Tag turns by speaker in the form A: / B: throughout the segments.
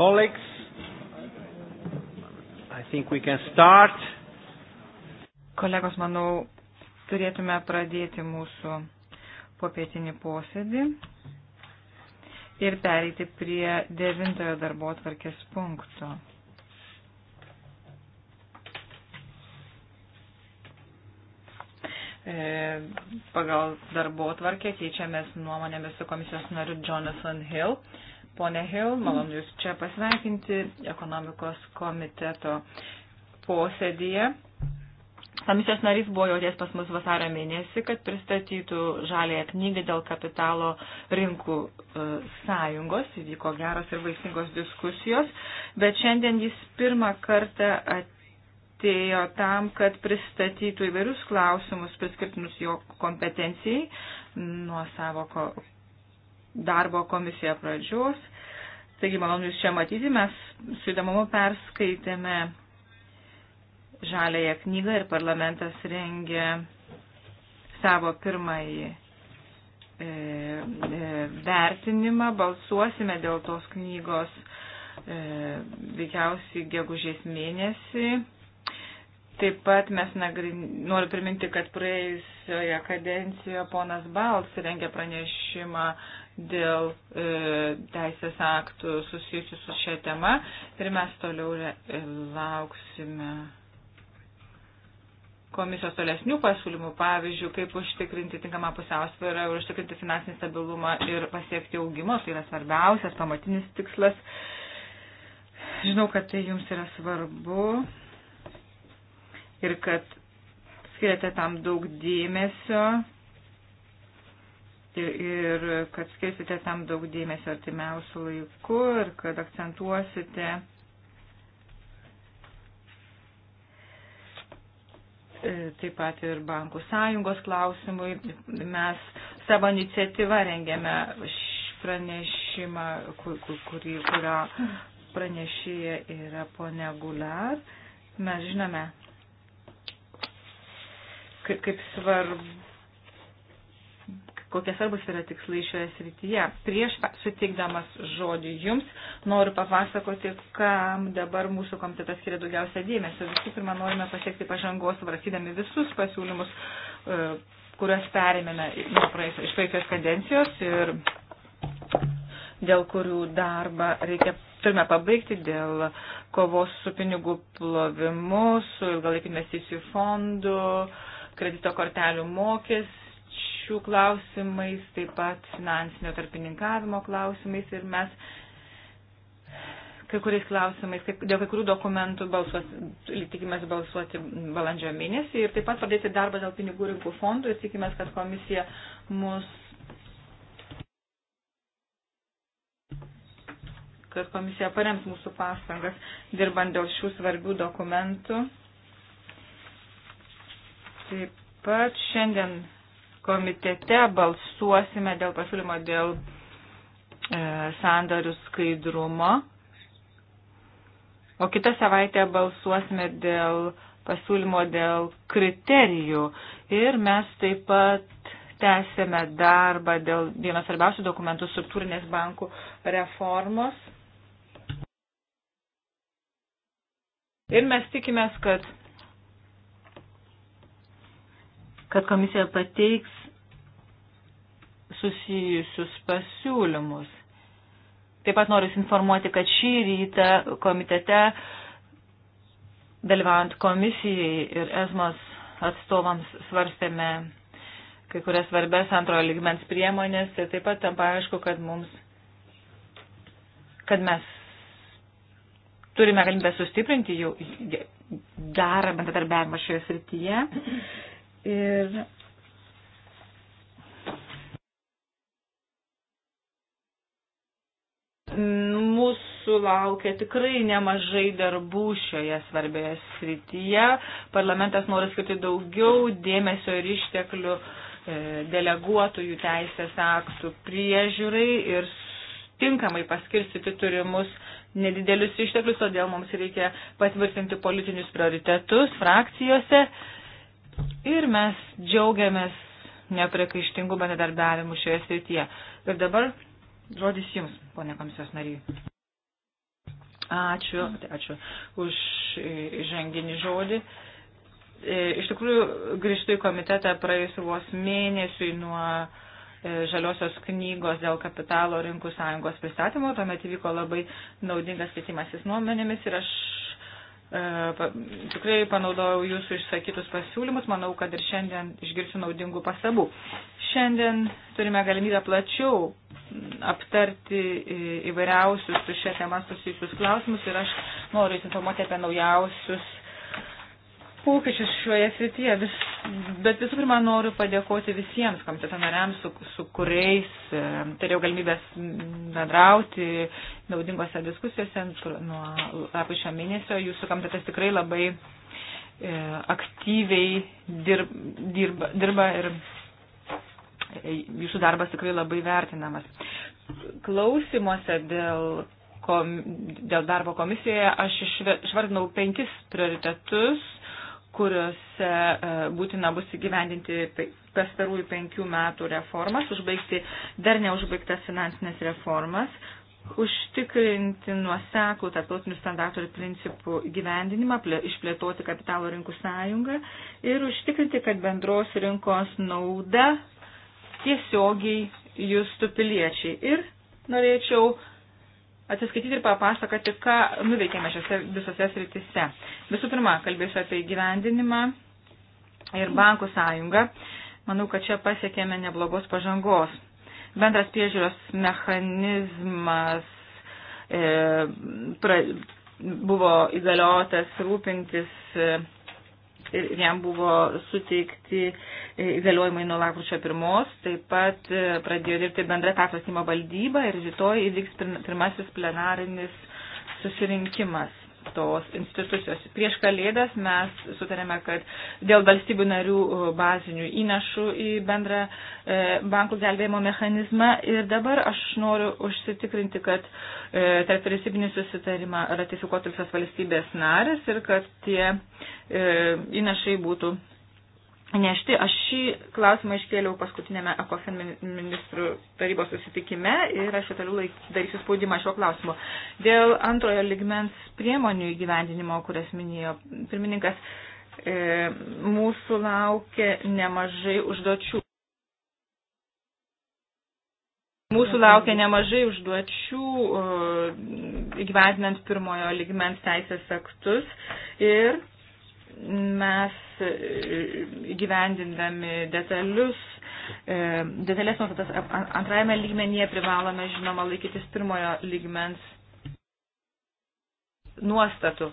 A: colleagues, I think we can start.
B: Kolegos, manau, turėtume pradėti mūsų popietinį posėdį ir pereiti prie devintojo darbo atvarkės punkto. E, pagal darbo atvarkę keičiamės nuomonėmis su komisijos nariu Jonathan Hill. Pone Hill, malonu Jūs čia pasveikinti ekonomikos komiteto posėdėje. Komisijos narys buvo jauties pas mus vasario mėnesį, kad pristatytų žalėje knygą dėl kapitalo rinkų e, sąjungos. Įvyko geros ir vaisingos diskusijos, bet šiandien jis pirmą kartą atėjo tam, kad pristatytų įvairius klausimus priskirtinus jo kompetencijai nuo savo darbo komisija pradžios. Taigi, malonu Jūs čia matyti, mes su įdomumu perskaitėme žalėją knygą ir parlamentas rengė savo pirmąjį e, e, vertinimą. Balsuosime dėl tos knygos e, veikiausiai gegužės mėnesį. Taip pat mes nagrin... noriu priminti, kad praėjusioje kadencijoje ponas Bals rengė pranešimą dėl e, teisės aktų susijusių su šia tema ir mes toliau e, lauksime komisijos tolesnių pasiūlymų, pavyzdžiui, kaip užtikrinti tinkamą pusiausvyrą, užtikrinti finansinį stabilumą ir pasiekti augimo, tai yra svarbiausias pamatinis tikslas. Žinau, kad tai jums yra svarbu ir kad skiriate tam daug dėmesio ir kad skirsite tam daug dėmesio artimiausių laikų ir kad akcentuosite e, taip pat ir bankų sąjungos klausimui. Mes savo iniciatyvą rengėme pranešimą, kurį, kurio pranešėja yra ponia Gular. Mes žinome, kaip, kaip svarbu kokie svarbus yra tikslai šioje srityje. Prieš sutikdamas žodį jums, noriu papasakoti, kam dabar mūsų komitetas skiria daugiausia dėmesio. Visų pirma, norime pasiekti pažangos, varstydami visus pasiūlymus, e, kuriuos perėmėme praeisio, iš praeisios kadencijos ir dėl kurių darbą reikia turime pabaigti dėl kovos su pinigų plovimu, su ilgalaikiu investicijų fondu, kredito kortelių mokės, sutarčių klausimais, taip pat finansinio tarpininkavimo klausimais ir mes kai kuriais klausimais, kaip, dėl kai kurių dokumentų balsuos, tikimės balsuoti balandžio mėnesį ir taip pat pradėti darbą dėl pinigų rinkų fondų ir tikimės, kad komisija mus kad komisija parems mūsų pastangas dirbant dėl šių svarbių dokumentų. Taip pat šiandien komitete balsuosime dėl pasiūlymo dėl e, sandarių skaidrumo, o kitą savaitę balsuosime dėl pasiūlymo dėl kriterijų ir mes taip pat tęsėme darbą dėl vienos svarbiausių dokumentų struktūrinės bankų reformos. Ir mes tikimės, kad kad komisija pateiks susijusius pasiūlymus. Taip pat noriu informuoti, kad šį rytą komitete, dalyvaujant komisijai ir esmos atstovams, svarstėme kai kurias svarbės antrojo ligmens priemonės ir taip pat tampa aišku, kad mums, kad mes turime galimybę sustiprinti jų gerą bendradarbiavimą šioje srityje Ir mūsų laukia tikrai nemažai darbų šioje svarbioje srityje. Parlamentas nori skirti daugiau dėmesio ir išteklių e, deleguotojų teisės aktų priežiūrai ir tinkamai paskirstyti turimus nedidelius išteklius, todėl mums reikia patvirtinti politinius prioritetus frakcijose Ir mes džiaugiamės nepriekaištingų bendradarbiavimų šioje srityje. Ir dabar žodis Jums, ponė komisijos nariai. Ačiū, ačiū už įžanginį žodį. E, iš tikrųjų, grįžtu į komitetą praėjusį vos mėnesiui nuo e, žaliosios knygos dėl kapitalo rinkų sąjungos pristatymo. Tuomet įvyko labai naudingas keitimasis nuomenėmis ir aš E, tikrai panaudojau jūsų išsakytus pasiūlymus, manau, kad ir šiandien išgirsiu naudingų pastabų. Šiandien turime galimybę plačiau aptarti įvairiausius su šią temą susijusius klausimus ir aš noriu informuoti apie naujausius pokyčius šioje srityje. Vis, bet visų pirma, noriu padėkoti visiems komiteto nariams, su, su kuriais e, turėjau galimybės bendrauti naudingose diskusijose nuo lapkričio mėnesio. Jūsų komitetas tikrai labai e, aktyviai dirb, dirba, dirba ir e, jūsų darbas tikrai labai vertinamas. Klausimuose dėl kom, dėl darbo komisijoje aš išvardinau penkis prioritetus, kuriuose e, būtina bus įgyvendinti pastarųjų penkių metų reformas, užbaigti dar neužbaigtas finansinės reformas, užtikrinti nuoseklų tarptautinių standartų ir principų gyvendinimą, išplėtoti kapitalo rinkų sąjungą ir užtikrinti, kad bendros rinkos nauda tiesiogiai justų piliečiai. Ir norėčiau atsiskaityti ir papasakoti, ką nuveikėme šiose visose sritise. Visų pirma, kalbėsiu apie gyvendinimą ir bankų sąjungą. Manau, kad čia pasiekėme neblogos pažangos. Bendras priežiūros mechanizmas e, pra, buvo įgaliotas rūpintis. E, ir jam buvo suteikti įgaliojimai nuo lapkričio pirmos. Taip pat e, pradėjo dirbti bendra pertvarkymo valdyba ir rytoj įvyks pirmasis plenarinis susirinkimas tos institucijos. Prieš kalėdas mes sutarėme, kad dėl valstybių narių e, bazinių įnašų į bendrą e, bankų gelbėjimo mechanizmą ir dabar aš noriu užsitikrinti, kad e, tarp vyriausybinį susitarimą ratifikuotų visos valstybės narės ir kad tie įnašai būtų nešti. Aš šį klausimą iškėliau paskutinėme ECOFIN ministrų tarybos susitikime ir aš toliau laik, darysiu spaudimą šio klausimu. Dėl antrojo ligmens priemonių įgyvendinimo, kurias minėjo pirmininkas, e, mūsų laukia nemažai užduočių. Mūsų laukia nemažai užduočių e, įgyvendinant pirmojo ligmens teisės aktus ir mes e, gyvendindami detalius, e, detalės nuostatas antrajame lygmenyje privalome, žinoma, laikytis pirmojo lygmens nuostatų.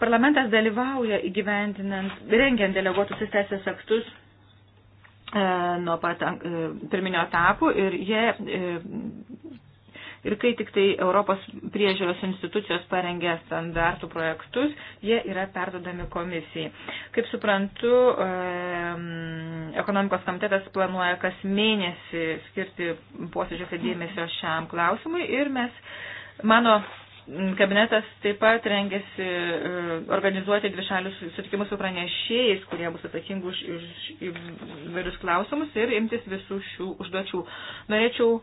B: Parlamentas dalyvauja įgyvendinant, rengiant deleguotus teisės aktus e, nuo pat pirminio etapų ir jie Ir kai tik tai Europos priežiūros institucijos parengė standartų projektus, jie yra perdodami komisijai. Kaip suprantu, ekonomikos komitetas planuoja kas mėnesį skirti posėdžiuose dėmesio šiam klausimui ir mes, mano kabinetas taip pat rengiasi e, organizuoti dvišalius sutikimus su pranešėjais, kurie bus atsakingi už, už įvairius klausimus ir imtis visų šių užduočių. Norėčiau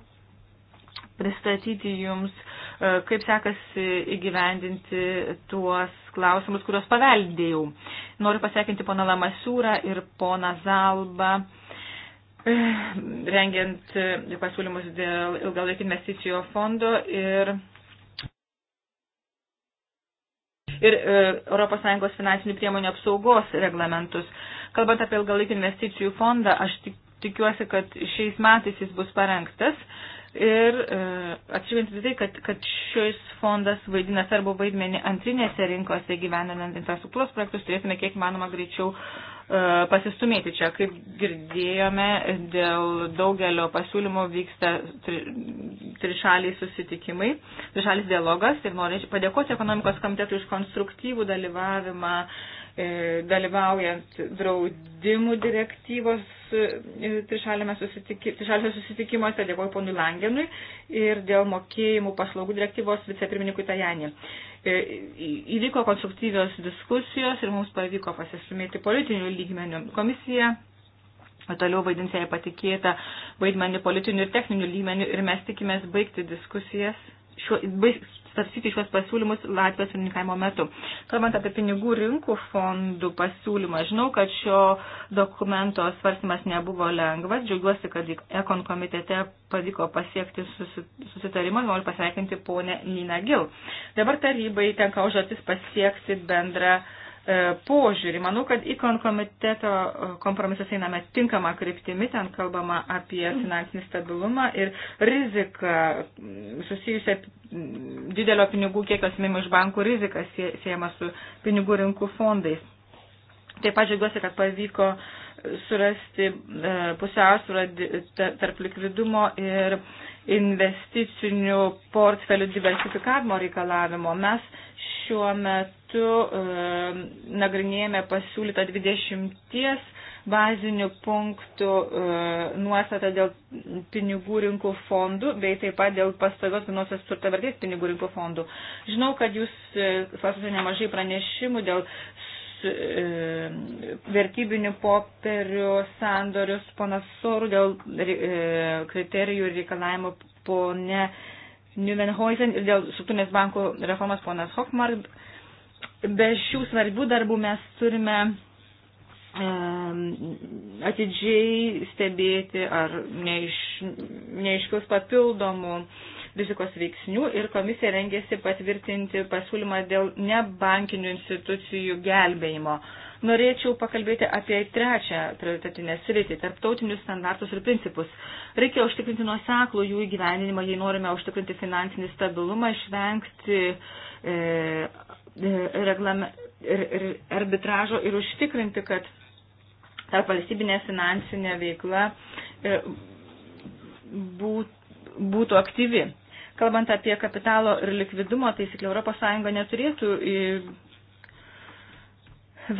B: pristatyti jums, e, kaip sekasi įgyvendinti tuos klausimus, kuriuos paveldėjau. Noriu pasiekinti poną Lamasiūrą ir poną Zalbą, e, rengiant e, pasiūlymus dėl ilgalaikį investicijo fondo ir ir ES finansinių priemonių apsaugos reglamentus. Kalbant apie ilgalaikį investicijų fondą, aš tik, tikiuosi, kad šiais metais jis bus parengtas Ir e, atsižvelgiant į tai, kad, kad šis fondas vaidina svarbu vaidmenį antrinėse rinkose gyvenant infrastruktūros projektus, turėtume kiek manoma greičiau e, pasistumėti čia. Kaip girdėjome, dėl daugelio pasiūlymų vyksta tri, trišaliai susitikimai, trišalis dialogas ir norėčiau padėkoti ekonomikos komitetui už konstruktyvų dalyvavimą, e, dalyvaujant draudimų direktyvos E, trišaliuose susitiki, susitikimuose, dėkoju ponui Langenui ir dėl mokėjimų paslaugų direktyvos vicepirmininkui Tajani. E, įvyko konstruktyvios diskusijos ir mums pavyko pasistumėti politinių lygmenių. Komisija toliau vaidins jai patikėtą vaidmenį politinių ir techninių lygmenių ir mes tikimės baigti diskusijas, šiuo, baig, svarstyti šios pasiūlymus Latvijos pirmininkavimo metu. Kalbant apie pinigų rinkų fondų pasiūlymą, žinau, kad šio dokumento svarstymas nebuvo lengvas. Džiaugiuosi, kad Ekon komitete pavyko pasiekti susitarimą ir noriu pasveikinti ponę Nina Gil. Dabar tarybai tenka užduotis pasiekti bendrą E, požiūrį. Manau, kad ikon komiteto e, kompromisas einame tinkamą kryptimį, ten kalbama apie finansinį stabilumą ir riziką susijusią didelio pinigų kiekio asmenimų iš bankų riziką siejama su pinigų rinkų fondais. Taip pat džiaugiuosi, kad pavyko surasti e, pusiausvyrą tarp likvidumo ir investicinių portfelių diversifikavimo reikalavimo. Mes šiuo metu metu nagrinėjame pasiūlytą 20 bazinių punktų nuostatą dėl pinigų rinkų fondų, bei taip pat dėl pastovios vienosios turto vertės pinigų rinkų fondų. Žinau, kad jūs e, svarstote nemažai pranešimų dėl vertybinių popierių sandorius ponas Sorų dėl e, kriterijų ir reikalavimų pone Newman Hoisen ir dėl struktūrinės bankų reformas ponas Hochmark be šių svarbių darbų mes turime atidžiai stebėti ar neiš, neiškius papildomų rizikos veiksnių ir komisija rengėsi patvirtinti pasiūlymą dėl nebankinių institucijų gelbėjimo. Norėčiau pakalbėti apie trečią prioritetinę sritį - tarptautinius standartus ir principus. Reikia užtikrinti nuoseklų jų įgyveninimą, jei norime užtikrinti finansinį stabilumą, išvengti e, E, reglame, ir, ir arbitražo ir užtikrinti, kad ta valstybinė finansinė veikla e, būt, būtų aktyvi. Kalbant apie kapitalo ir likvidumo taisyklę, ES neturėtų e,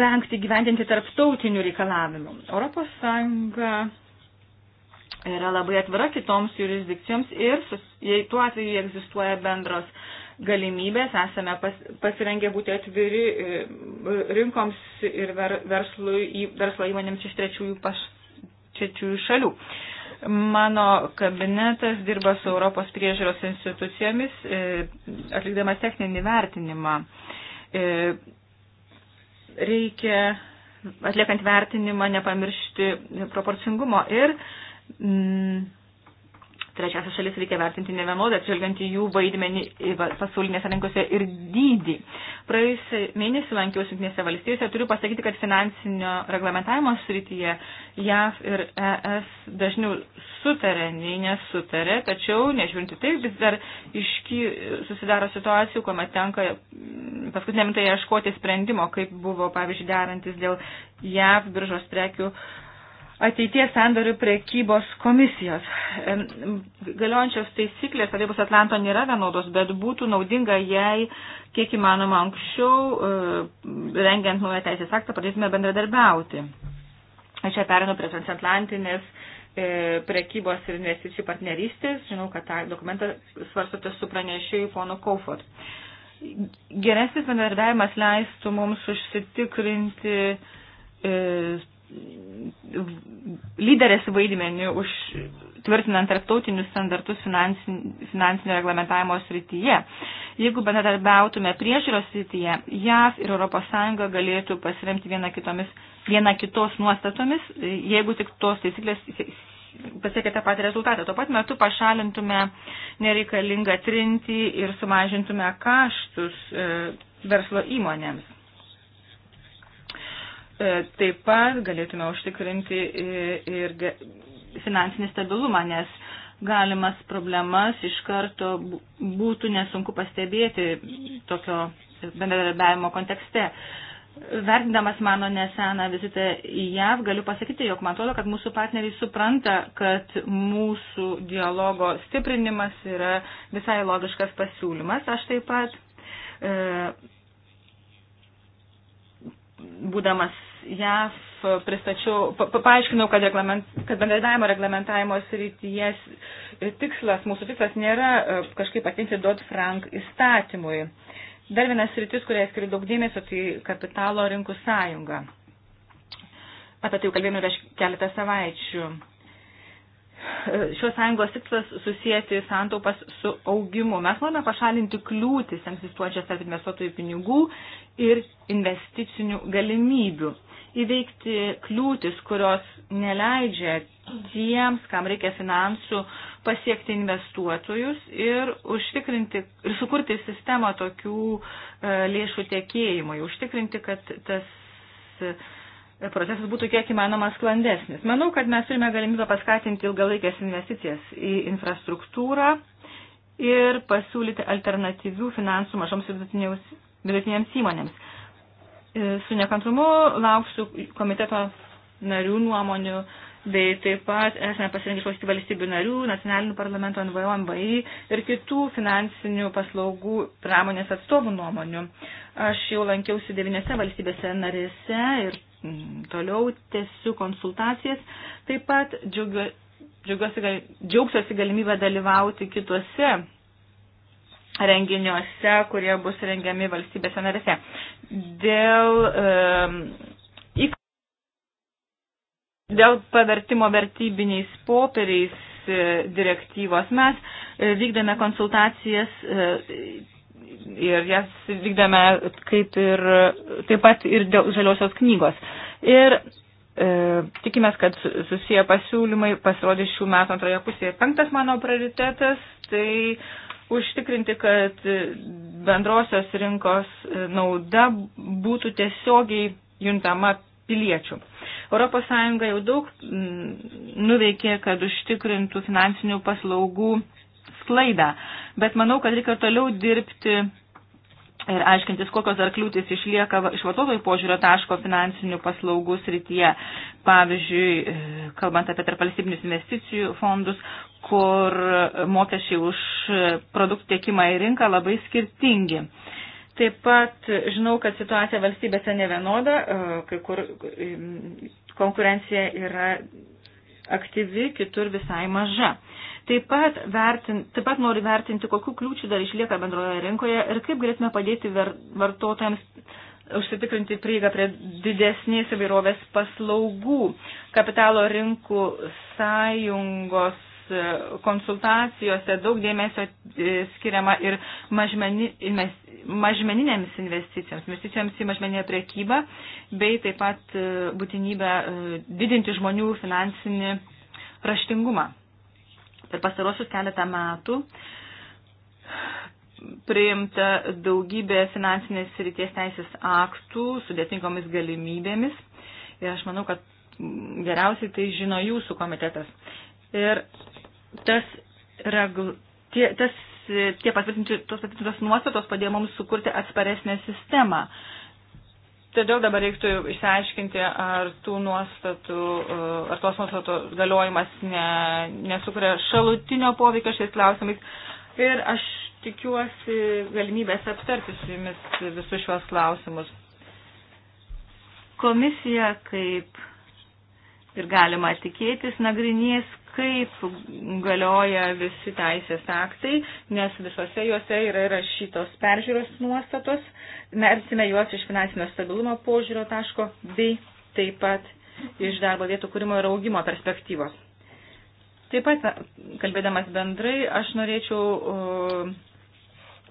B: vengti gyvendinti tarptautinių reikalavimų. ES yra labai atvira kitoms jurisdikcijoms ir jei tuo atveju egzistuoja bendros galimybės, esame pas, pasirengę būti atviri e, rinkoms ir ver, verslui, verslo įmonėms iš trečiųjų, paš, trečiųjų šalių. Mano kabinetas dirba su Europos priežiūros institucijomis, e, atlikdamas techninį vertinimą. E, reikia, atliekant vertinimą, nepamiršti proporcingumo ir mm, trečiasias šalis reikia vertinti ne vienodai, atžvelgiant į jų vaidmenį pasaulinėse rinkose ir dydį. Praėjusį mėnesį lankiausi Junktinėse valstijose ir turiu pasakyti, kad finansinio reglamentavimo srityje JAV ir ES dažniau sutarė, nei nesutarė, tačiau, nežiūrinti tai, vis dar išky, susidaro situacijų, kuomet tenka mm, paskutiniam tai ieškoti sprendimo, kaip buvo, pavyzdžiui, derantis dėl JAV biržos prekių uh, ateities sandorių prekybos komisijos. Galiojančios taisyklės Tarybos Atlanto nėra vienodos, bet būtų naudinga, jei kiek įmanoma anksčiau, e, rengiant naują teisės aktą, pradėsime bendradarbiauti. Aš čia perinu prie transatlantinės e, prekybos ir investicijų partnerystės. Žinau, kad tą dokumentą svarstote su pranešėjų ponu Kaufot. Geresnis bendradarbiavimas leistų mums užsitikrinti e, lyderės vaidmenį už tvirtinant tarptautinius standartus finansinio reglamentavimo srityje. Jeigu bendradarbiautume priežiūros srityje, JAV ir ES galėtų pasiremti viena, kitomis, viena kitos nuostatomis, jeigu tik tos taisyklės pasiekia tą patį rezultatą. Tuo pat metu pašalintume nereikalingą trintį ir sumažintume kaštus e, verslo įmonėms. E, taip pat galėtume užtikrinti ir finansinį stabilumą, nes galimas problemas iš karto būtų nesunku pastebėti tokio bendradarbiavimo kontekste. Vertindamas mano neseną vizitą į JAV, galiu pasakyti, jog man atrodo, kad mūsų partneriai supranta, kad mūsų dialogo stiprinimas yra visai logiškas pasiūlymas. Aš taip pat, e, būdamas JAF pristačiau, pa, pa, paaiškinau, kad, reglament, kad bendradavimo reglamentavimo srityje tikslas, mūsų tikslas nėra e, kažkaip patinti Dodd Frank įstatymui. Dar vienas sritis, kuriai skiriu daug dėmesio, tai kapitalo rinkų sąjunga. Apie tai jau kalbėjome prieš keletą savaičių. E, šios sąjungos tikslas susijęti santaupas su augimu. Mes norime pašalinti kliūtis egzistuojančias tarp investuotojų pinigų ir investicinių galimybių įveikti kliūtis, kurios neleidžia tiems, kam reikia finansų, pasiekti investuotojus ir užtikrinti ir sukurti sistemą tokių e, lėšų tiekėjimui, užtikrinti, kad tas e, procesas būtų kiek įmanoma sklandesnis. Manau, kad mes turime galimybę paskatinti ilgalaikės investicijas į infrastruktūrą ir pasiūlyti alternatyvių finansų mažoms vidutinėms įmonėms. E, su nekantrumu lauksiu komiteto narių nuomonių, bei taip pat esame pasirengę išklausyti valstybių narių, nacionalinių parlamento NVO, MVI ir kitų finansinių paslaugų pramonės atstovų nuomonių. Aš jau lankiausi devyniose valstybėse narėse ir toliau tęsiu konsultacijas. Taip pat džiaugiuosi, džiaugsiuosi galimybę dalyvauti kitose renginiuose, kurie bus rengiami valstybėse narėse. Dėl, e, dėl pavertimo vertybiniais popieriais e, direktyvos mes e, vykdėme konsultacijas e, ir jas vykdėme kaip ir taip pat ir dėl žaliosios knygos. Ir e, tikimės, kad susiję pasiūlymai pasirodys šių metų antroje pusėje. Penktas mano prioritetas tai užtikrinti, kad bendrosios rinkos nauda būtų tiesiogiai juntama piliečių. ES jau daug mm, nuveikė, kad užtikrintų finansinių paslaugų sklaidą, bet manau, kad reikia toliau dirbti ir aiškintis, kokios dar kliūtis išlieka iš vartotojų požiūrio taško finansinių paslaugų srityje. Pavyzdžiui, e, kalbant apie tarpalstybinius investicijų fondus, kur mokesčiai už produktų tiekimą į rinką labai skirtingi. Taip pat žinau, kad situacija valstybėse nevienoda, e, kai kur e, konkurencija yra aktyvi, kitur visai maža. Taip pat, vertin, taip pat noriu vertinti, kokiu kliūčių dar išlieka bendroje rinkoje ir kaip galėtume padėti ver, vartotojams užsitikrinti prieigą prie didesnės įvairovės paslaugų. Kapitalo rinkų sąjungos e, konsultacijose daug dėmesio e, skiriama ir mažmeni, mažmeninėms investicijoms, investicijoms į mažmeninę priekybą, bei taip pat e, būtinybę didinti žmonių finansinį raštingumą. Per pastarosius keletą metų priimta daugybė finansinės ryties teisės aktų sudėtingomis galimybėmis ir aš manau, kad geriausiai tai žino jūsų komitetas. Ir tas, regl, tie, tas tie patvirtinti, tos patvirtintos nuostatos padėjo mums sukurti atsparesnę sistemą. Uh, Todėl dabar reiktų išsiaiškinti, ar, tų nuostatų, e, ar tos nuostatų galiojimas ne, nesukuria šalutinio poveikio šiais klausimais. Ir aš tikiuosi galimybės aptarti su jumis visus šios klausimus. Komisija, kaip ir galima tikėtis, nagrinės kaip galioja visi teisės aktai, nes visose juose yra rašytos peržiūros nuostatos, mercime juos iš finansinio stabilumo požiūrio taško bei taip pat iš darbo vietų kūrimo ir augimo perspektyvos. Taip pat, kalbėdamas bendrai, aš norėčiau uh,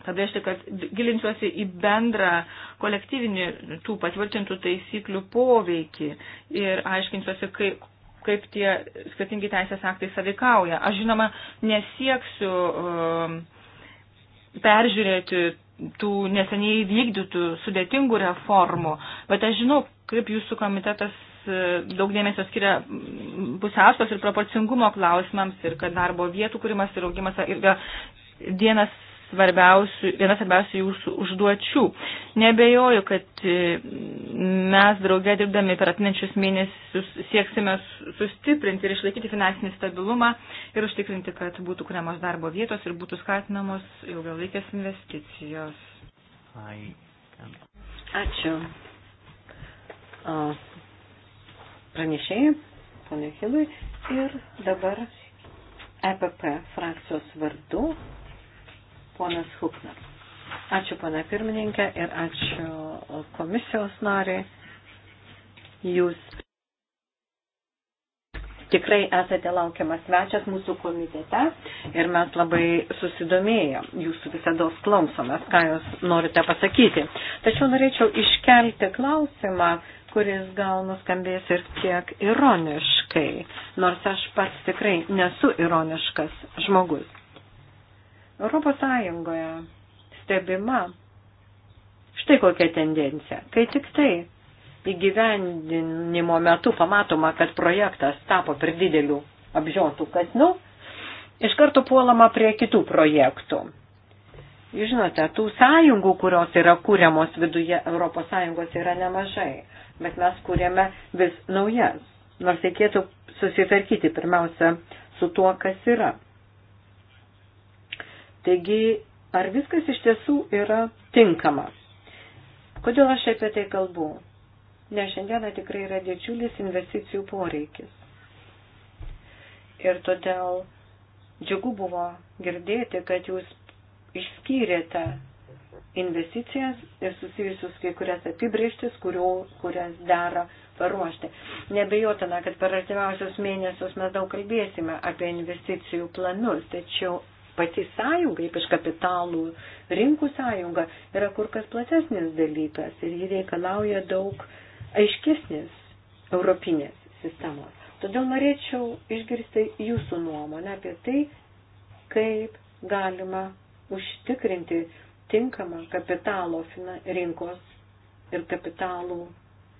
B: pabrėžti, kad gilinsiuosi į bendrą kolektyvinį tų patvirtintų taisyklių poveikį ir aiškinsiuosi, kaip, kaip tie skirtingi teisės aktai savikauja. Aš žinoma nesieksiu um, peržiūrėti tų neseniai vykdytų sudėtingų reformų, bet aš žinau, kaip jūsų komitetas e, daug dėmesio skiria pusiausvės ir proporcingumo klausimams ir kad darbo vietų kūrimas ir augimas yra dienas svarbiausių, viena svarbiausių jūsų užduočių. Nebejoju, kad e, mes draugė dirbdami per atinančius mėnesius sieksime sustiprinti ir išlaikyti finansinį stabilumą ir užtikrinti, kad būtų kuriamos darbo vietos ir būtų skatinamos ilgalaikės investicijos. Ačiū. Pranešėjai, ponė Hilui, ir dabar EPP frakcijos vardu ponas Hupner. Ačiū, pana pirmininkė, ir ačiū komisijos nariai. Jūs tikrai esate laukiamas svečias mūsų komitete ir mes labai susidomėję jūsų visada klausomės, ką jūs norite pasakyti. Tačiau norėčiau iškelti klausimą, kuris gal nuskambės ir kiek ironiškai, nors aš pats tikrai nesu ironiškas žmogus. Europos Sąjungoje stebima štai kokia tendencija. Kai tik tai įgyvendinimo metu pamatoma, kad projektas tapo per dideliu apžiotų kasnu, iš karto puolama prie kitų projektų. Žinote, tų sąjungų, kurios yra kūriamos viduje ES yra nemažai, bet mes kūrėme vis naujas, nors reikėtų susitvarkyti pirmiausia su tuo, kas yra. Taigi, ar viskas iš tiesų yra tinkama? Kodėl aš apie tai kalbu? Nes šiandieną tikrai yra didžiulis investicijų poreikis. Ir todėl džiugu buvo girdėti, kad jūs išskyrėte investicijas ir susijusius kai kurias apibrieštis, kurio, kurias dera paruošti. Nebejotina, kad per artimiausius mėnesius mes daug kalbėsime apie investicijų planus, tačiau pati sąjunga, ypač kapitalų rinkų sąjunga, yra kur kas platesnis dalykas ir jį reikalauja daug aiškesnės europinės sistemos. Todėl norėčiau išgirsti jūsų nuomonę apie tai, kaip galima užtikrinti tinkamą kapitalo rinkos ir kapitalų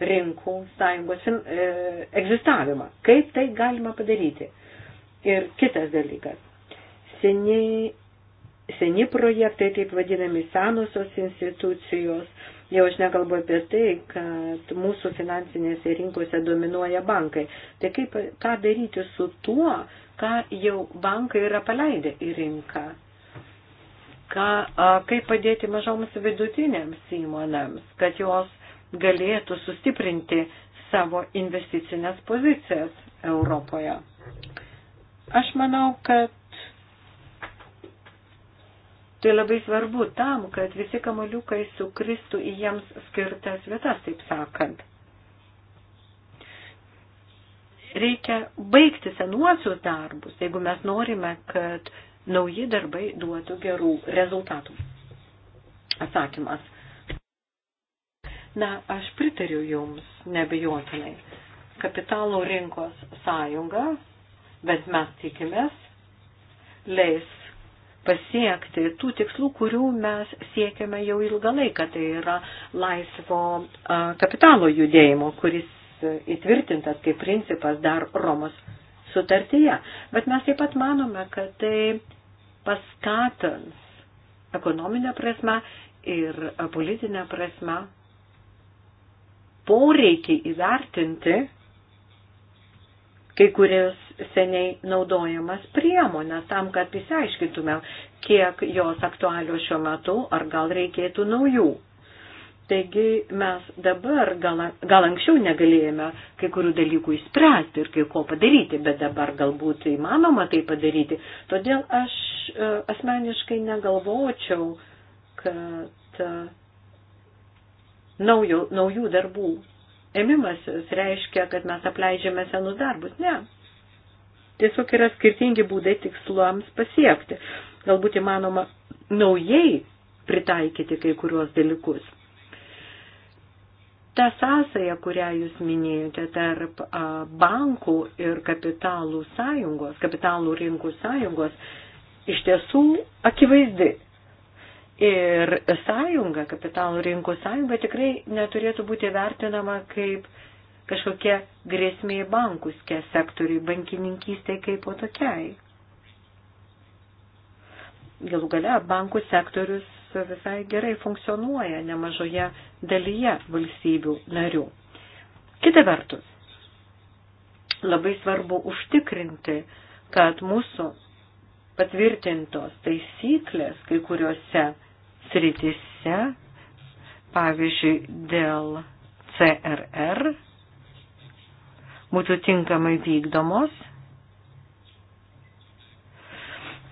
B: rinkų sąjungos e, egzistavimą. Kaip tai galima padaryti? Ir kitas dalykas seniai, seni projektai, taip vadinami senosios institucijos, jau aš nekalbu apie tai, kad mūsų finansinėse rinkose dominuoja bankai. Tai kaip, ką daryti su tuo, ką jau bankai yra paleidę į rinką? Ką, a, kaip padėti mažoms vidutinėms įmonėms, kad jos galėtų sustiprinti savo investicinės pozicijas Europoje. Aš manau, kad Tai labai svarbu tam, kad visi kamoliukai sukristų į jiems skirtas vietas, taip sakant. Reikia baigti senuosius darbus, jeigu mes norime, kad nauji darbai duotų gerų rezultatų. Atsakymas. Na, aš pritariu Jums, nebejotinai. Kapitalų rinkos sąjunga, bent mes tikimės, leis pasiekti tų tikslų, kurių mes siekiame jau ilgą laiką. Tai yra laisvo kapitalo judėjimo, kuris įtvirtintas kaip principas dar Romos sutartyje. Bet mes taip pat manome, kad tai paskatins ekonominę prasme ir politinę prasme poreikį įvertinti kai kurias seniai naudojamas priemonės tam, kad įsiaiškintume, kiek jos aktualios šiuo metu ar gal reikėtų naujų. Taigi mes dabar gal, gal anksčiau negalėjome kai kurių dalykų įspręsti ir kai ko padaryti, bet dabar galbūt įmanoma tai padaryti. Todėl aš e, asmeniškai negalvočiau, kad e, naujų, naujų darbų ėmimasis reiškia, kad mes apleidžiame senus darbus. Ne, Tiesiog yra skirtingi būdai tikslams pasiekti. Galbūt įmanoma naujai pritaikyti kai kuriuos dalykus. Ta sąsaja, kurią jūs minėjote tarp bankų ir kapitalų sąjungos, kapitalų rinkų sąjungos, iš tiesų akivaizdi. Ir sąjunga, kapitalų rinkų sąjunga tikrai neturėtų būti vertinama kaip uh, kažkokia grėsmė bankų sektoriui, bankininkystė kaip po tokiai. Galų gale bankų sektorius visai gerai funkcionuoja nemažoje dalyje valstybių narių. Kita vertus, labai svarbu užtikrinti, kad mūsų patvirtintos taisyklės kai kuriuose sritise, pavyzdžiui, dėl CRR būtų tinkamai vykdomos.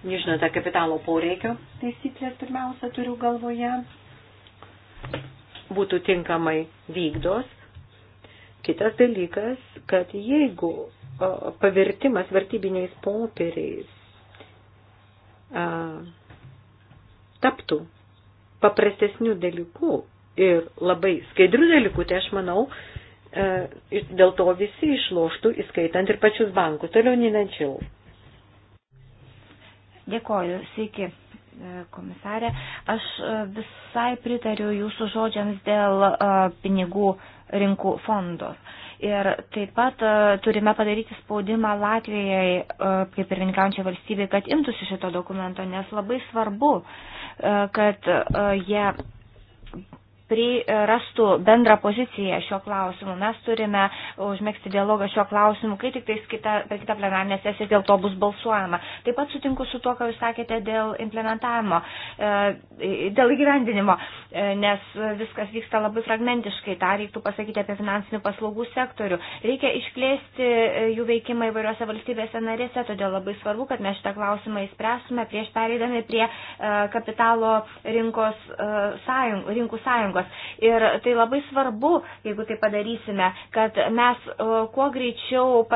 B: Nežinote, kapitalo poreikio taisyklės pirmiausia turiu galvoje. Būtų tinkamai vykdos. Kitas dalykas, kad jeigu pavirtimas vertybiniais popieriais a, taptų paprastesnių dalykų ir labai skaidrių dalykų, tai aš manau, E, dėl to visi išloštų, įskaitant ir pačius bankus. Toliau nenačiau.
C: Dėkoju, sveiki e, komisarė. Aš e, visai pritariu jūsų žodžiams dėl pinigų rinkų fondos. Ir taip pat turime padaryti spaudimą Latvijai, kaip ir vinkaujančiai valstybei, kad imtųsi šito dokumento, nes labai svarbu, kad jie pri, rastų bendrą poziciją šio klausimu. Mes turime užmėgsti dialogą šio klausimu, kai tik tais kita, per kitą plenarinę sesiją dėl to bus balsuojama. Taip pat sutinku su tuo, ką jūs sakėte dėl implementavimo, e, dėl įgyvendinimo, e, nes viskas vyksta labai fragmentiškai. Ta reiktų pasakyti apie finansinių paslaugų sektorių. Reikia išplėsti e, jų veikimą įvairiose valstybėse narėse, todėl labai svarbu, kad mes šitą klausimą įspręstume prieš pereidami prie kapitalo rinkos, sąjung, rinkų sąjungos sąjungos. Ir tai labai svarbu, jeigu tai padarysime, kad mes e, kuo greičiau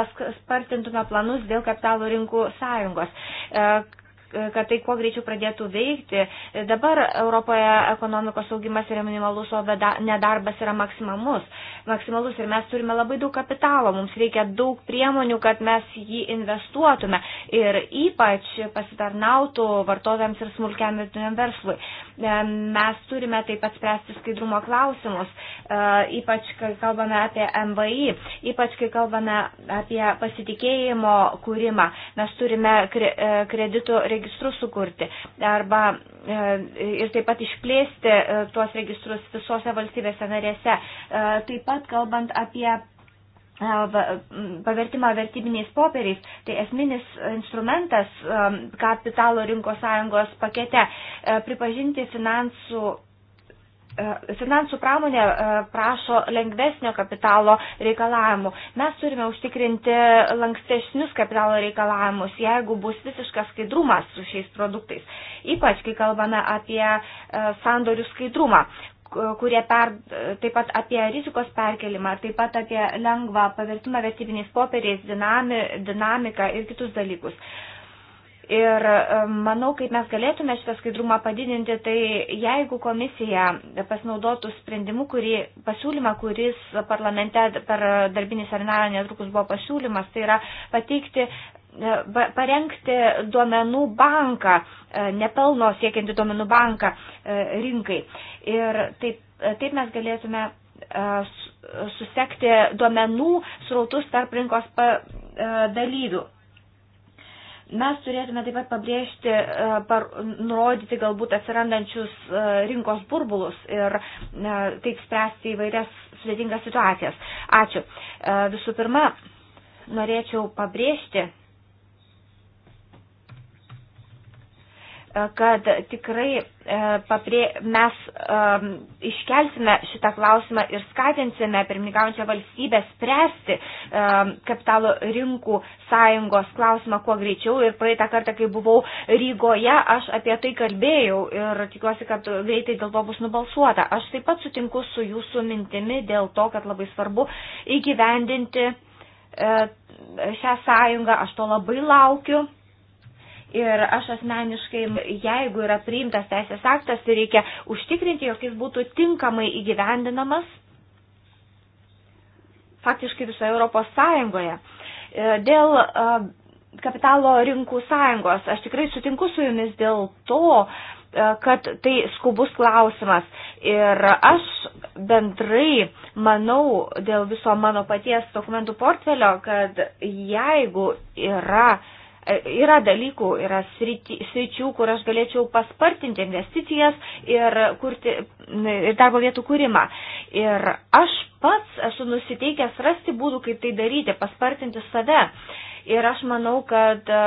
C: spartintume planus dėl kapitalo rinkų sąjungos e, kad tai kuo greičiau pradėtų veikti. Dabar Europoje ekonomikos augimas yra minimalus, o nedarbas yra maksimalus. maksimalus ir mes turime labai daug kapitalo, mums reikia daug priemonių, kad mes jį investuotume ir ypač pasitarnautų vartotojams ir smulkiam vidutiniam verslui. E, mes turime taip pat spręsti skaidrumo klausimus, e, ypač kai kalbame apie MVI, ypač kai kalbame apie pasitikėjimo kūrimą. Mes turime e, kreditų regionų registrus sukurti arba e, ir taip pat išplėsti e, tuos registrus visose valstybėse narėse. E, taip pat kalbant apie pavertimą vertybiniais popieriais, tai esminis instrumentas kapitalo rinkos sąjungos pakete pripažinti finansų E, finansų pramonė e, prašo lengvesnio kapitalo reikalavimų. Mes turime užtikrinti lankstesnius kapitalo reikalavimus, jeigu bus visiškas skaidrumas su šiais produktais. Ypač, kai kalbame apie e, sandorių skaidrumą kurie per, taip pat apie rizikos perkelimą, taip pat apie lengvą pavertimą vertybiniais popieriais, dinami, dinamiką ir kitus dalykus. Uh, Ir e, manau, kaip mes galėtume šitą skaidrumą padidinti, tai jeigu komisija pasinaudotų sprendimu, kurį, pasiūlymą, kuris parlamente per darbinį seminarą netrukus buvo pasiūlymas, tai yra pateikti e, parengti duomenų banką, e, nepelno siekianti duomenų banką rinkai. Ir taip, taip mes galėtume susekti duomenų srautus tarp rinkos dalyvių. Mes turėtume taip pat pabrėžti, e, par, nurodyti galbūt atsirandančius e, rinkos burbulus ir e, taip spręsti įvairias sudėtingas situacijas. Ačiū. Visų pirma, norėčiau pabrėžti, kad tikrai e, paprė, mes um, iškelsime šitą klausimą ir skatinsime pirmininkaujančią valstybę spręsti um, kapitalo rinkų sąjungos klausimą kuo greičiau. Ir praeitą kartą, kai buvau Rygoje, aš apie tai kalbėjau ir tikiuosi, kad greitai dėl to bus nubalsuota. Aš taip pat sutinku su jūsų mintimi dėl to, kad labai svarbu įgyvendinti uh, šią sąjungą. Aš to labai laukiu Ir aš asmeniškai, jeigu yra priimtas teisės aktas, tai reikia užtikrinti, jog jis būtų tinkamai įgyvendinamas faktiškai visoje Europos Sąjungoje. E, dėl e, kapitalo rinkų sąjungos aš tikrai sutinku su jumis dėl to, e, kad tai skubus klausimas. Ir aš bendrai manau dėl viso mano paties dokumentų portfelio, kad jeigu yra uh, E, yra dalykų, yra sričių, kur aš galėčiau paspartinti investicijas ir, kurti, ir darbo vietų kūrimą. Ir aš pats esu nusiteikęs rasti būdų, kaip tai daryti, paspartinti save. Ir aš manau, kad e,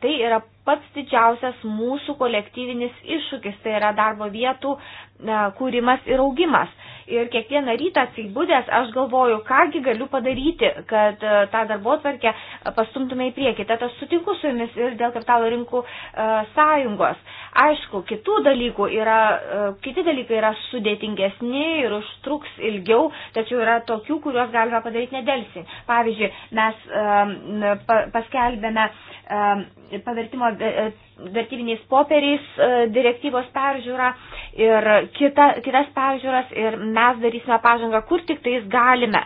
C: tai yra pats didžiausias mūsų kolektyvinis iššūkis, tai yra darbo vietų e, kūrimas ir augimas. Ir kiekvieną rytą atsibūdęs aš galvoju, kągi galiu padaryti, kad e, tą darbo tvarkę e, pastumtume į priekį. Tad aš sutinku su jumis ir dėl kapitalo rinkų sąjungos. Aišku, kitų dalykų yra, kiti dalykai yra sudėtingesni ir užtruks ilgiau, tačiau yra tokių, kuriuos galime padaryti nedelsi. Pavyzdžiui, mes paskelbėme pavertimo E, vertybiniais popieriais e, direktyvos peržiūrą ir kita, kitas peržiūras ir mes darysime pažangą, kur tik tais galime.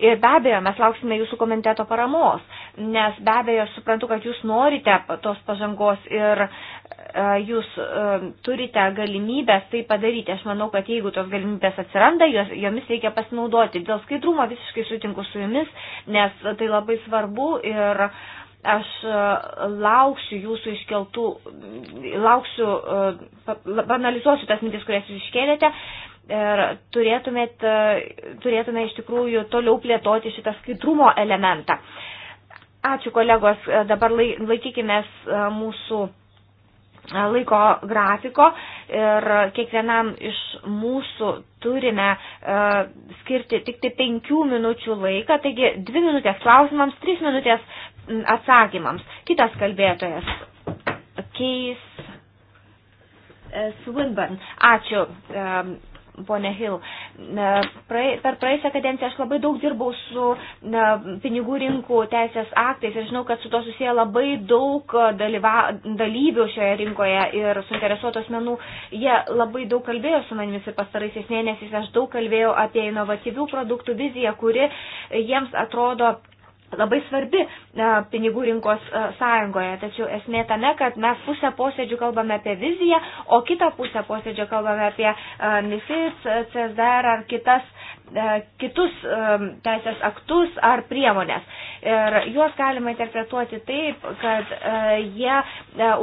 C: Ir be abejo, mes lauksime jūsų komiteto paramos, nes be abejo, aš suprantu, kad jūs norite tos pažangos ir e, jūs e, turite galimybės tai padaryti. Aš manau, kad jeigu tos galimybės atsiranda, jos, jomis reikia pasinaudoti. Dėl skaidrumo visiškai sutinku su jumis, nes tai labai svarbu ir Aš e, lauksiu jūsų iškeltų, lauksiu, banalizuosiu e, tas mintis, kurias jūs iškėlėte ir turėtumėt, e, turėtume iš tikrųjų toliau plėtoti šitą skaidrumo elementą. Ačiū kolegos, dabar laikykimės mūsų laiko grafiko ir kiekvienam iš mūsų turime skirti tik tai penkių minučių laiką, taigi dvi minutės klausimams, trys minutės atsakymams. Kitas kalbėtojas, Keis e, Swinburne. Ačiū, e, ponė Hill. E, per praėjusią kadenciją aš labai daug dirbau su pinigų rinkų teisės aktais ir žinau, kad su to susiję labai daug dalyva, dalyvių šioje rinkoje ir suinteresuotos menų. Jie labai daug kalbėjo su manimis ir pastaraisiais mėnesiais aš daug kalbėjau apie inovatyvių produktų viziją, kuri jiems atrodo labai svarbi e, pinigų rinkos e, sąjungoje. Tačiau esmė tame, kad mes pusę posėdžių kalbame apie viziją, o kitą pusę posėdžio kalbame apie e, MIFID, CSDR ar kitas E, kitus e, teisės aktus ar priemonės. Ir juos galima interpretuoti taip, kad e, jie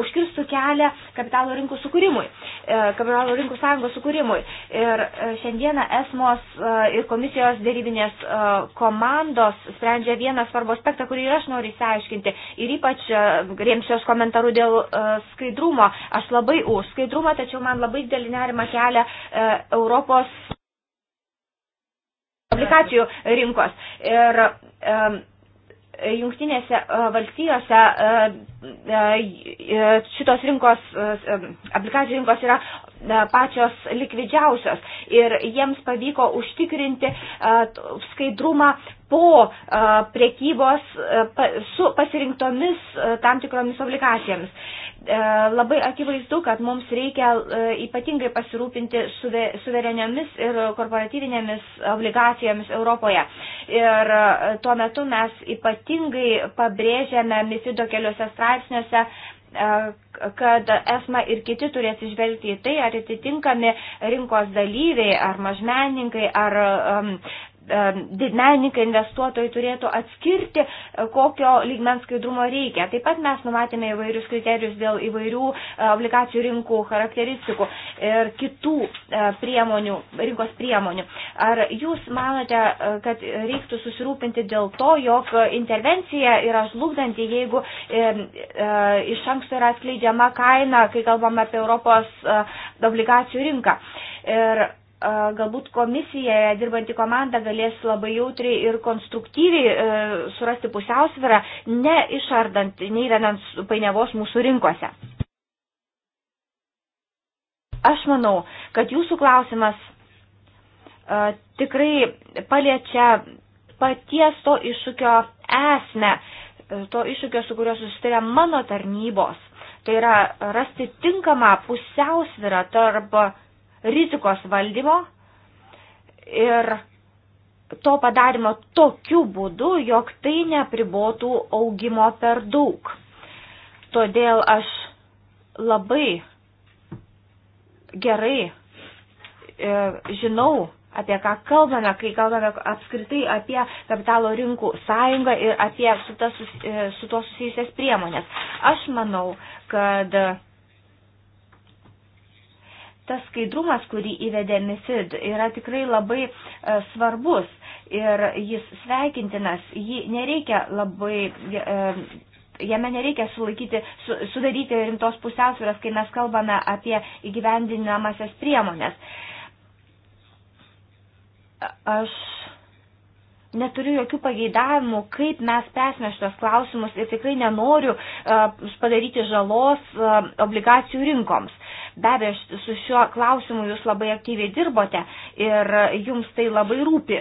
C: užkirstų kelią kapitalo rinkų sukūrimui, kapitalo rinkų sąjungos sukūrimui. Ir šiandieną esmos ir komisijos dėrybinės komandos sprendžia vieną svarbų aspektą, kurį ir aš noriu įsiaiškinti. Ir ypač rėmsios komentarų dėl skaidrumo. Aš labai už skaidrumą, tačiau man labai didelį nerimą kelia Europos obligacijų rinkos. Ir um, jungtinėse e, valstijose e, e, šitos rinkos, aplikacijų rinkos yra pačios likvidžiausios ir jiems pavyko užtikrinti skaidrumą po priekybos su pasirinktomis tam tikromis obligacijomis. Labai akivaizdu, kad mums reikia ypatingai pasirūpinti suvereniomis ir korporatyvinėmis obligacijomis Europoje. Ir tuo metu mes ypatingai pabrėžiame Mifido keliuose straipsniuose kad esma ir kiti turi atsižvelgti į tai, ar atitinkami rinkos dalyviai, ar mažmeninkai, ar um, Um, didmenininkai, investuotojai turėtų atskirti, uh, kokio lygmens skaidrumo reikia. Taip pat mes numatėme įvairius kriterijus dėl įvairių uh, obligacijų rinkų charakteristikų ir kitų uh, priemonių, rinkos priemonių. Ar jūs manote, kad reiktų susirūpinti dėl to, jog intervencija yra žlugdanti, jeigu um, iš anksto yra atskleidžiama kaina, kai kalbame apie Europos obligacijų rinką? Ir galbūt komisijoje dirbanti komanda galės labai jautriai ir konstruktyviai e, surasti pusiausvyrą, neišardant, neįvenant painiavos mūsų rinkose. Aš manau, kad jūsų klausimas a, tikrai paliečia paties to iššūkio esmę, e, to iššūkio, su kurio susitarė mano tarnybos. Tai yra rasti tinkamą pusiausvyrą tarp rizikos valdymo ir to padarimo tokiu būdu, jog tai nepribotų augimo per daug. Todėl aš labai gerai e, žinau, apie ką kalbame, kai kalbame apskritai apie kapitalo rinkų sąjungą ir apie su, ta, su, e, su tuo susijusias priemonės. Aš manau, kad tas skaidrumas, kurį įvedė MIFID, yra tikrai labai e, svarbus ir jis sveikintinas, jį nereikia labai. E, jame nereikia sulaikyti, su, sudaryti rimtos pusiausvėros, kai mes kalbame apie įgyvendinamasias priemonės. Aš neturiu jokių pageidavimų, kaip mes spręsime šitos klausimus ir tikrai nenoriu e, padaryti žalos e, obligacijų rinkoms. Be abejo, su šiuo klausimu jūs labai aktyviai dirbote ir jums tai labai rūpi.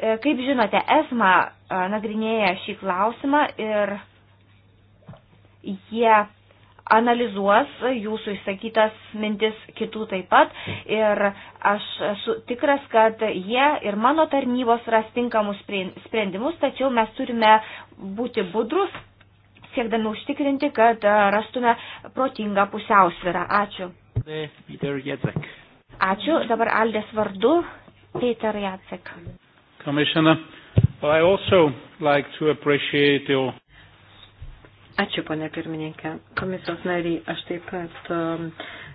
C: E, kaip žinote, ESMA nagrinėja šį klausimą ir jie analizuos jūsų išsakytas mintis kitų taip pat ir aš esu tikras, kad jie ir mano tarnybos ras tinkamus sprendimus, tačiau mes turime būti budrus, siekdami užtikrinti, kad rastume protingą pusiausvyrą. Ačiū. Ačiū. Dabar Aldės vardu Peter Jacek.
A: Commissioner, I also like to appreciate your Ačiū, ponė pirmininkė.
B: Komisijos nariai, aš taip pat um,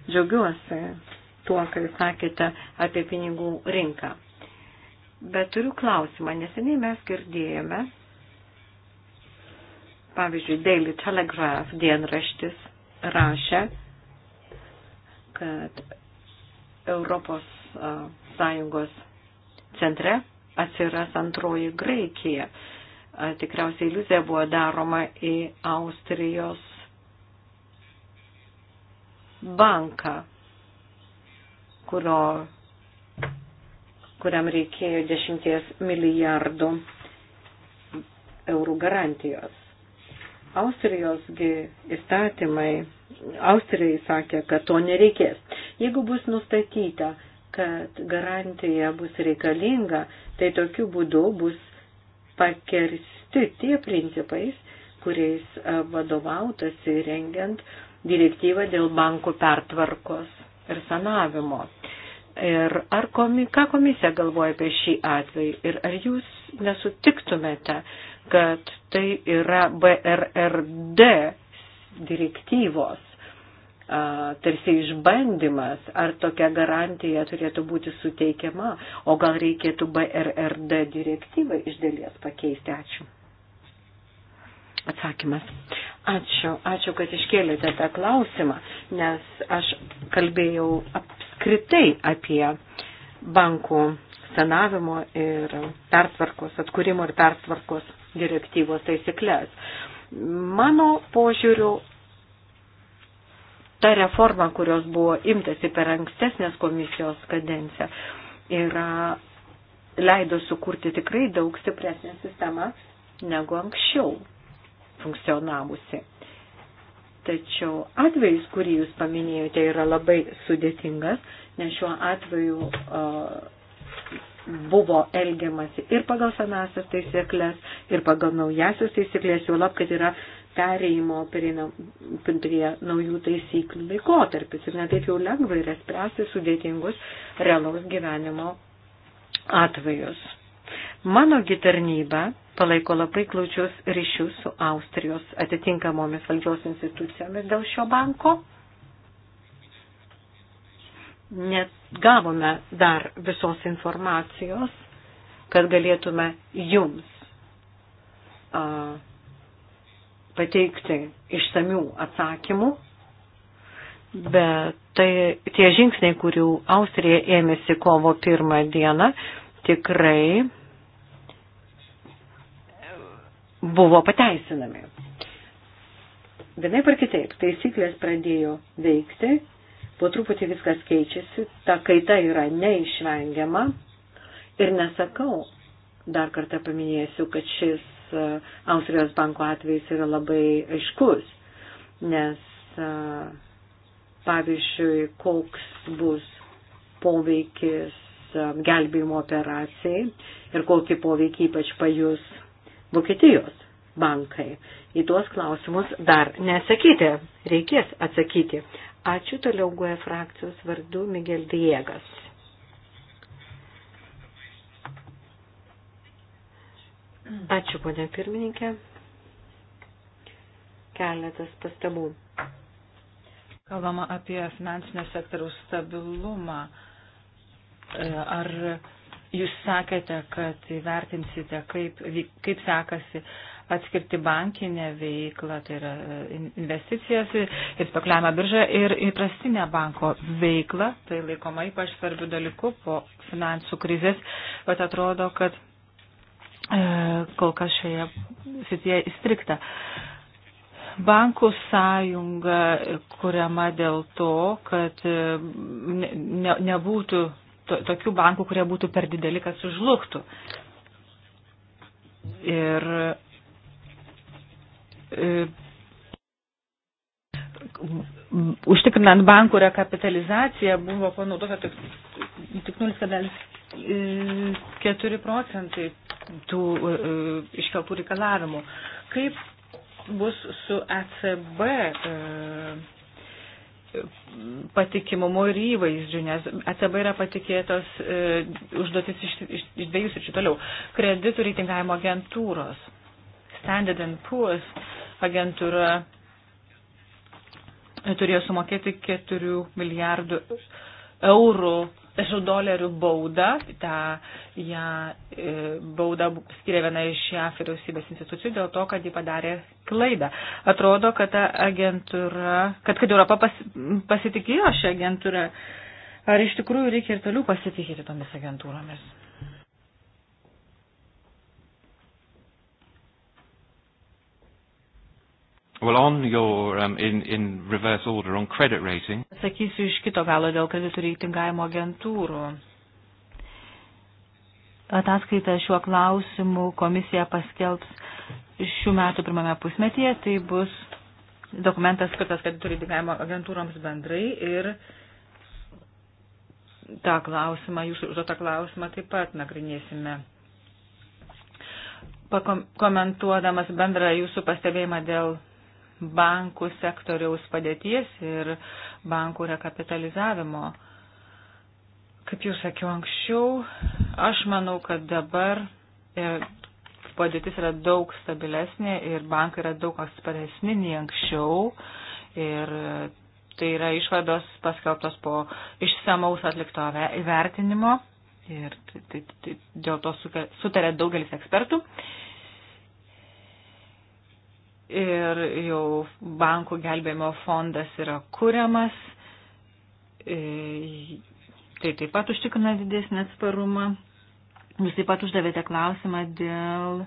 B: džiaugiuosi tuo, ką jūs sakėte apie pinigų rinką. Bet turiu klausimą. Neseniai mes girdėjome, pavyzdžiui, Daily Telegraph dienraštis rašė, kad Europos uh, Sąjungos centre atsiras antroji Graikija. Uh, tikriausiai iliuzija buvo daroma į Austrijos banką, kurio, kuriam reikėjo 10 milijardų eurų garantijos. Austrijosgi įstatymai, Austrijai sakė, kad to nereikės. Jeigu bus nustatyta, kad garantija bus reikalinga, tai tokiu būdu bus pakersti tie principais, kuriais e, vadovautasi rengiant direktyvą dėl bankų pertvarkos ir sanavimo. Ir ar komi, ką komisija galvoja apie šį atvejį ir ar jūs nesutiktumėte, kad tai yra BRRD direktyvos tarsi išbandymas, ar tokia garantija turėtų būti suteikiama, o gal reikėtų BRRD direktyvą iš dalies pakeisti. Ačiū. Atsakymas. Ačiū, ačiū, kad iškėlėte tą klausimą, nes aš kalbėjau apskritai apie bankų senavimo ir pertvarkos, atkūrimo ir pertvarkos direktyvos taisyklės. Mano požiūriu ta reforma, kurios buvo imtasi per ankstesnės komisijos kadenciją, yra leido sukurti tikrai daug stipresnę sistemą negu anksčiau funkcionavusi. Tačiau atvejis, kurį jūs paminėjote, yra labai sudėtingas, nes šiuo atveju uh, buvo elgiamasi ir pagal senasias taisyklės, ir pagal naujasias taisyklės, jau lab, kad yra pereimo prie, prie naujų taisyklių laikotarpis. Ir netaip jau lengva yra spręsti sudėtingus realaus gyvenimo atvejus. Mano gitarnyba palaiko labai glaučius ryšius su Austrijos atitinkamomis valdžios institucijomis dėl šio banko net gavome dar visos informacijos, kad galėtume jums a, pateikti išsamių atsakymų, bet tai tie žingsniai, kurių Austrija ėmėsi kovo pirmą dieną, tikrai buvo pateisinami. Vienaip ar kitaip, taisyklės pradėjo veikti, po truputį viskas keičiasi, ta kaita yra neišvengiama ir nesakau, dar kartą paminėsiu, kad šis E, Austrijos banko atvejs yra labai aiškus, nes e, pavyzdžiui, koks bus poveikis e, gelbėjimo operacijai ir kokį poveikį ypač pajus Vokietijos bankai. Į tuos klausimus dar nesakyti, reikės atsakyti. Ačiū toliau GUE frakcijos vardu Miguel Diegas. Mm. Ačiū, ponia pirmininkė. Keletas pastabų. Kalbama apie finansinio sektoriaus stabilumą.
A: E, ar
B: jūs sakėte, kad įvertinsite, kaip, kaip sekasi atskirti bankinę veiklą, tai yra e, investicijas ir spekuliavimą biržą ir įprastinę banko veiklą, tai laikoma ypač svarbių dalykų po finansų krizės, bet atrodo, kad E, kol kas šioje srityje įstrikta. Bankų sąjunga kuriama dėl to, kad e, ne, nebūtų to, tokių bankų, kurie būtų per dideli, kad sužlugtų. Ir, ir e, užtikrinant bankų rekapitalizaciją buvo panaudota tik, tik 0,4 procentai tų e, e, iškeltų reikalavimų. Kaip bus su ECB e, patikimumu ir įvaizdžiu, nes ECB yra patikėtos užduotis iš, iš, iš dviejų sričių toliau. Kreditų reitingavimo agentūros. Standard Poor's agentūra turėjo sumokėti 4 milijardų eurų esu dolerių baudą, tą ją e, baudą skiria viena iš JAF vyriausybės institucijų dėl to, kad ji padarė klaidą. Atrodo, kad ta agentūra, kad, kad Europa pas, pasitikėjo šią agentūrą. Ar iš tikrųjų reikia ir toliau pasitikėti tomis agentūromis?
A: Well, on your, um, in, in reverse order, on credit rating.
B: Sakysiu iš kito galo dėl kreditų reitingavimo agentūrų. Ataskaitą šiuo klausimu komisija paskelbs šių metų pirmame pusmetyje. Tai bus dokumentas skirtas kreditų reitingavimo agentūroms bendrai ir tą klausimą, jūsų užduotą klausimą taip pat nagrinėsime pakomentuodamas bendrą jūsų pastebėjimą dėl bankų sektoriaus padėties ir bankų rekapitalizavimo. Kaip jau sakiau anksčiau, aš manau, kad dabar e, padėtis yra daug stabilesnė ir bankai yra daug atsparesni nei anksčiau. Ir tai yra išvados paskelbtos po išsamaus atlikto įvertinimo. Ir tai, tai, tai, dėl to sutarė daugelis ekspertų. Uh, ir jau bankų gelbėjimo fondas yra kuriamas. E, tai taip pat užtikrina didesnį atsparumą. Jūs taip pat uždavėte klausimą dėl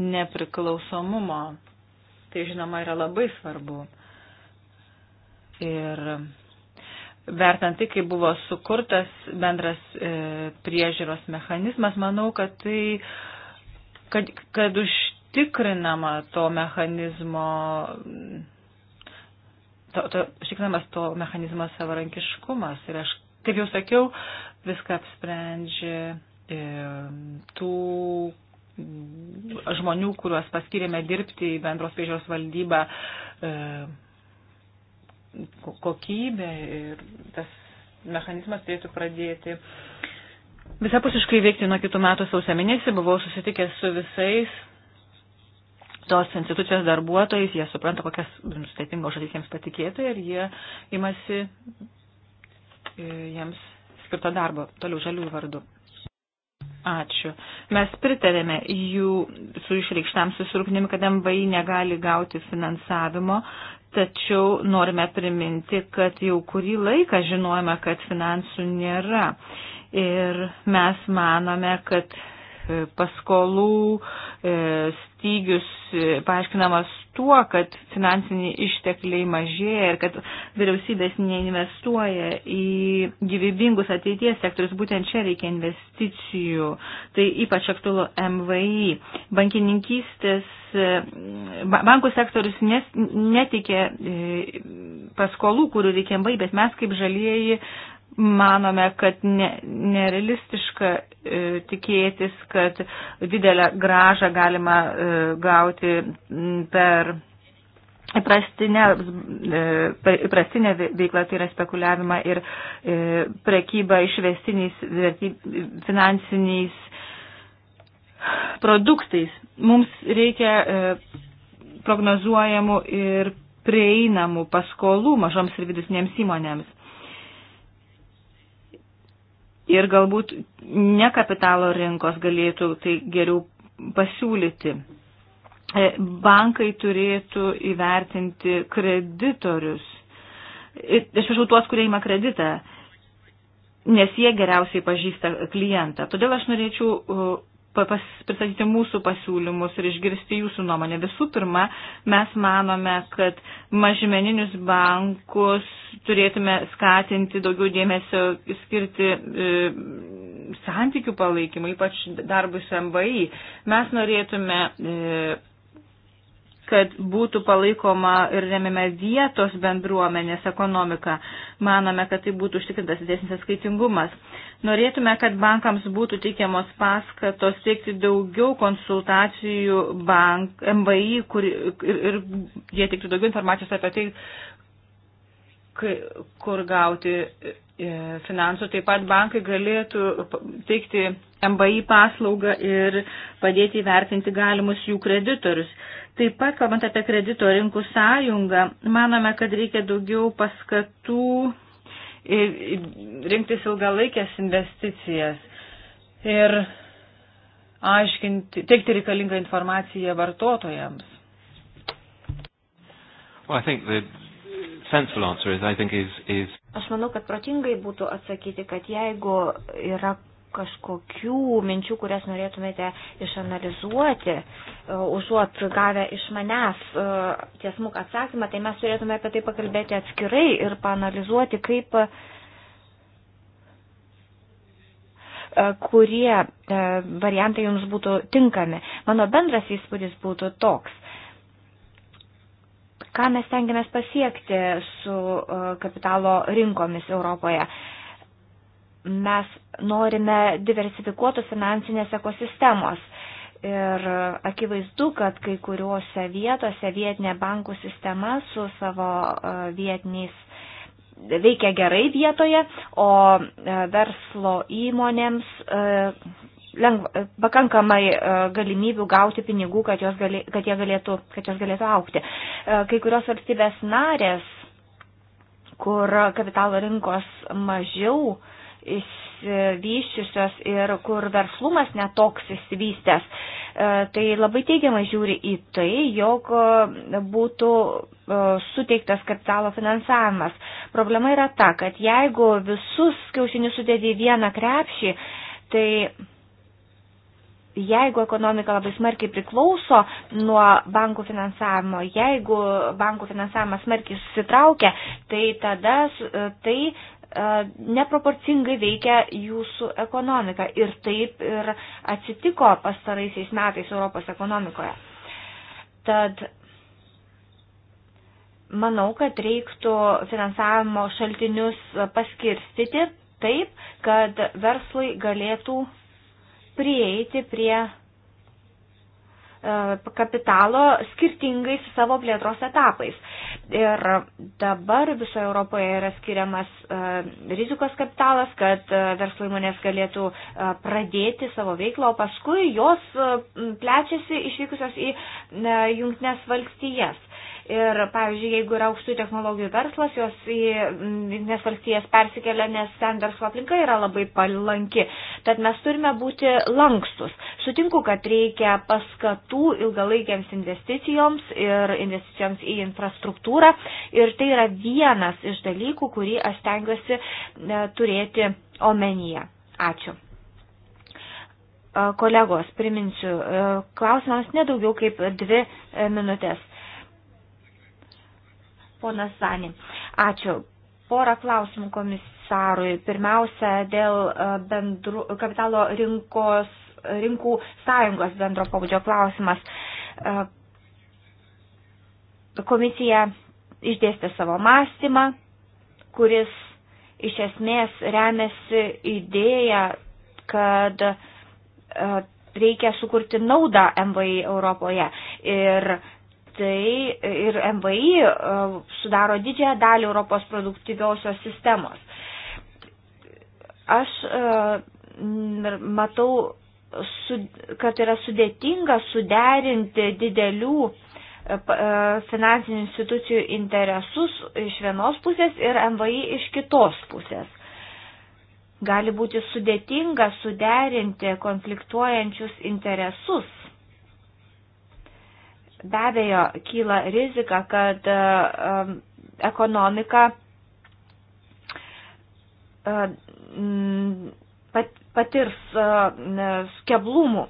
B: nepriklausomumo. Tai žinoma yra labai svarbu. Ir vertant tai, kaip buvo sukurtas bendras e, priežiūros mechanizmas, manau, kad tai, kad, kad už užtikrinama to mechanizmo, to, to, užtikrinamas to mechanizmo savarankiškumas. Ir aš, kaip jau sakiau, viską apsprendžia e, tų žmonių, kuriuos paskirėme dirbti į bendros priežiūros valdybą, e, kokybė ir tas mechanizmas turėtų pradėti visapusiškai veikti nuo kitų metų sausio mėnesį. Buvau susitikęs su visais tos institucijos darbuotojais, jie supranta, kokias sudėtingos žodys jiems patikėta ir jie imasi e, jiems skirto darbo toliau žaliųjų vardu. Ačiū. Mes pritarėme jų su išreikštam susirūpinimu, kad MVI negali gauti finansavimo, tačiau norime priminti, kad jau kurį laiką žinojame, kad finansų nėra. Ir mes manome, kad E, paskolų e, stygius e, paaiškinamas tuo, kad finansiniai ištekliai mažėja ir kad vyriausybės neinvestuoja į gyvybingus ateities sektorius. Būtent čia reikia investicijų. Tai ypač aktualu MVI. Bankininkystės, bankų sektorius nes, netikė paskolų, kurių reikia MVI, bet mes kaip žalieji manome, kad ne, nerealistiška e, tikėtis, kad didelę gražą galima e, gauti per įprastinę, e, įprastinę veiklą, tai yra spekuliavimą ir e, prekybą išvestiniais finansiniais produktais. Mums reikia e, prognozuojamų ir prieinamų paskolų mažoms ir vidutinėms įmonėms ir galbūt ne kapitalo rinkos galėtų tai geriau pasiūlyti. E, bankai turėtų įvertinti kreditorius, išprašau e, tuos, kurie ima kreditą, nes jie geriausiai pažįsta klientą. Todėl aš norėčiau e, pas, pristatyti mūsų pasiūlymus ir išgirsti jūsų nuomonę. Visų pirma, mes manome, kad mažmeninius bankus turėtume skatinti daugiau dėmesio skirti e, santykių palaikymui, ypač darbui su MVI. Mes norėtume e, kad būtų palaikoma ir remime vietos bendruomenės ekonomiką. Manome, kad tai būtų užtikrintas didesnis atskaitingumas. Norėtume, kad bankams būtų teikiamos paskatos teikti daugiau konsultacijų bank, MVI kur, ir, ir jie teiktų daugiau informacijos apie tai, kur gauti e, finansų. Taip pat bankai galėtų teikti MBI paslaugą ir padėti įvertinti galimus jų kreditorius. Taip pat, kalbant apie kredito rinkų sąjungą, manome, kad reikia daugiau paskatų rinktis ilgalaikės investicijas ir aiškinti, teikti reikalingą
C: informaciją vartotojams.
A: Well, I think the sensible answer is, I think, is, is...
C: Aš manau, kad protingai būtų atsakyti, kad jeigu yra kažkokių minčių, kurias norėtumėte išanalizuoti, e, užuot gavę iš manęs e, tiesmuk atsakymą, tai mes turėtume apie tai pakalbėti atskirai ir panalizuoti, kaip e, kurie variantai jums būtų tinkami. Mano bendras įspūdis būtų toks. Ką mes tengiamės pasiekti su kapitalo rinkomis Europoje? mes norime diversifikuotos finansinės ekosistemos. Ir akivaizdu, kad kai kuriuose vietose vietinė bankų sistema su savo e, vietiniais veikia gerai vietoje, o e, verslo įmonėms e, lengva, pakankamai galimybių gauti pinigų, kad jos, gali, kad, galėtų, kad jos galėtų aukti. Kai kurios valstybės narės, kur kapitalo rinkos mažiau, uh, išsivyščiusios ir kur verslumas netoks išsivystęs, e, tai labai teigiamai žiūri į tai, jog e, būtų e, suteiktas kapitalo finansavimas. Problema yra ta, kad jeigu visus kiaušinius sudėdė į vieną krepšį, tai jeigu ekonomika labai smarkiai priklauso nuo bankų finansavimo, jeigu bankų finansavimas smarkiai susitraukia, tai tada tai E, neproporcingai veikia jūsų ekonomiką. Ir taip ir atsitiko pastaraisiais metais Europos ekonomikoje. Tad manau, kad reiktų finansavimo šaltinius paskirstyti taip, kad verslai galėtų prieiti prie E, kapitalo skirtingais savo plėtros etapais. Ir dabar visoje Europoje yra skiriamas e, rizikos kapitalas, kad e, verslo įmonės galėtų pradėti savo veiklą, o paskui jos plečiasi išvykusios į jungtinės valstijas. Ir, pavyzdžiui, jeigu yra aukštų technologijų verslas, jos į jungtinės valstijas persikelia, nes ten verslo aplinka yra labai palanki. Tad mes turime būti lankstus. Sutinku, kad reikia paskatų ilgalaikiams investicijoms ir investicijoms į infrastruktūrą. Ir tai yra vienas iš dalykų, kurį aš stengiuosi e, turėti omenyje. Ačiū e, kolegos, priminsiu, e, klausimams nedaugiau kaip dvi minutės. Ponas Zanį. Ačiū. Porą klausimų komisarui. Pirmiausia, dėl e, bendru, kapitalo rinkos, rinkų sąjungos bendro pabudžio klausimas. E, komisija išdėstė savo mąstymą, kuris iš esmės remiasi idėja, kad e, reikia sukurti naudą MVI Europoje. Ir tai ir MVI e, sudaro didžiąją dalį Europos produktyviosios sistemos. Aš e, matau, kad yra sudėtinga suderinti didelių e, finansinių institucijų interesus iš vienos pusės ir MVI iš kitos pusės. Gali būti sudėtinga suderinti konfliktuojančius interesus be abejo kyla rizika, kad um, ekonomika uh, mm, patirs uh, skeblumų.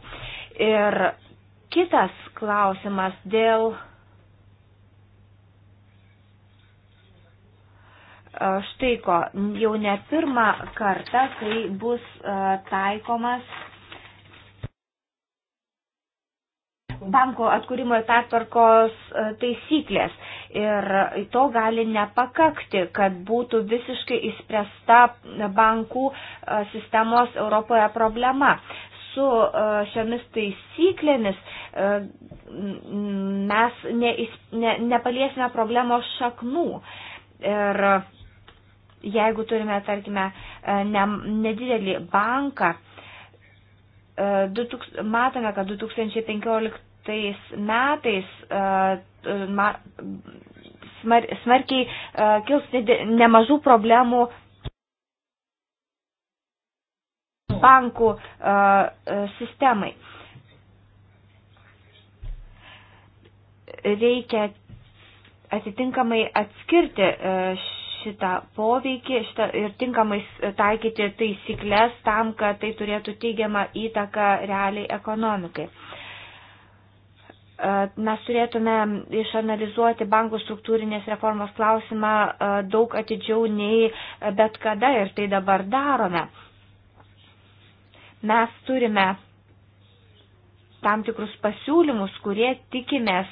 C: Ir kitas klausimas dėl uh, štai ko, jau ne pirmą kartą, kai bus taikomas banko atkūrimo ir pertvarkos e, taisyklės. Ir to gali nepakakti, kad būtų visiškai įspręsta bankų e, sistemos Europoje problema. Su e, šiomis taisyklėmis mes neįs, ne, nepaliesime problemos šaknų. Ir jeigu turime, tarkime, ne, nedidelį banką, matome, kad 2015 metais e, e, smar, smarkiai e, kils nemažų problemų bankų sistemai. Reikia atitinkamai atskirti šitą poveikį šitą, ir tinkamai taikyti taisyklės tam, kad tai turėtų teigiamą įtaką realiai ekonomikai. E, mes turėtume išanalizuoti bankų struktūrinės reformos klausimą e, daug atidžiau nei bet kada ir tai dabar darome. Mes turime tam tikrus pasiūlymus, kurie tikimės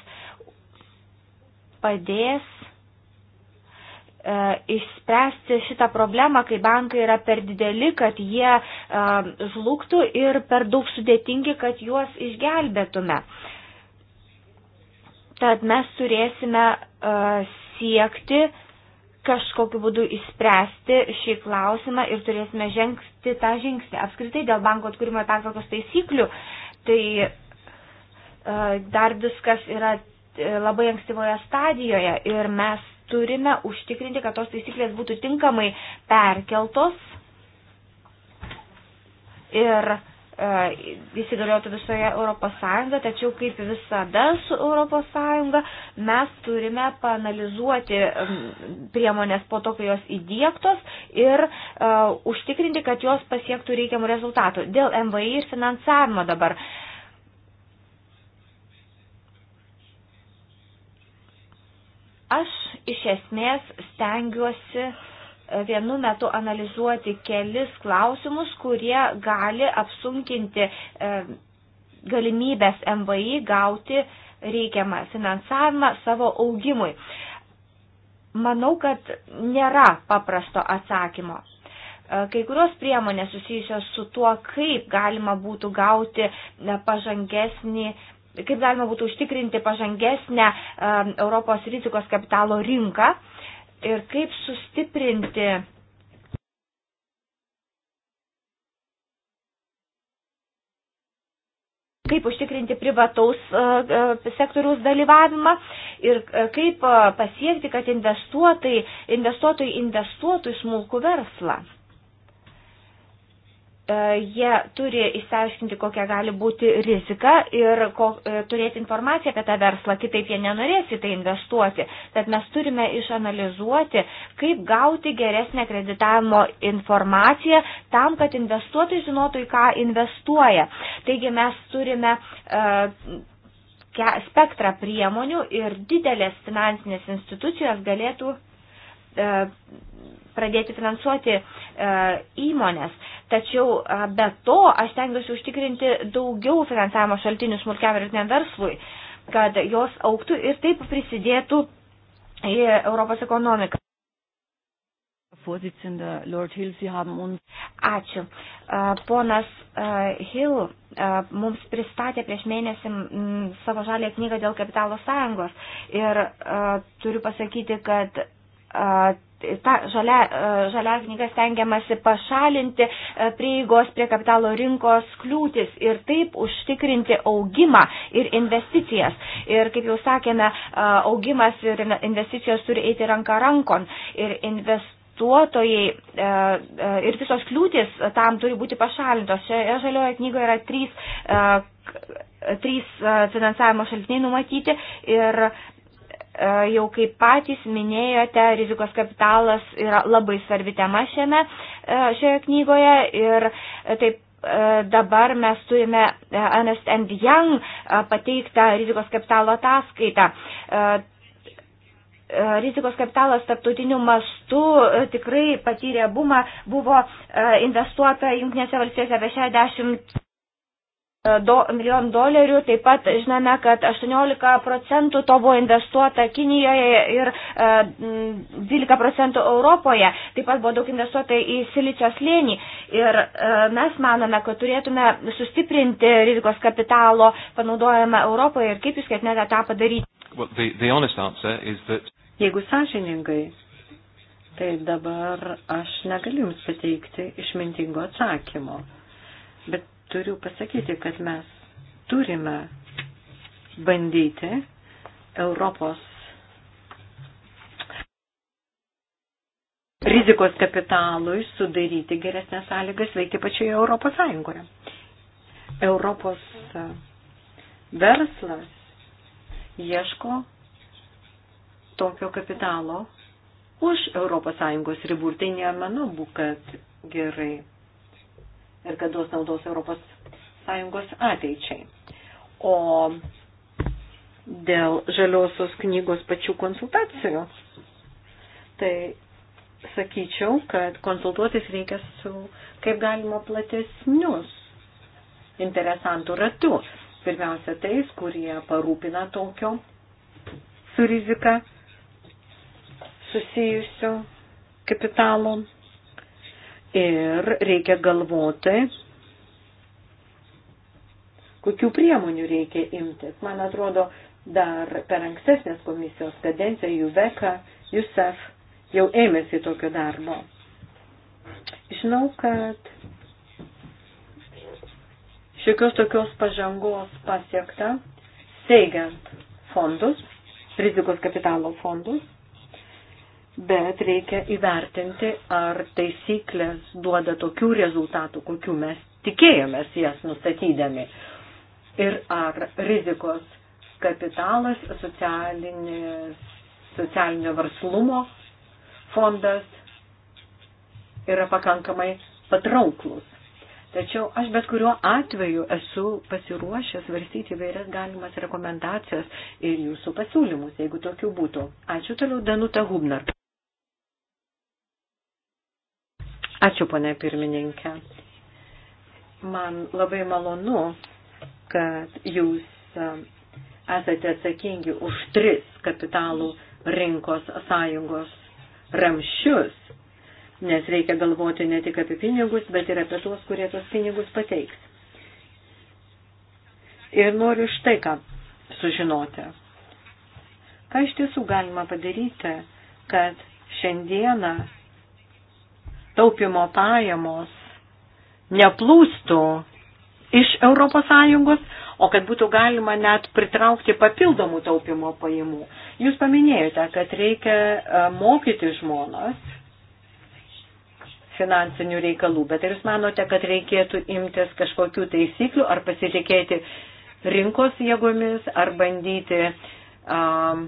C: padės e, išspręsti šitą problemą, kai bankai yra per dideli, kad jie e, žlugtų ir per daug sudėtingi, kad juos išgelbėtume. E, Tad mes turėsime uh, siekti kažkokiu būdu įspręsti šį klausimą ir turėsime žengti tą žingsnį. Apskritai dėl banko atkūrimo pertvarkos taisyklių, tai uh, dar viskas yra e, labai ankstyvoje stadijoje ir mes turime užtikrinti, kad tos taisyklės būtų tinkamai perkeltos ir uh, įsigaliotų e, visoje Europos Sąjungoje, tačiau kaip visada su Europos Sąjunga mes turime panalizuoti priemonės po to, kai jos įdėktos ir uh, užtikrinti, kad jos pasiektų reikiamų rezultatų. Dėl MVI ir finansavimo dabar. Aš iš esmės stengiuosi uh, vienu metu analizuoti kelis klausimus, kurie gali apsunkinti e, galimybės MVI gauti reikiamą finansavimą savo augimui. Manau, kad nėra paprasto atsakymo e, kai kurios priemonės susijusios su tuo, kaip galima būtų gauti e, pažangesnį, kaip galima būtų užtikrinti pažangesnę Europos rizikos kapitalo rinką ir kaip sustiprinti kaip užtikrinti privataus e, e, sektoriaus dalyvavimą ir e, kaip pasiekti, kad investuotojai investuotų į smulkų verslą. E, jie turi įsiaiškinti, kokia gali būti rizika ir ko, e, turėti informaciją apie tą verslą, kitaip jie nenorės į tai investuoti. Tad mes turime išanalizuoti, kaip gauti geresnę kreditavimo informaciją tam, kad investuotojai žinotų, į ką investuoja. Taigi mes turime. Uh, spektrą priemonių ir didelės finansinės institucijos galėtų E, pradėti finansuoti e, įmonės. Tačiau e, be to aš tengiuosi užtikrinti daugiau finansavimo šaltinių smulkiam ir vidutiniam verslui, kad jos auktų ir taip prisidėtų į Europos ekonomiką. Ačiū. E, ponas e, Hill mums pristatė prieš mėnesį savo žalę knygą dėl kapitalo sąjungos ir turiu pasakyti, kad Ta žalia, žalia knyga stengiamasi pašalinti prieigos prie kapitalo rinkos kliūtis ir taip užtikrinti augimą ir investicijas. Ir kaip jau sakėme, augimas ir investicijos turi eiti ranka rankon. Ir invest investuotojai ir visos kliūtis tam turi būti pašalintos. Šioje žalioje knygoje yra trys, trys finansavimo šaltiniai numatyti ir E, jau kaip patys minėjote, rizikos kapitalas yra labai svarbi tema šiame, e, šioje knygoje ir taip e, dabar mes turime Ernest Young pateiktą rizikos kapitalo ataskaitą rizikos kapitalas tarptautiniu mastu tikrai patyrė bumą, buvo investuota Junktinėse valstijose apie 60 E, do, milijonų dolerių. Taip pat žinome, kad 18 procentų to buvo investuota Kinijoje ir e, 12 procentų Europoje. Taip pat buvo daug investuota į silicio slėnį. Ir e, mes manome, kad turėtume sustiprinti rizikos kapitalo panaudojimą Europoje ir kaip jūs ketinate tą padaryti.
A: Well, the, the that... Jeigu
C: sąžiningai,
B: tai dabar aš negaliu jums pateikti išmintingo atsakymo. Bet turiu pasakyti, kad mes turime bandyti Europos rizikos kapitalui sudaryti geresnės sąlygas veikti pačioje Europos Sąjungoje. Europos verslas ieško tokio kapitalo už Europos Sąjungos ribų ir tai nemanau, kad gerai ir kad duos naudos Europos Sąjungos ateičiai. O dėl žaliosios knygos pačių konsultacijų, tai sakyčiau, kad konsultuotis reikia su kaip galima platesnius interesantų ratus. Pirmiausia, tais, kurie parūpina tokio su rizika susijusio kapitalo ir reikia galvoti, kokių priemonių reikia imtis. Man atrodo, dar per ankstesnės komisijos kadenciją Juveka, Jusef jau ėmėsi tokio darbo. Žinau, kad šiokios tokios pažangos pasiekta, steigiant fondus, rizikos kapitalo fondus, bet reikia įvertinti, ar taisyklės duoda tokių rezultatų, kokių mes tikėjomės jas nustatydami. Ir ar rizikos kapitalas, socialinio verslumo fondas yra pakankamai patrauklus. Tačiau aš bet kuriuo atveju esu pasiruošęs varstyti vairias galimas rekomendacijas ir jūsų pasiūlymus, jeigu tokių būtų. Ačiū toliau Danuta Hubner. Ačiū, ponė pirmininkė. Man labai malonu, kad jūs e, esate atsakingi už tris kapitalų rinkos sąjungos ramščius, nes reikia galvoti ne tik apie pinigus, bet ir apie tuos, kurie tos pinigus pateiks. Ir noriu štai ką sužinoti. Ką iš tiesų galima padaryti, kad šiandieną taupimo pajamos neplūstų iš ES, o kad būtų galima net pritraukti papildomų taupimo pajamų. Jūs paminėjote, kad reikia e, mokyti žmonas finansinių reikalų, bet ar jūs manote, kad reikėtų imtis kažkokių taisyklių ar pasitikėti rinkos jėgomis ar bandyti um,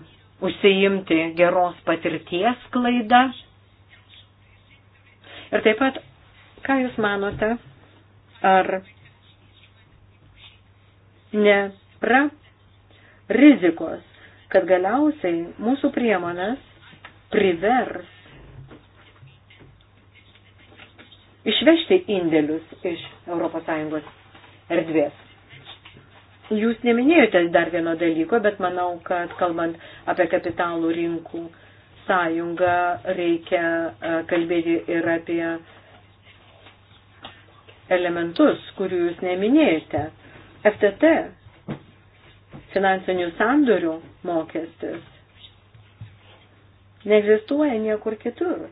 B: užsiimti geros patirties klaidą? Ir taip pat, ką Jūs manote, ar nėra rizikos, kad galiausiai mūsų priemonės privers išvežti indėlius iš ES erdvės. Jūs neminėjote dar vieno dalyko, bet manau, kad kalbant apie kapitalų rinkų sąjungą reikia e, kalbėti ir apie elementus, kurių jūs neminėjote. FTT, finansinių sandorių mokestis, neegzistuoja niekur kitur.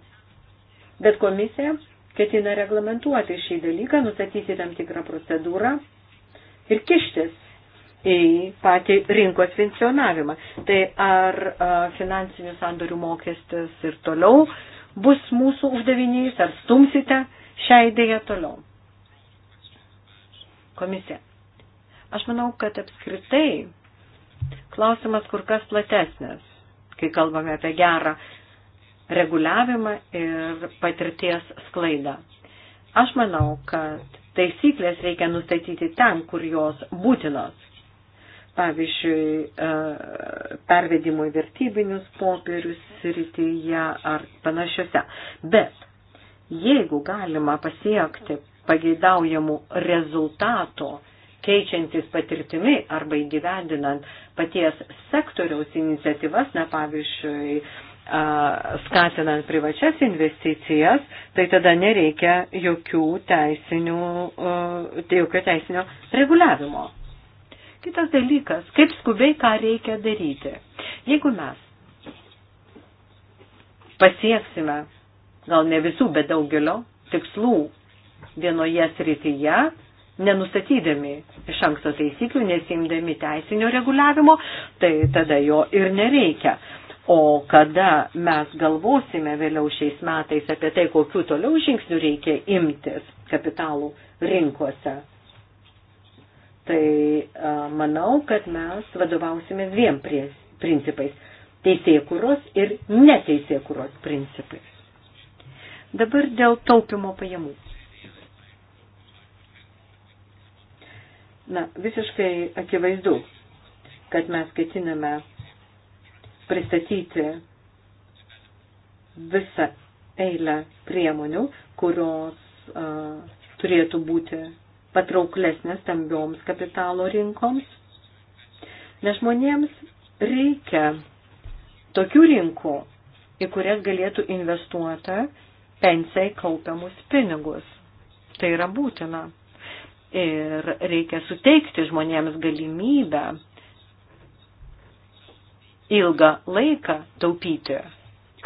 B: Bet komisija ketina reglamentuoti šį dalyką, nustatyti tam tikrą procedūrą ir kištis į patį rinkos funkcionavimą. Tai ar finansinių sandorių mokestis ir toliau bus mūsų uždavinys, ar stumsite šią idėją toliau? Komisija. Aš manau, kad apskritai klausimas kur kas platesnis, kai kalbame apie gerą reguliavimą ir patirties sklaidą. Aš manau, kad taisyklės reikia nustatyti ten, kur jos būtinos pavyzdžiui, e, pervedimų į vertybinius popierius srityje ar panašiose. Bet jeigu galima pasiekti pageidaujamų rezultato, keičiantis patirtimi arba įgyvendinant paties sektoriaus iniciatyvas, na pavyzdžiui, skatinant privačias investicijas, tai tada nereikia jokių teisinių, jokio teisinio reguliavimo. Kitas dalykas, kaip skubiai ką reikia daryti. Jeigu mes pasieksime, gal ne visų, bet daugelio tikslų vienoje srityje, nenustatydami iš anksto taisyklių, nesimdami teisinio reguliavimo, tai tada jo ir nereikia. O kada mes galvosime vėliau šiais metais apie tai, kokiu toliau žingsnių reikia imtis kapitalų rinkose, tai manau, kad mes vadovausime dviem principais - teisėkuros ir neteisėkuros principais. Dabar dėl taupimo pajamų. Na, visiškai akivaizdu, kad mes ketiname pristatyti visą eilę priemonių, kurios uh, turėtų būti patrauklesnės stambioms kapitalo rinkoms, nes žmonėms reikia tokių rinkų, į kurias galėtų investuota pensijai kaupiamus pinigus. Tai yra būtina. Ir reikia suteikti žmonėms galimybę ilgą laiką taupyti,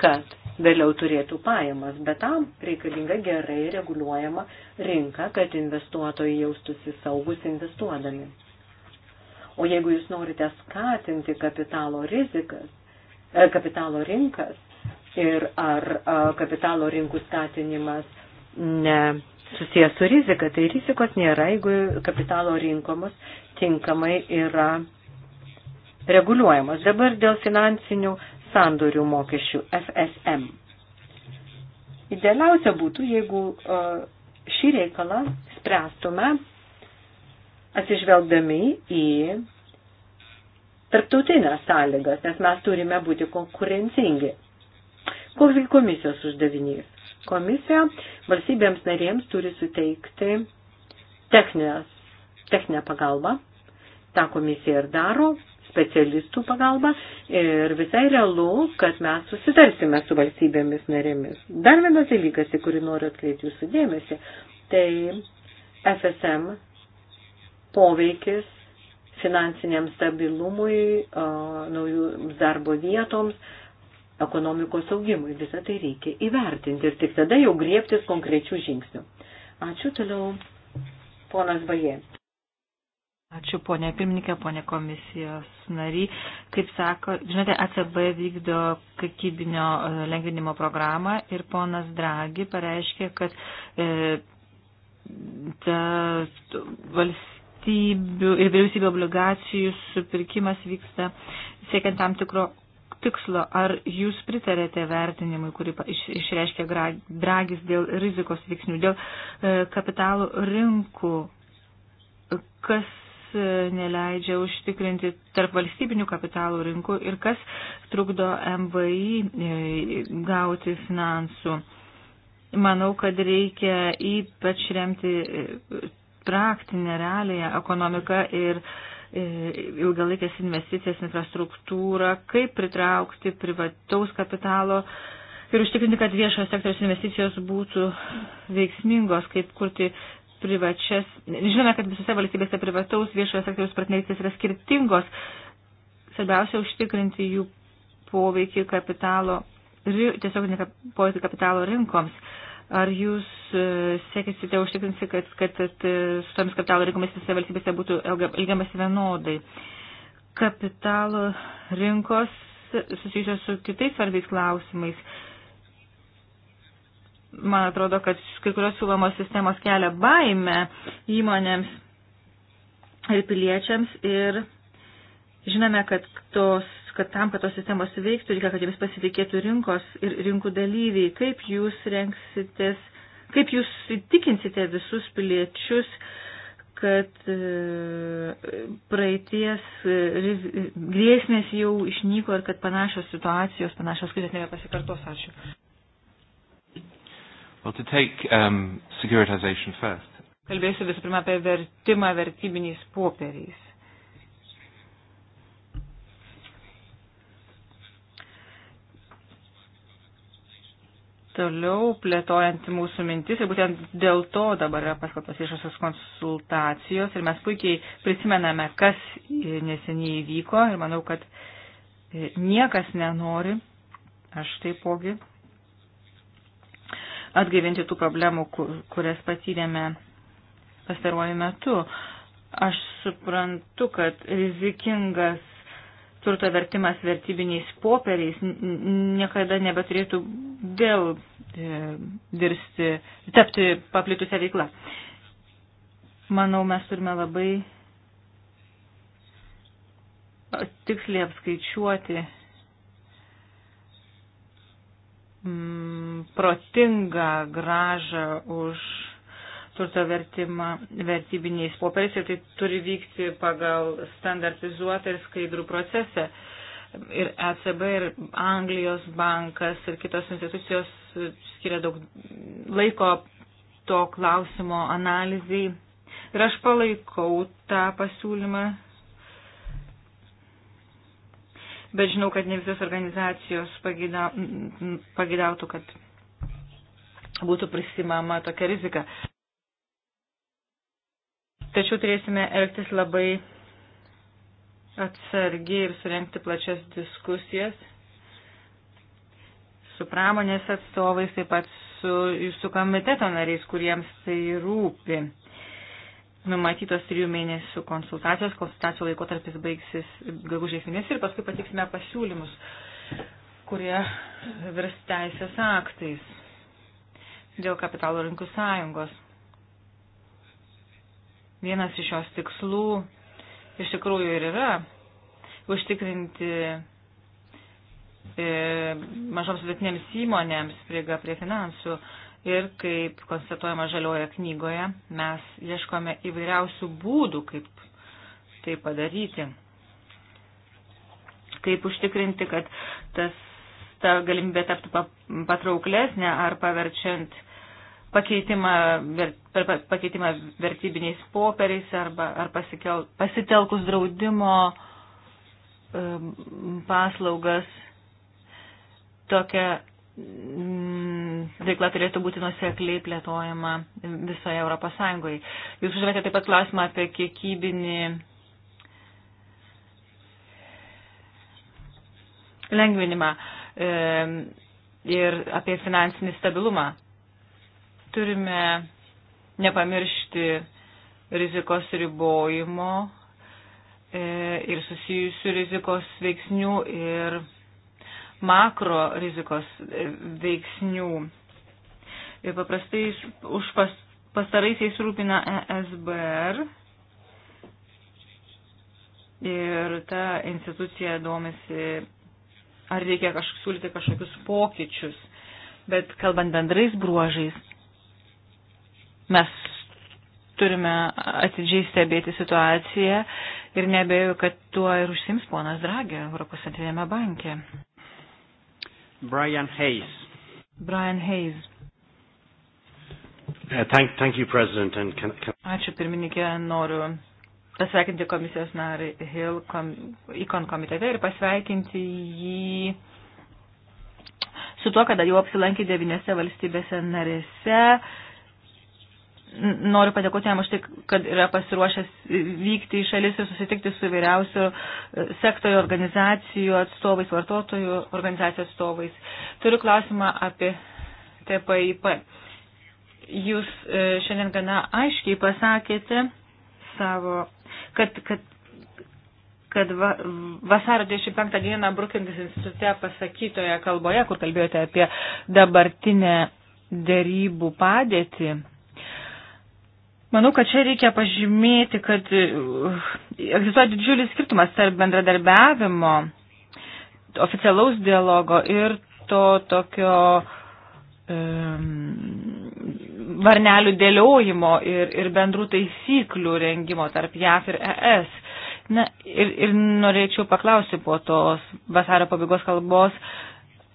B: kad vėliau turėtų pajamas, bet tam reikalinga gerai reguliuojama rinka, kad investuotojai jaustųsi saugus investuodami. O jeigu jūs norite skatinti kapitalo rizikas, e, kapitalo rinkas ir ar e, kapitalo rinkų skatinimas ne susijęs su rizika, tai rizikos nėra, jeigu kapitalo rinkomas tinkamai yra reguliuojamas. Dabar dėl finansinių sandorių mokesčių FSM. Idealiausia būtų, jeigu e, šį reikalą spręstume atsižvelgdami į tarptautinės sąlygas, nes mes turime būti konkurencingi. Koks komisijos uždavinys? Komisija valstybėms narėms turi suteikti techninės, techninę pagalbą. Ta komisija ir daro, specialistų pagalba ir visai realu, kad mes susitarsime su valstybėmis narėmis. Dar vienas dalykas, į kurį noriu atkreipti jūsų dėmesį, tai FSM poveikis finansiniam stabilumui, naujų darbo vietoms, ekonomikos augimui. Visą tai reikia įvertinti ir tik tada jau griebtis konkrečių žingsnių. Ačiū toliau, ponas Baje. Ačiū ponė pirmininkė, ponė komisijos nary. Kaip sako, žinote, ACB vykdo kakybinio e, lengvinimo programą ir ponas Dragi pareiškė, kad e, ta, valstybių ir vyriausybių obligacijų supirkimas vyksta siekiant tam tikro tikslo. Ar jūs pritarėte vertinimui, kurį išreiškė Dragis dėl rizikos veiksnių, dėl e, kapitalų rinkų? Kas neleidžia užtikrinti tarp valstybinių kapitalų rinkų ir kas trukdo MVI e, gauti finansų. Manau, kad reikia ypač remti e, praktinę realiją ekonomiką ir e, ilgalaikės investicijas, infrastruktūrą, kaip pritraukti privataus kapitalo ir užtikrinti, kad viešojo sektoriaus investicijos būtų veiksmingos, kaip kurti privačias, žinome, kad visose valstybėse privataus viešojo sektoriaus partnerystės yra skirtingos. Svarbiausia užtikrinti jų poveikį kapitalo, tiesiog ne poveikį kapitalo rinkoms. Ar jūs e, siekisite užtikrinti, kad, kad, kad e, su tomis kapitalo rinkomis visose valstybėse būtų elgiamas vienodai? Kapitalo rinkos susijusios su kitais svarbiais klausimais man atrodo, kad kai kurios siūlomos sistemos kelia baimę įmonėms ir piliečiams ir žinome, kad, tos, kad tam, kad tos sistemos veiktų, reikia, kad jomis pasitikėtų rinkos ir rinkų dalyviai. Kaip jūs renksitės, kaip jūs įtikinsite visus piliečius, kad e, praeities e, e, grėsmės jau išnyko ir kad panašios situacijos, panašios krizės nebepasikartos. Ačiū.
A: Well, to take um, securitization first.
B: Kalbėsiu visų pirma apie vertimą vertybiniais popieriais. Toliau plėtojant mūsų mintis ir būtent dėl to dabar yra paskaltos viešosios konsultacijos ir mes puikiai prisimename, kas neseniai įvyko ir manau, kad e, niekas nenori, aš taipogi atgaivinti tų problemų, kurias patyrėme pastaruoju metu. Aš suprantu, kad rizikingas turto vertimas vertybiniais popieriais niekada nebeturėtų vėl e, virsti, tapti paplitusią veiklą. Manau, mes turime labai tiksliai apskaičiuoti protingą gražą už turto vertimą vertybiniais popieriais ir tai turi vykti pagal standartizuotą ir skaidrų procesą. Ir ECB, ir Anglijos bankas, ir kitos institucijos skiria daug laiko to klausimo analizai. Ir aš palaikau tą pasiūlymą. Bet žinau, kad ne visos organizacijos pagidautų, kad būtų prisimama tokia rizika. Tačiau turėsime elgtis labai atsargiai ir surenkti plačias diskusijas su pramonės atstovais, taip pat su jūsų komiteto nariais, kuriems tai rūpi. Numatytos trijų mėnesių konsultacijos, konsultacijų laikotarpis baigsis gegužės mėnesį ir paskui patiksime pasiūlymus, kurie virs teisės aktais dėl kapitalo rinkų sąjungos. Vienas iš jos tikslų iš tikrųjų ir yra užtikrinti e, mažoms vidutinėms įmonėms prieiga prie finansų ir kaip konstatuojama žalioje knygoje, mes ieškome įvairiausių būdų, kaip tai padaryti. Kaip užtikrinti, kad tas ta galimybė taptų patrauklesnė ar paverčiant pakeitimą, per pakeitimą vertybiniais popieriais arba ar pasikel, pasitelkus draudimo um, paslaugas. Tokia
A: mm,
B: veikla turėtų būti nusekliai plėtojama visoje Europos Sąjungoje. Jūs uždavėte taip pat klausimą apie kiekybinį lengvinimą. Uh, ir apie finansinį stabilumą. Turime nepamiršti rizikos ribojimo e, ir susijusių rizikos veiksnių ir makro rizikos e, veiksnių. Ir paprastai už pas, pastaraisiais rūpina ESBR ir ta institucija domisi ar reikia kažk siūlyti kažkokius pokyčius. Bet kalbant bendrais bruožais, mes turime atidžiai stebėti situaciją ir nebejoju, kad tuo ir užsims ponas Dragė Europos centrinėme banke.
A: Brian Hayes.
B: Brian Hayes.
A: Uh, thank, thank you, President, and can, can...
B: Ačiū pirmininkė, noriu pasveikinti komisijos narį Hill kom, ikon komitete ir pasveikinti jį su tuo, kada jau apsilankė devynėse valstybėse narėse. Noriu padėkoti jam už tai, kad yra pasiruošęs vykti į šalis ir susitikti su vyriausių e, sektorių organizacijų atstovais, vartotojų organizacijų atstovais. Turiu klausimą apie TPIP. Jūs e, šiandien gana aiškiai pasakėte savo kad, kad kad va, vasario 25 dieną Brookings institute pasakytoje kalboje, kur kalbėjote apie dabartinę dėrybų padėtį, manau, kad čia reikia pažymėti, kad uh, egzistuoja didžiulis skirtumas tarp bendradarbiavimo, oficialaus dialogo ir to tokio um, varnelių dėliojimo ir, ir bendrų taisyklių rengimo tarp JAF ir ES. Na, ir, ir norėčiau paklausti po tos vasario pabaigos kalbos,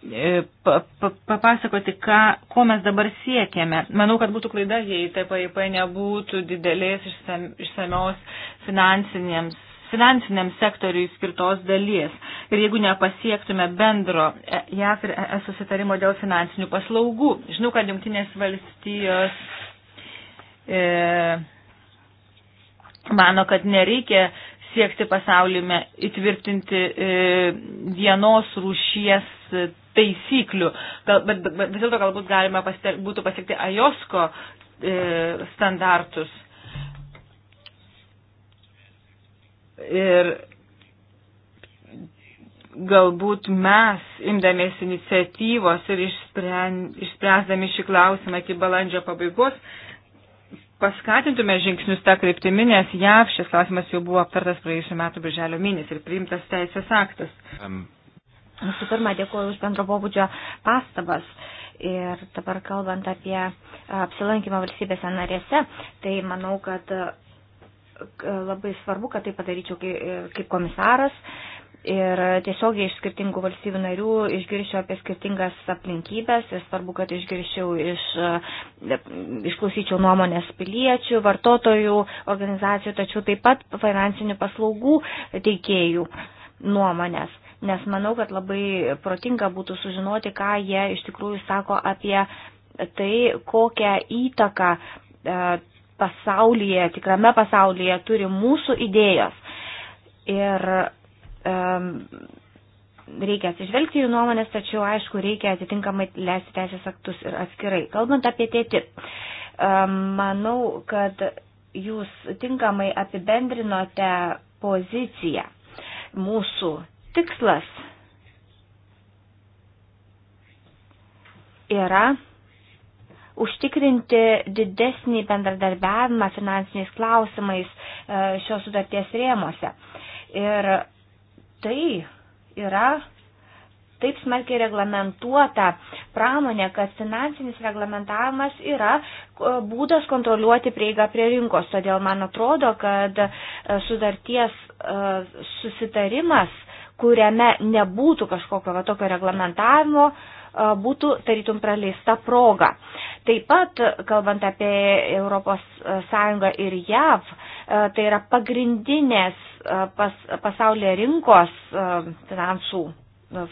B: e, papasakoti, ką, ko mes dabar siekiame. Manau, kad būtų klaida, jei TPIP nebūtų didelės išsamios finansinėms finansiniam sektoriui skirtos dalies. Ir jeigu nepasiektume bendro JAF ir ES susitarimo dėl finansinių paslaugų, žinau, kad Junktinės valstijos e, mano, kad nereikia siekti pasaulyme įtvirtinti e, vienos rūšies taisyklių, Gal, bet, bet, bet vis dėlto galbūt galima pasiter, būtų pasiekti AJOSKO e, standartus Ir galbūt mes, imdamės iniciatyvos ir išspręsdami šį klausimą iki balandžio pabaigos, paskatintume žingsnius tą kryptimį, nes JAV šis klausimas jau buvo aptartas praėjusiu metu birželio mėnesį ir priimtas teisės aktas.
A: Um.
C: Visų pirma, dėkuoju už bendro pobūdžio pastabas. Ir dabar kalbant apie apsilankymą valstybėse narėse, tai manau, kad labai svarbu, kad tai padaryčiau kaip komisaras ir tiesiogiai iš skirtingų valstybių narių išgiršiu apie skirtingas aplinkybės ir svarbu, kad išgiršiau iš, išklausyčiau nuomonės piliečių, vartotojų, organizacijų, tačiau taip pat finansinių paslaugų teikėjų nuomonės. Nes manau, kad labai protinga būtų sužinoti, ką jie iš tikrųjų sako apie tai, kokią įtaką e, pasaulyje, tikrame pasaulyje turi mūsų idėjos. Ir um, reikia atsižvelgti jų nuomonės, tačiau aišku, reikia atitinkamai leisti teisės aktus ir atskirai. Kalbant apie tėtį, um, manau, kad jūs tinkamai apibendrinote poziciją. Mūsų tikslas yra užtikrinti didesnį bendradarbiavimą finansiniais klausimais e, šios sutarties rėmose. Ir tai yra taip smarkiai reglamentuota pramonė, kad finansinis reglamentavimas yra e, būdas kontroliuoti prieigą prie rinkos. Todėl man atrodo, kad e, sudarties susitarimas, kuriame nebūtų kažkokio va, tokio reglamentavimo, būtų tarytum praleista proga. Taip pat, kalbant apie ES e, ir JAV, e, tai yra pagrindinės e, pas, pasaulio rinkos finansų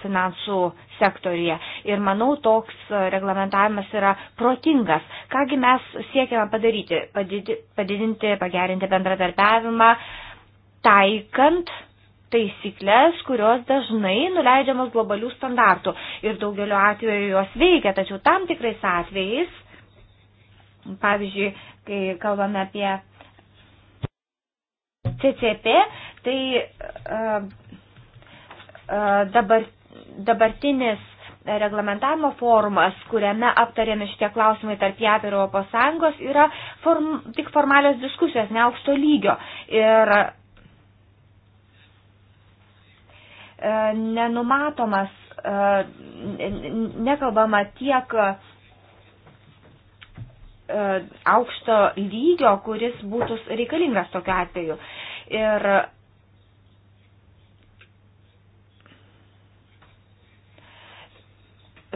C: finansų sektorija. Ir manau, toks reglamentavimas yra protingas. Kągi mes siekiame padaryti? Padidinti, pagerinti bendradarbiavimą, taikant taisyklės, kurios dažnai nuleidžiamos globalių standartų ir daugeliu atveju jos veikia, tačiau tam tikrais atvejais, pavyzdžiui, kai kalbame apie CCP, tai uh, uh, dabar, dabartinis reglamentavimo formas, kuriame aptariami šitie klausimai tarp JAP ir ES, yra form, tik formalios diskusijos, ne aukšto lygio. Ir E, nenumatomas, e, nekalbama tiek e, aukšto lygio, kuris būtų reikalingas tokiu atveju. Ir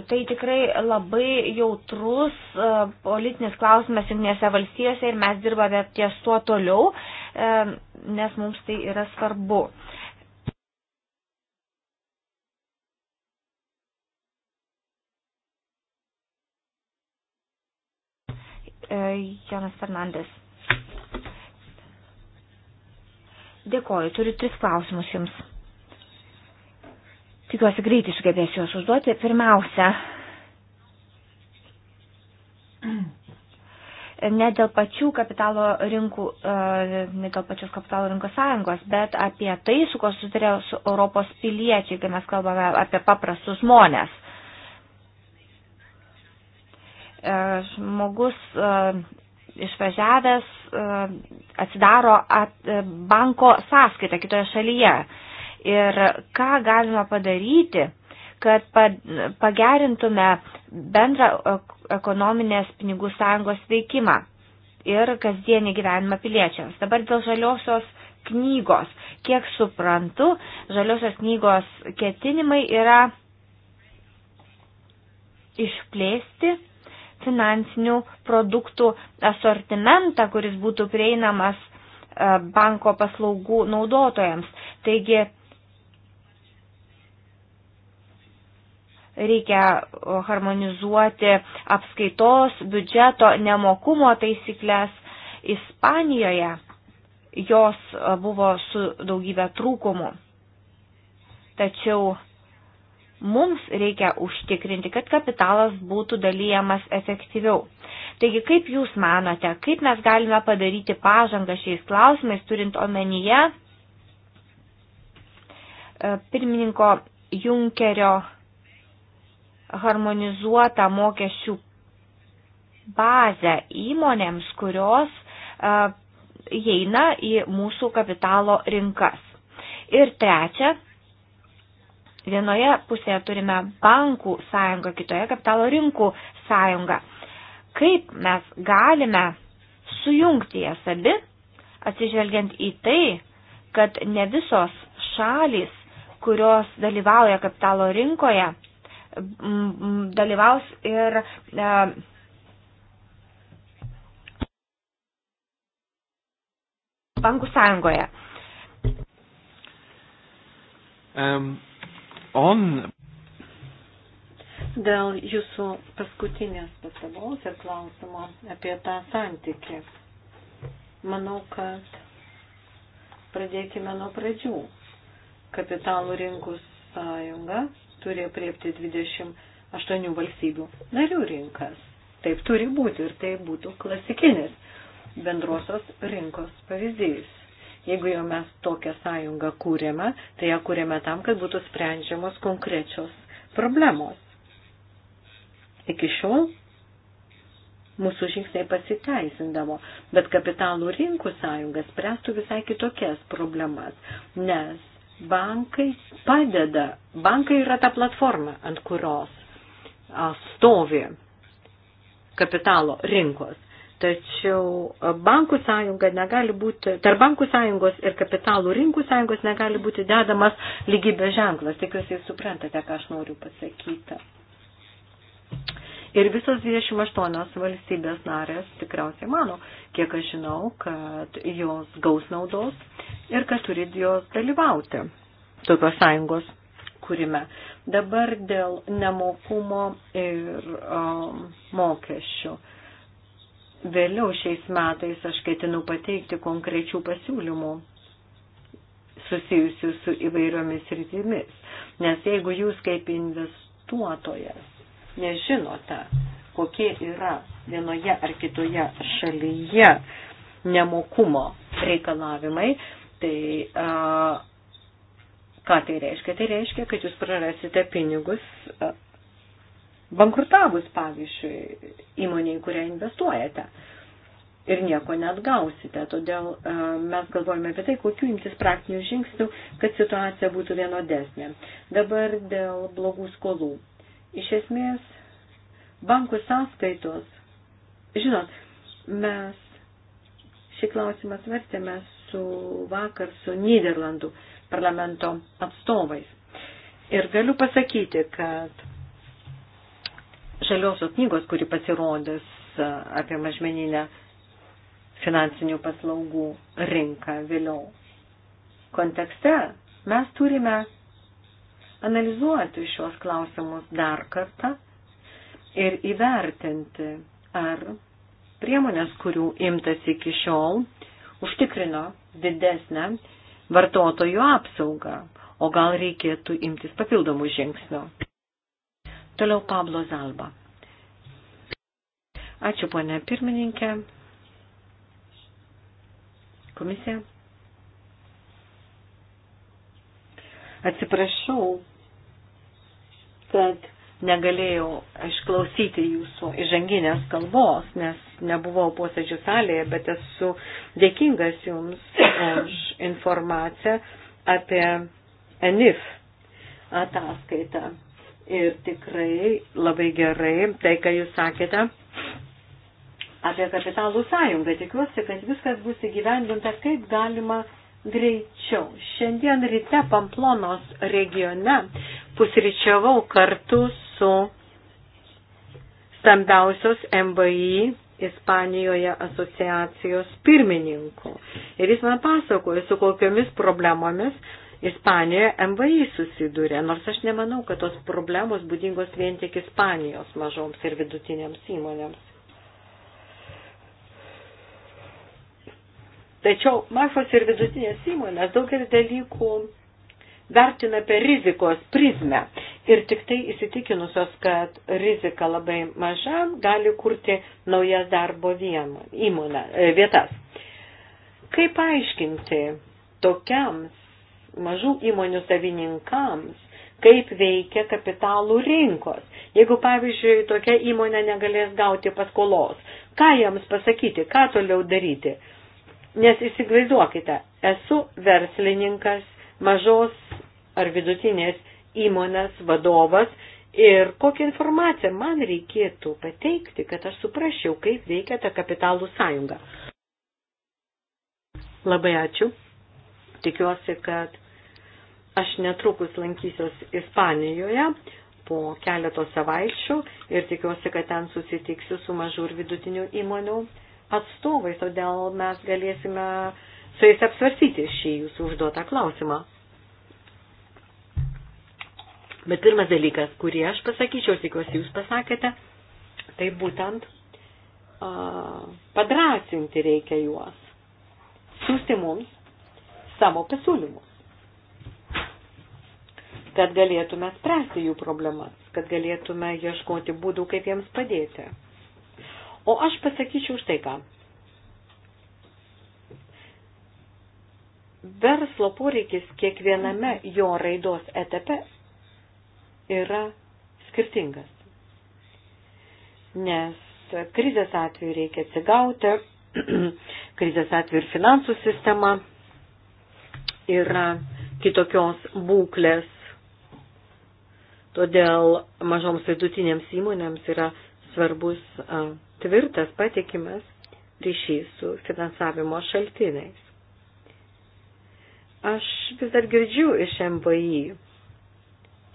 C: tai tikrai labai jautrus politinis klausimas Junktinėse valstijose ir mes dirbame ties tuo toliau, nes mums tai yra svarbu. Jonas Fernandes. Dėkoju, turiu tris klausimus jums. Tikiuosi greitai sugebėsiu juos užduoti. Pirmiausia, ne dėl pačių kapitalo rinkų, e, ne dėl pačios kapitalo rinkos sąjungos, bet apie tai, su ko sutarė su Europos piliečiai, kai mes kalbame apie paprastus žmonės. E, žmogus e, išvažiavęs e, atsidaro at e, banko sąskaitą kitoje šalyje. Ir ką galima padaryti, kad pagerintume bendrą ekonominės pinigų sąjungos veikimą ir kasdienį gyvenimą piliečiams. Dabar dėl žaliosios knygos. Kiek suprantu, žaliosios knygos ketinimai yra išplėsti finansinių produktų asortimentą, kuris būtų prieinamas e, banko paslaugų naudotojams. Taigi reikia e, harmonizuoti apskaitos, biudžeto, nemokumo taisyklės Ispanijoje. Jos e, buvo su daugybė trūkumų. Tačiau mums reikia užtikrinti, kad kapitalas būtų dalyjamas efektyviau. Taigi, kaip Jūs manote, kaip mes galime padaryti pažangą šiais klausimais, turint omenyje e, pirmininko Junkerio harmonizuotą mokesčių bazę įmonėms, kurios e, įeina į mūsų kapitalo rinkas. Ir trečia, Vienoje pusėje turime bankų sąjungą, kitoje kapitalo rinkų sąjungą. Kaip mes galime sujungti jas abi, atsižvelgiant į tai, kad ne visos šalis, kurios dalyvauja kapitalo rinkoje, dalyvaus ir e, bankų sąjungoje.
A: Um on.
C: Dėl jūsų paskutinės
B: pastabos ir klausimo apie tą santykį. Manau, kad pradėkime nuo pradžių. Kapitalų rinkų sąjunga turi priepti 28 valstybių narių rinkas. Taip turi būti ir tai būtų klasikinis bendrosios rinkos pavyzdys. Jeigu jau mes tokią sąjungą kūrėme, tai ją kūrėme tam, kad būtų sprendžiamos konkrečios problemos. Iki šiol mūsų žingsniai pasiteisindavo, bet kapitalų rinkų sąjunga spręstų visai kitokias problemas, nes bankai padeda, bankai yra ta platforma, ant kurios stovi kapitalo rinkos. Tačiau bankų sąjunga negali būti, tarp bankų sąjungos ir kapitalų rinkų sąjungos negali būti dedamas lygybės ženklas. Tikiuosi, jūs suprantate, ką aš noriu pasakyti. Ir visos 28 valstybės narės tikriausiai mano, kiek aš žinau, kad jos gaus naudos ir kad turi jos dalyvauti tokios sąjungos kūrime. Dabar dėl nemokumo ir um, mokesčių. Uh, Vėliau šiais metais aš ketinu pateikti konkrečių pasiūlymų susijusių su įvairiomis rytimis. Nes jeigu jūs kaip investuotojas nežinote, kokie yra vienoje ar kitoje šalyje nemokumo reikalavimai, tai a, ką tai reiškia? Tai reiškia, kad jūs prarasite pinigus a, bankrutavus, pavyzdžiui, įmonėje, kurią investuojate ir nieko net gausite. Todėl e, mes galvojame apie tai, kokiu imtis praktinių žingsnių, kad situacija būtų vienodesnė. Dabar dėl blogų skolų. Iš esmės, bankų sąskaitos, žinot, mes šį klausimą svarstėme su vakar su Niderlandų parlamento atstovais. Ir galiu pasakyti, kad žaliosios knygos, kuri pasirodys e, apie mažmeninę finansinių paslaugų rinką vėliau. Kontekste mes turime analizuoti šios klausimus dar kartą ir įvertinti, ar priemonės, kurių imtas iki šiol, užtikrino didesnę vartotojų apsaugą, o gal reikėtų imtis papildomų žingsnių. Toliau Pablo Zalba. Ačiū, ponė pirmininkė. Komisija. Atsiprašau, kad negalėjau išklausyti jūsų įžanginės kalbos, nes nebuvau posėdžių salėje, bet esu dėkingas jums už informaciją apie ENIF ataskaitą. Ir tikrai labai gerai tai, ką jūs sakėte apie kapitalų sąjungą. Tikiuosi, kad viskas bus įgyvendinta kaip galima greičiau. Šiandien ryte Pamplonos regione pusryčiavau kartu su stambiausios MBI Ispanijoje asociacijos pirmininku. Ir jis man pasakojo, su kokiomis problemomis Ispanijoje MVI susiduria, nors aš nemanau, kad tos problemos būdingos vien tik Ispanijos mažoms ir vidutinėms įmonėms. Tačiau mažos ir vidutinės įmonės daugelį dalykų vertina per rizikos prizmę ir tik tai įsitikinusios, kad rizika labai maža, gali kurti naujas darbo įmonę, e, vietas. Kaip aiškinti tokiams mažų įmonių savininkams, kaip veikia kapitalų rinkos. Jeigu, pavyzdžiui, tokia įmonė negalės gauti paskolos, ką jiems pasakyti, ką toliau daryti? Nes įsivaizduokite, esu verslininkas, mažos ar vidutinės įmonės vadovas ir kokią informaciją man reikėtų pateikti, kad aš suprasčiau, kaip veikia ta kapitalų sąjunga. Labai ačiū. Tikiuosi, kad Aš netrukus lankysiuos Ispanijoje po keletos savaičių ir tikiuosi, kad ten susitiksiu su mažų ir vidutinių įmonių atstovais, todėl mes galėsime su jais apsvarsyti šį jūsų užduotą klausimą. Bet pirmas dalykas, kurį aš pasakyčiau, tikiuosi jūs pasakėte, tai būtent uh, padrasinti reikia juos, siūsti mums savo pasiūlymus kad galėtume spręsti jų problemas, kad galėtume ieškoti būdų, kaip jiems padėti. O aš pasakyčiau štai ką. Verslo poreikis kiekviename jo raidos etape yra skirtingas. Nes krizės atveju reikia atsigauti, krizės atveju ir finansų sistema yra kitokios būklės Todėl mažoms vidutinėms įmonėms yra svarbus tvirtas, patikimas ryšys su finansavimo šaltiniais. Aš vis dar girdžiu iš MVI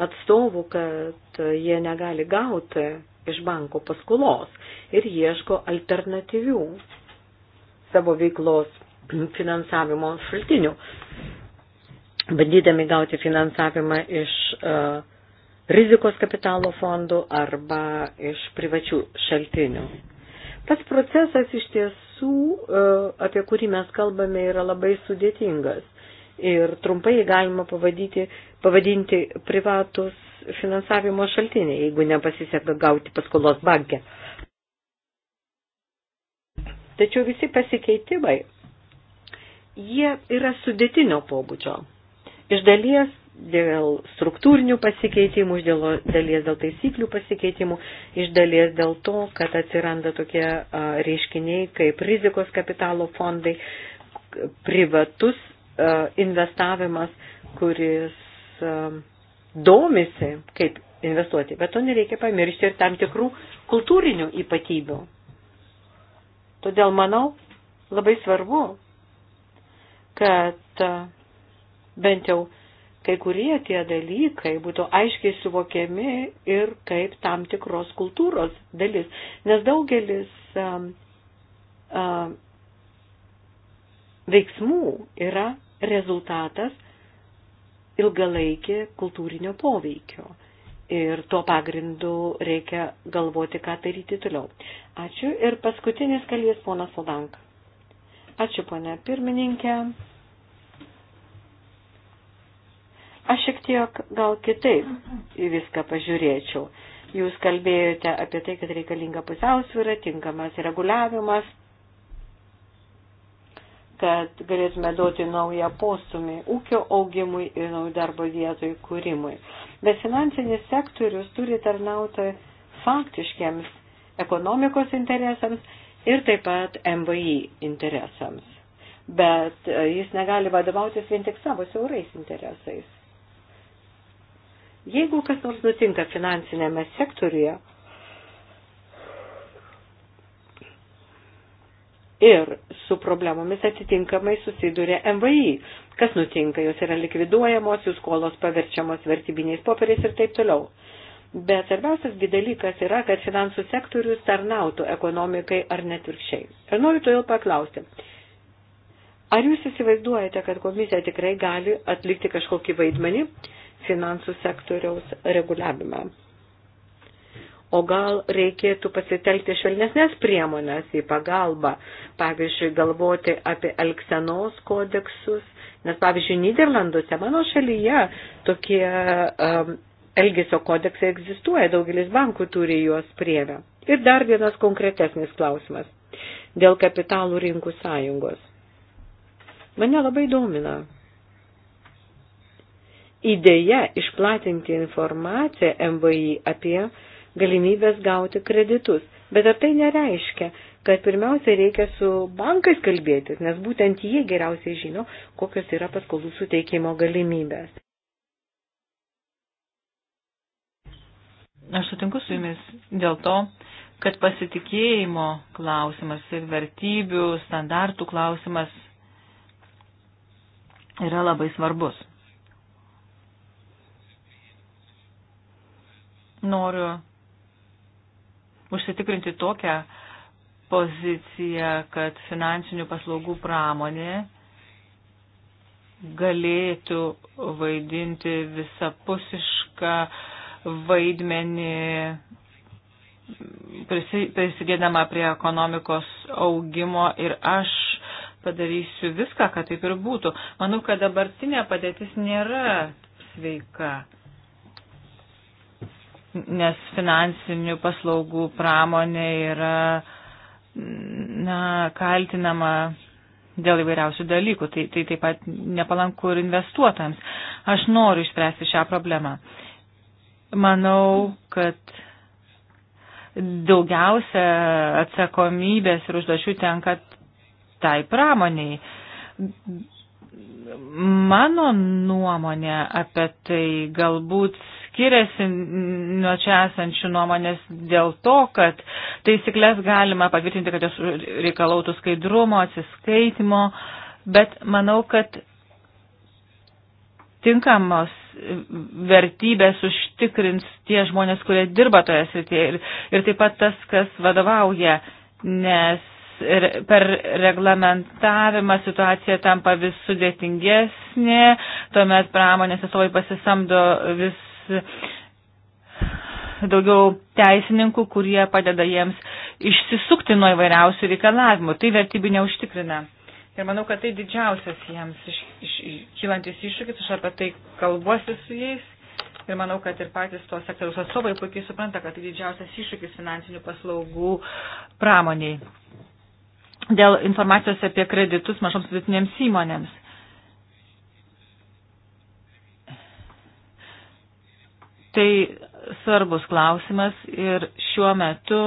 B: atstovų, kad jie negali gauti iš banko paskolos ir ieško alternatyvių savo veiklos finansavimo šaltinių, bandydami gauti finansavimą iš uh, rizikos kapitalo fondų arba iš privačių šaltinių. Pats procesas iš tiesų, e, apie kurį mes kalbame, yra labai sudėtingas ir trumpai galima pavadyti, pavadinti privatus finansavimo šaltiniai, jeigu nepasiseka gauti paskolos bankę. Tačiau visi pasikeitimai, jie yra sudėtinio pobūdžio. Iš dalies dėl struktūrinių pasikeitimų, iš dalies dėl taisyklių pasikeitimų, iš dalies dėl to, kad atsiranda tokie reiškiniai kaip rizikos kapitalo fondai, privatus investavimas, kuris domisi, kaip investuoti. Bet to nereikia pamiršti ir tam tikrų kultūrinių ypatybių. Todėl manau, labai svarbu, kad bent jau kai kurie tie dalykai būtų aiškiai suvokiami ir kaip tam tikros kultūros dalis. Nes daugelis a, um, a, um, veiksmų yra rezultatas ilgalaikį kultūrinio poveikio. Ir tuo pagrindu reikia galvoti, ką daryti toliau. Ačiū. Ir paskutinis kalbės ponas Odank. Ačiū, ponė pirmininkė. Aš šiek tiek gal kitaip į viską pažiūrėčiau. Jūs kalbėjote apie tai, kad reikalinga pusiausvyrą, tinkamas reguliavimas, kad galėtume duoti naują postumį ūkio augimui ir naujų darbo vietų įkūrimui. Bet finansinis sektorius turi tarnauti faktiškiams ekonomikos interesams ir taip pat MVI interesams. Bet e, jis negali vadovautis vien tik savo siaurais interesais. Jeigu kas nors nutinka finansinėme sektoriuje ir su problemomis atitinkamai susiduria MVI, kas nutinka, jos yra likviduojamos, jų skolos paverčiamos vertybiniais popieriais ir taip toliau. Bet svarbiausias dalykas yra, kad finansų sektorius tarnautų ekonomikai ar netvirkščiai. Ir noriu todėl paklausti, ar jūs įsivaizduojate, kad komisija tikrai gali atlikti kažkokį vaidmenį, finansų sektoriaus reguliavimą. O gal reikėtų pasitelkti švelnesnės priemonės į pagalbą, pavyzdžiui, galvoti apie elksenos kodeksus, nes, pavyzdžiui, Niderlanduose, mano šalyje, tokie um, elgesio kodeksai egzistuoja, daugelis bankų turi juos prievę. Ir dar vienas konkretesnis klausimas dėl kapitalų rinkų sąjungos. Mane labai domina idėja išplatinti informaciją MVI apie galimybės gauti kreditus. Bet ar tai nereiškia, kad pirmiausia reikia su bankais kalbėtis, nes būtent jie geriausiai žino, kokios yra paskolų suteikimo galimybės. Aš sutinku su jumis dėl to, kad pasitikėjimo klausimas ir vertybių standartų klausimas yra labai svarbus. Noriu užsitikrinti tokią poziciją, kad finansinių paslaugų pramonė galėtų vaidinti visapusišką vaidmenį prisidėdama prie ekonomikos augimo ir aš padarysiu viską, kad taip ir būtų. Manau, kad dabartinė padėtis nėra sveika nes finansinių paslaugų pramonė yra na, kaltinama dėl įvairiausių dalykų. Tai, tai taip pat nepalanku ir investuotojams. Aš noriu išspręsti šią problemą. Manau, kad daugiausia atsakomybės ir užduočių tenka tai pramoniai. Mano nuomonė apie tai galbūt skiriasi nuo čia esančių nuomonės dėl to, kad taisyklės galima patvirtinti, kad jos reikalautų skaidrumo, atsiskaitimo, bet manau, kad tinkamos vertybės užtikrins tie žmonės, kurie dirba toje srityje ir, ir taip pat tas, kas vadovauja, nes per reglamentavimą situacija tampa vis sudėtingesnė, tuomet pramonės atstovai pasisamdo vis daugiau teisininkų, kurie padeda jiems išsisukti nuo įvairiausių reikalavimų. Tai vertybinė užtikrina. Ir manau, kad tai didžiausias jiems iš, iš, kylantis iššūkis, aš apie tai kalbuosi su jais. Ir manau, kad ir patys to sektoriaus atstovai puikiai supranta, kad tai didžiausias iššūkis finansinių paslaugų pramoniai. Dėl informacijos apie kreditus mažoms vidutinėms įmonėms. Tai svarbus klausimas ir šiuo metu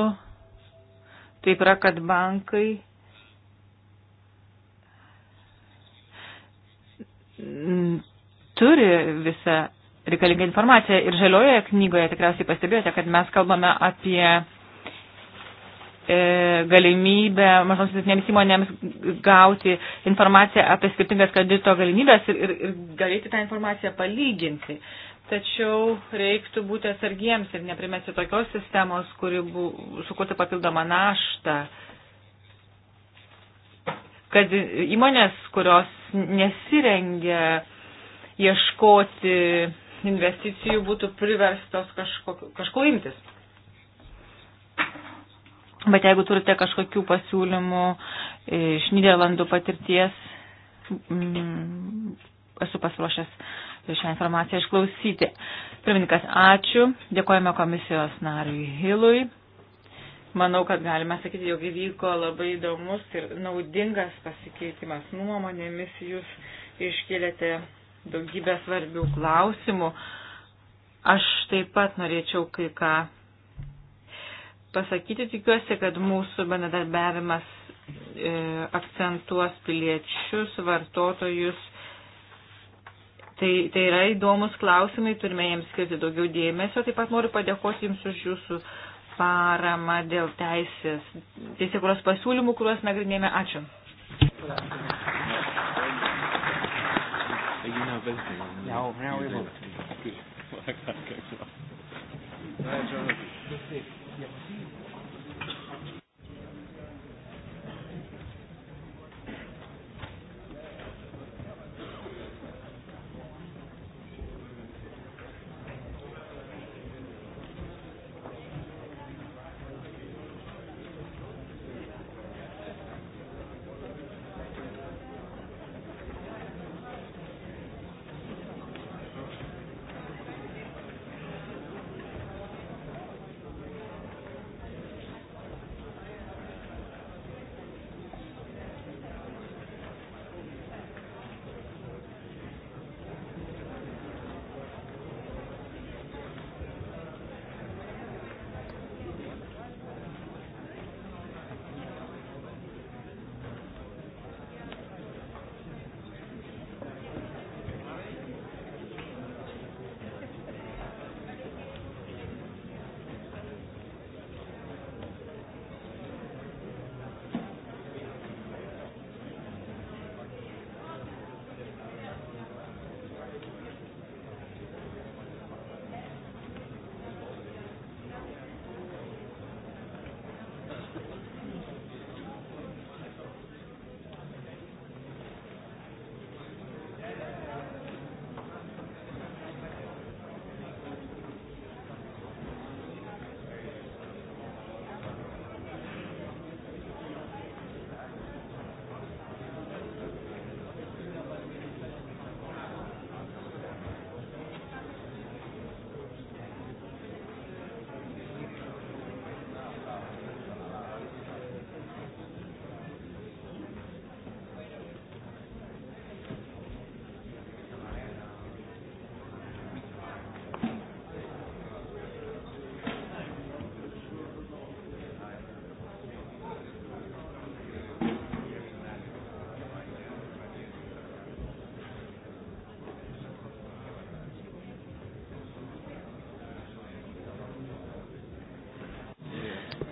B: taip yra, kad bankai turi visą reikalingą informaciją ir žaliojoje knygoje tikriausiai pastebėjote, kad mes kalbame apie e, galimybę mažoms vidutinėms įmonėms gauti informaciją apie skirtingas kredito galimybės ir, ir, ir galėti tą informaciją palyginti. Uh, Tačiau reiktų būti atsargiems ir neprimesti tokios sistemos, kuri sukurtų papildomą naštą, kad įmonės, kurios nesirengia ieškoti investicijų, būtų priverstos kažko, kažko imtis. Bet jeigu turite kažkokių pasiūlymų iš Niderlandų patirties, mm, esu pasiruošęs šią informaciją išklausyti. Pirmininkas, ačiū. Dėkojame komisijos nariui Hilui. Manau, kad galime sakyti, jog įvyko labai įdomus ir naudingas pasikeitimas nuomonėmis. Jūs iškėlėte daugybę svarbių klausimų. Aš taip pat norėčiau kai ką pasakyti. Tikiuosi, kad mūsų bendradarbiavimas e, akcentuos piliečius, vartotojus Tai, tai yra įdomus klausimai, turime jiems skirti daugiau dėmesio. Taip pat noriu padėkoti Jums už Jūsų paramą dėl teisės, teisėkuros pasiūlymų, kuriuos nagrinėjame. Ačiū.
A: Now, now we will. Good. Well, I can't go to that.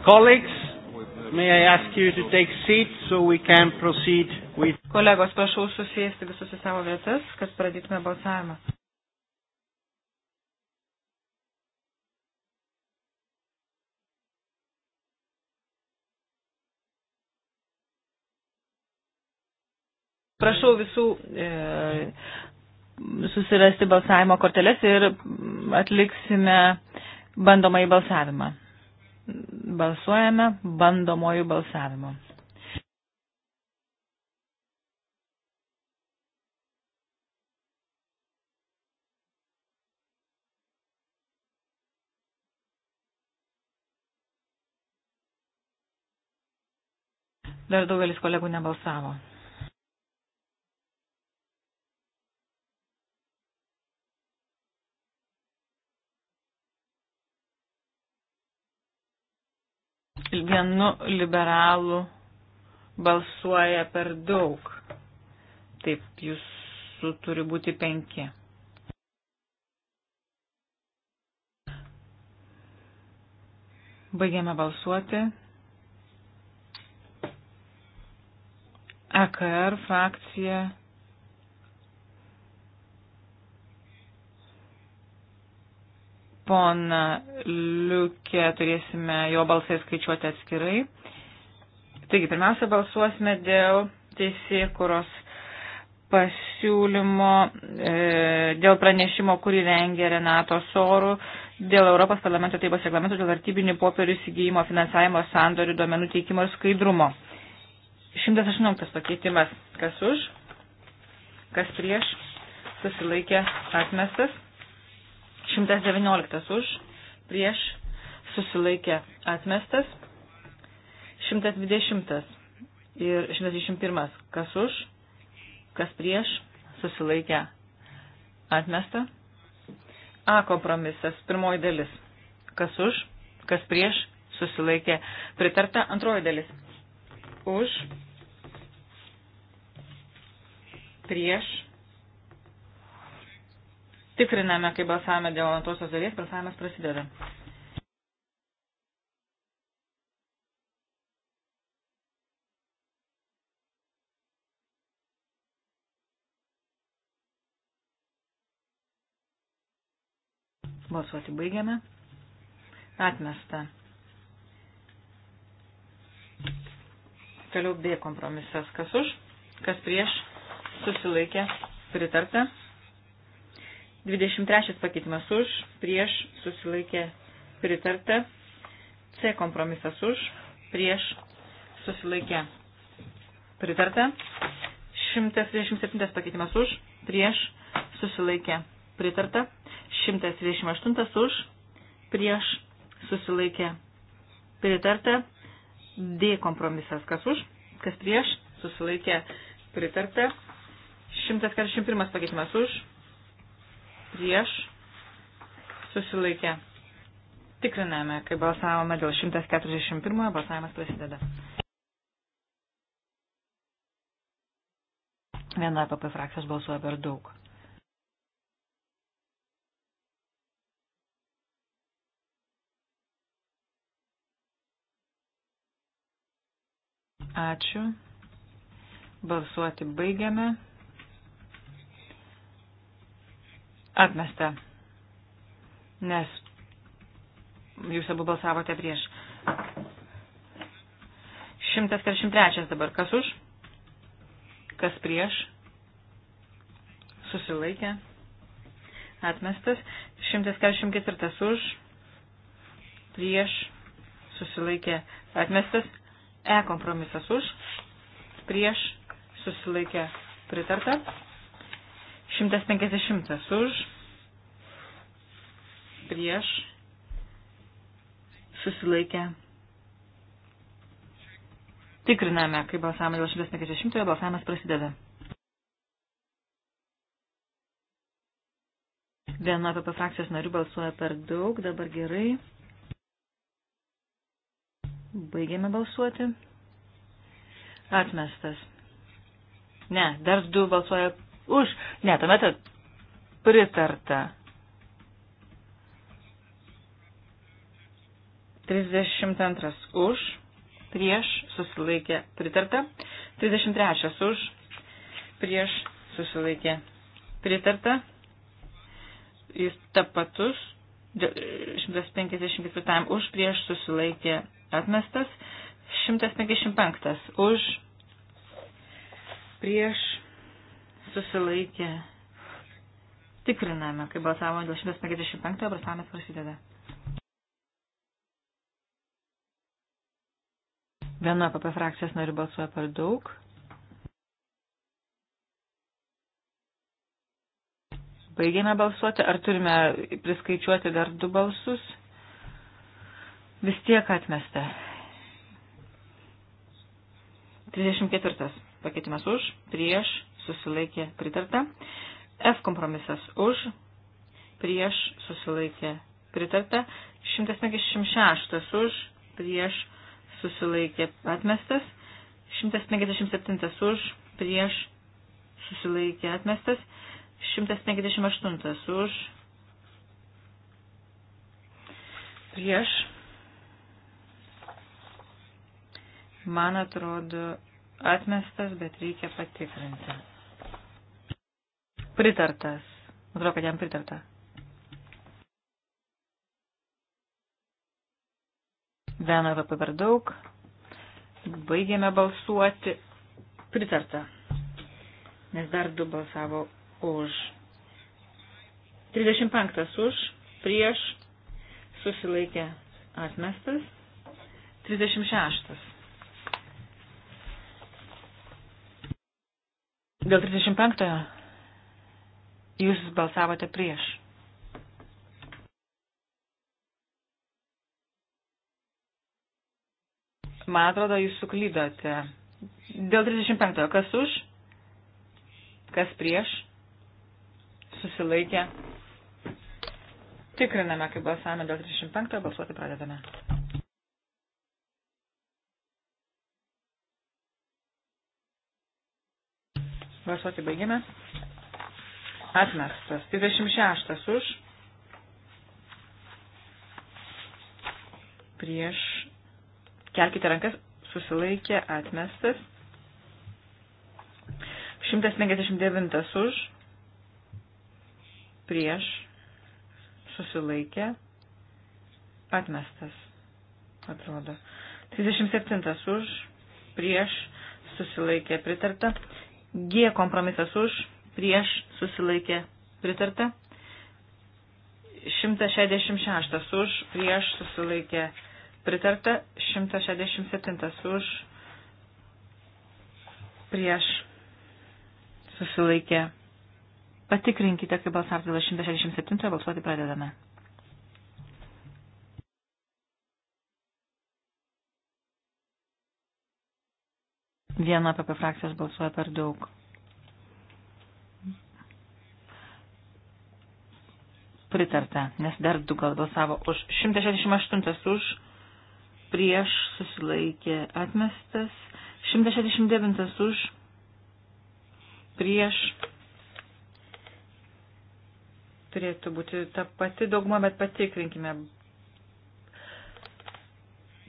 A: Colleagues, may I ask you to take seat so we can proceed with. Kolegos, prašau
B: susėsti visus į savo vietas, kad pradėtume balsavimą. Prašau visų e, susirasti balsavimo korteles ir atliksime bandomą į balsavimą. Balsuojame bandomojų balsavimo. Dar daugelis kolegų nebalsavo. vienu liberalu balsuoja per daug. Taip, jūsų turi būti penki. Baigiame balsuoti. EKR frakcija pona Liukė, turėsime jo balsai skaičiuoti atskirai. Taigi, pirmiausia, balsuosime dėl teisėkuros pasiūlymo, e, dėl pranešimo, kurį rengė Renato Sorų, dėl Europos parlamento taibos reglamento, dėl vertybinių popierių įsigijimo, finansavimo, sandorių, duomenų teikimo ir skaidrumo. 118 pakeitimas. Kas už? Kas prieš? Susilaikė atmestas. 119 už, prieš susilaikė atmestas. 120 ir 121 kas už, kas prieš susilaikė atmestą. A kompromisas, pirmoji dalis. Kas už, kas prieš susilaikė pritarta. Antroji dalis. Už, prieš Tikriname, kaip balsavome dėl antrosios dalies, balsavimas prasideda. Balsuoti baigiame. Atmesta. Toliau B kompromisas. Kas už, kas prieš, susilaikė, pritarta. 23 pakeitimas už, prieš susilaikė pritarta. C kompromisas už, prieš susilaikė pritarta. 127 pakeitimas už, prieš susilaikė pritarta. 128 už, prieš susilaikė pritarta. D kompromisas kas už, kas prieš susilaikė pritarta. 141 pakeitimas už, prieš susilaikė. Tikriname, kai balsavome dėl 141, balsavimas prasideda. Viena PP frakcijos balsuoja per daug. Ačiū. Balsuoti baigiame. Atmesta. Nes jūs abu balsavote prieš. 143 dabar. Kas už? Kas prieš? Susilaikė. Atmestas. 144 už. Prieš. Susilaikė. Atmestas. E kompromisas už. Prieš. Susilaikė. Pritarta. 150 už, prieš, susilaikę. Tikriname, kai balsavimą dėl 150 balsavimas prasideda. Viena apie frakcijos narių balsuoja per daug, dabar gerai. Baigėme balsuoti. Atmestas. Ne, dar du balsuoja už. Ne, tuomet pritarta. 32 už, prieš susilaikė pritarta. 33 už, prieš susilaikė pritarta. Jis tapatus 154 už, prieš susilaikė atmestas. 155 už, prieš susilaikė. Tikriname, kai balsavome dėl 155, balsavimas prasideda. Viena PP frakcijos nori balsuoja per daug. Baigėme balsuoti, ar turime priskaičiuoti dar du balsus? Vis tiek atmesta. 34. Pakeitimas už, prieš, susilaikė pritarta. F kompromisas už, prieš susilaikė pritarta. 156 už, prieš susilaikė atmestas. 157 už, prieš susilaikė atmestas. 158 už, prieš. Man atrodo, atmestas, bet reikia patikrinti pritartas. Atrodo, kad jam pritarta. Vieno VP per daug. Baigėme balsuoti. Pritarta. Nes dar du balsavo už. 35 už, prieš, susilaikė atmestas. 36. Dėl 35 Jūs balsavote prieš. Man atrodo, jūs suklydote. Dėl 35. Kas už? Kas prieš? Susilaikė. Tikriname, kaip balsavome dėl 35. Balsuoti pradedame. Balsuoti baigėme. Atmestas. 36 už. Prieš. Kelkite rankas. Susilaikė. Atmestas. 159 už. Prieš. Susilaikė. Atmestas. Atrodo. 37 už. Prieš. Susilaikė. Pritarta. G kompromisas už prieš susilaikė pritarta. 166 už, prieš susilaikė pritarta. 167 už, prieš susilaikė. Patikrinkite, kaip balsavote dėl 167, balsuoti pradedame. Viena apie frakcijas balsuoja per daug. pritarta, nes dar du gal balsavo už. 168 už, prieš susilaikė atmestas, 169 už, prieš. Turėtų būti ta pati dauguma, bet patikrinkime.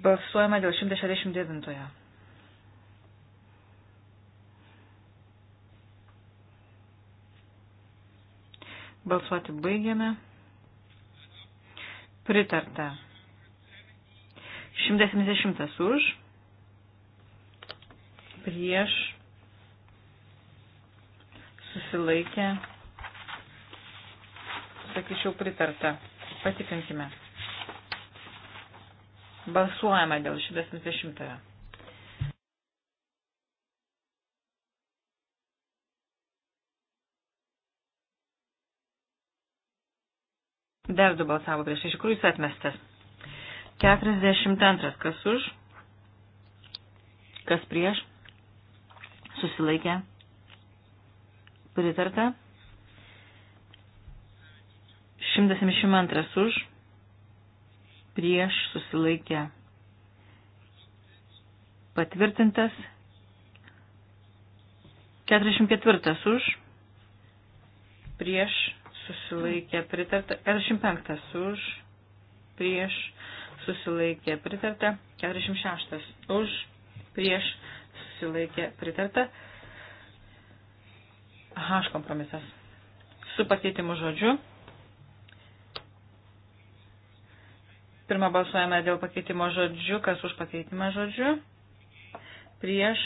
B: Balsuojame dėl 169. Balsuoti baigiame. Pritarta. 170 už. Prieš. Susilaikę. Sakyčiau, pritarta. Patikrinkime. Balsuojame dėl 170. Dar du balsavo prieš, iš tikrųjų jis atmestas. 42. Kas už? Kas prieš? Susilaikė. Pritarta. 172 už. Prieš susilaikė. Patvirtintas. 44 už. Prieš susilaikė pritarta, 45 už, prieš susilaikė pritarta, 46 už, prieš susilaikė pritarta. H kompromisas. Su pakeitimu žodžiu. Pirmą balsuojame dėl pakeitimo žodžiu, kas už pakeitimą žodžiu. Prieš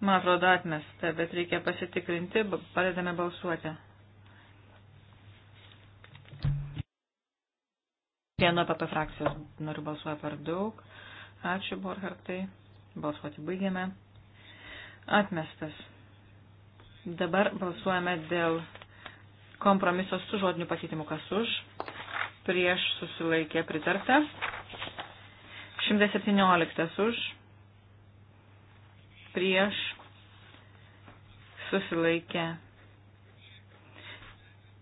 B: Man atrodo atmesta, bet reikia pasitikrinti, pradedame balsuoti. Viena PP frakcijos noriu balsuoja per daug. Ačiū, Borhartai. Balsuoti baigėme. Atmestas. Dabar balsuojame dėl kompromiso su žodiniu pakeitimu kas už. Prieš susilaikė pritarta. 117 už prieš, susilaikė.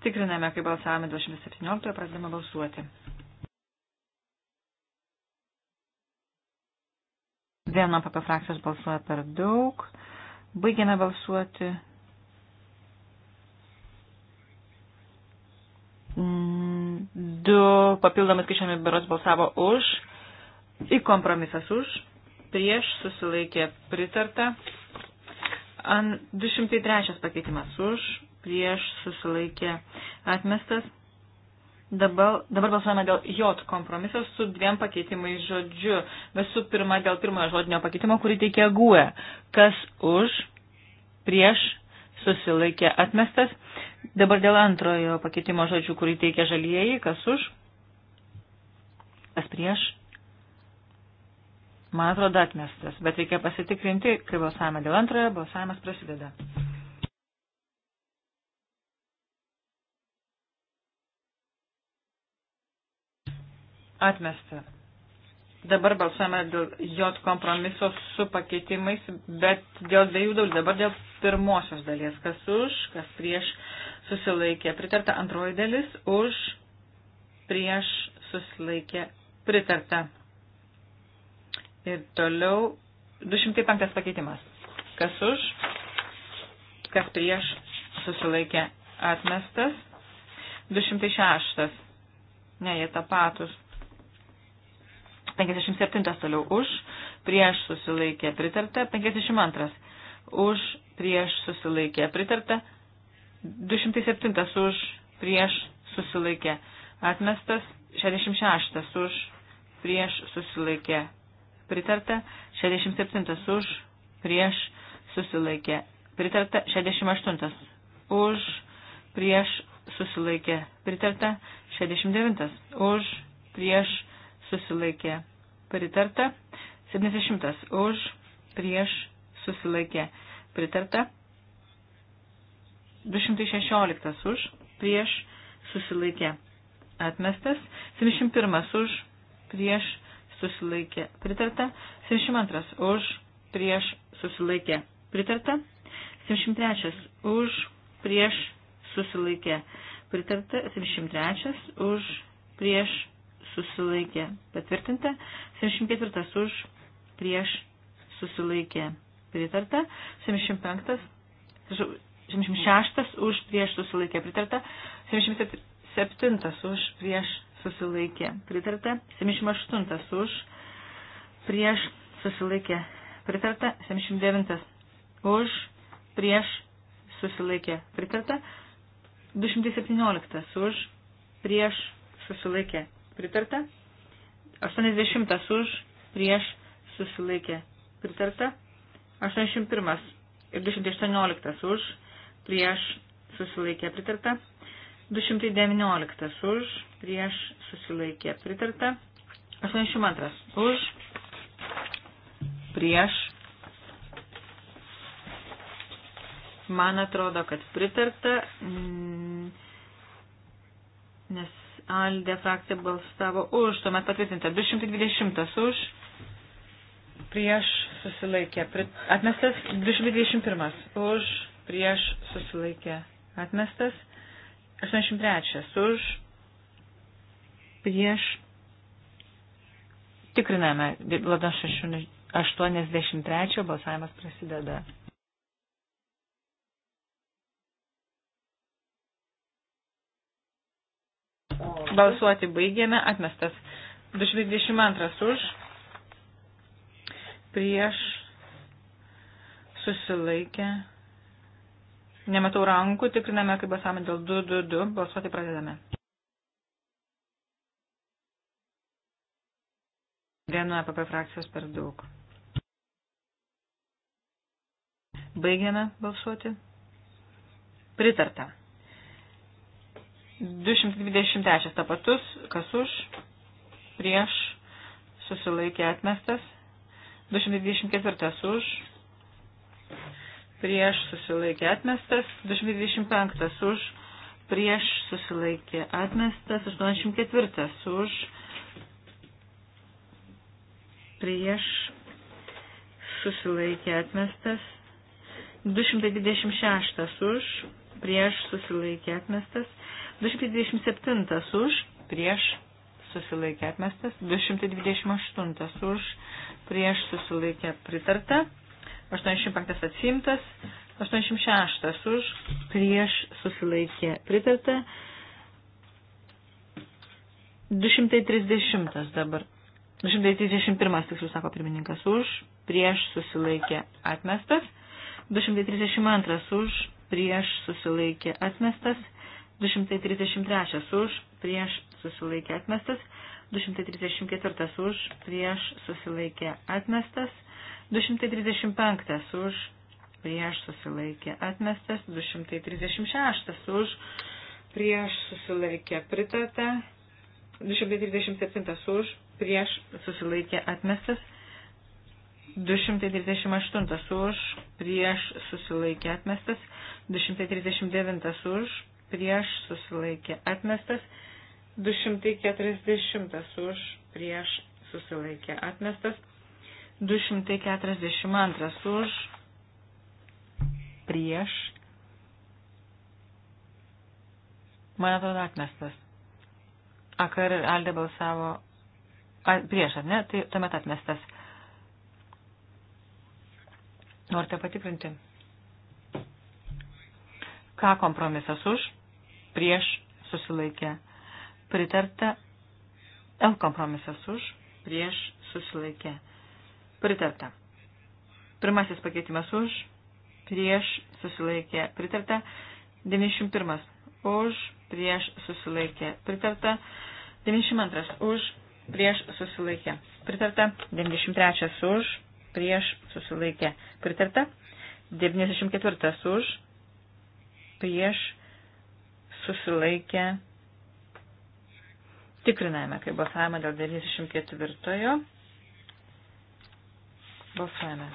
B: Tikriname, kaip balsavome 217, pradedame balsuoti. Viena PP frakcijos balsuoja per daug. Baigiame balsuoti. Mm, du papildomi skaičiami biuros balsavo už. Į kompromisas už prieš susilaikė pritarta. An 203 pakeitimas už, prieš susilaikė atmestas. Dabar, dabar balsuojame dėl J kompromiso su dviem pakeitimais žodžiu. Visų pirma, dėl pirmojo žodinio pakeitimo, kurį teikia GUE. Kas už, prieš, susilaikė atmestas. Dabar dėl antrojo pakeitimo žodžių, kurį teikia žalieji. Kas už, kas prieš, Man atrodo atmestas, bet reikia pasitikrinti, kai balsavimą dėl antrojo, balsavimas prasideda. Atmesta. Dabar balsuojame dėl J kompromiso su pakeitimais, bet dėl dviejų dalių. Dabar dėl pirmosios dalies. Kas už, kas prieš susilaikė. Pritarta antroji dalis. Už, prieš susilaikė. Pritarta. Ir toliau 205 pakeitimas. Kas už, kas prieš susilaikė atmestas. 206. Ne, jie tapatus. 57 toliau už, prieš susilaikė pritarta. 52. Už, prieš susilaikė pritarta. 207 už, prieš susilaikė atmestas. 66 už, prieš susilaikė pritarta, 67 už, prieš, susilaikė, pritarta, 68 už, prieš, susilaikė, pritarta, 69 už, prieš, susilaikė, pritarta, 70 už, prieš, susilaikė, pritarta, 216 už, prieš, susilaikė, atmestas, 71 už, prieš, susilaikė pritarta, 72 už, prieš susilaikė pritarta, 73 už, prieš susilaikė pritarta, 73 už, prieš susilaikė patvirtinta, 74 už, prieš susilaikė pritarta, 75, 76 už, prieš susilaikė pritarta, 77 už, prieš susilaikė pritarta, 78 už, prieš susilaikė pritarta, 79 už, prieš susilaikė pritarta, 217 už, prieš susilaikė pritarta, 80 už, prieš susilaikė pritarta, 81 ir 218 už, prieš susilaikė pritarta. 219 už, prieš susilaikė pritarta. 82 už, prieš. Man atrodo, kad pritarta, nes Aldė frakcija balsavo už, tuomet patvirtinta 220 už, prieš susilaikė, atmestas 221 už, prieš susilaikė, atmestas 83 už, prieš, tikriname, Lada 83 balsavimas prasideda. Balsuoti baigėme, atmestas 222 už, prieš, susilaikę Nematau rankų, tikriname, kaip balsavome dėl 222, balsuoti pradedame. Vienu EPP frakcijos per daug. Baigiame balsuoti. Pritarta. 223 tapatus, kas už, prieš, susilaikė atmestas. 224 už, prieš susilaikė atmestas, 225 už, prieš susilaikė atmestas, 84 už, prieš susilaikė atmestas, 226 už, prieš susilaikė atmestas, 227 už, prieš susilaikė atmestas, 228 už, prieš susilaikė pritarta. 85 atsimtas, 86 už, prieš susilaikė pritarta, 230 dabar, 231 tiksliau sako pirmininkas už, prieš susilaikė atmestas, 232 už, prieš susilaikė atmestas, 233 už, prieš susilaikė atmestas, 234 už, prieš susilaikė atmestas, 235 už prieš susilaikė atmestas, 236 už prieš susilaikė pritarta, 237 už prieš susilaikė atmestas, 238 už prieš susilaikė atmestas, 239 už prieš susilaikė atmestas, 240 už prieš susilaikė atmestas. 242 už, prieš, man atrodo atmestas. Akar ir Aldė balsavo a, prieš, ar ne? Tai tuomet atmestas. Norite patikrinti? Ką kompromisas už, prieš, susilaikė. Pritarta L kompromisas už, prieš, susilaikė Pritarta. Pirmasis pakeitimas už, prieš susilaikė pritarta. 91. Už, prieš susilaikė pritarta. 92. Už, prieš susilaikė pritarta. 93. Už, prieš susilaikė pritarta. 94. Už, prieš susilaikė. Tikriname, kaip balsavimą dėl 94. Balsuojame.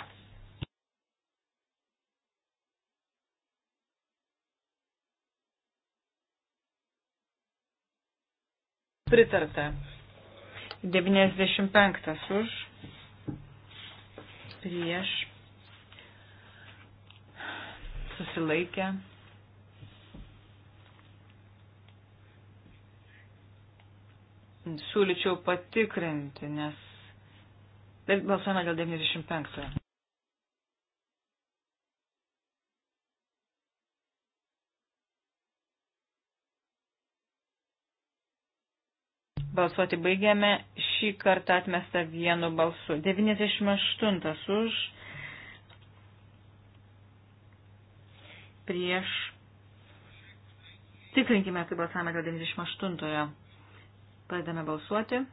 B: Pritarta. 95 už. Prieš. Susilaikę. Siūlyčiau patikrinti, nes Balsuojame dėl 95. Balsuoti baigiame šį kartą atmesta vienu balsu. 98 už, prieš. Tikrinkime, kaip balsavome dėl 98. -ojo. Pradedame balsuoti.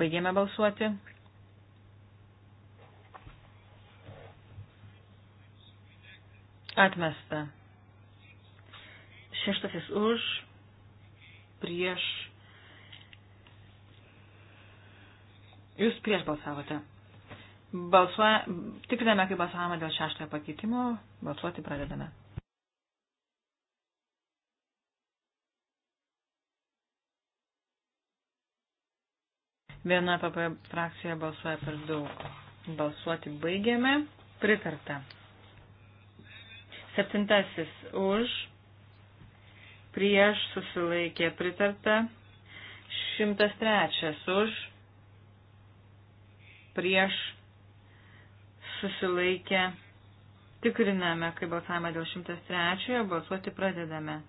B: Baigėme balsuoti. Atmesta. Šeštasis už, prieš. Jūs prieš balsavote. Balsuoja, tikriname, kaip balsavome dėl šeštojo pakeitimo. Balsuoti pradedame. Viena PP frakcija balsuoja per daug. Balsuoti baigėme. Pritarta. Septintasis už. Prieš susilaikė pritarta. Šimtas trečias už. Prieš susilaikė. Tikriname, kai balsavimą dėl 103 balsuoti pradedame.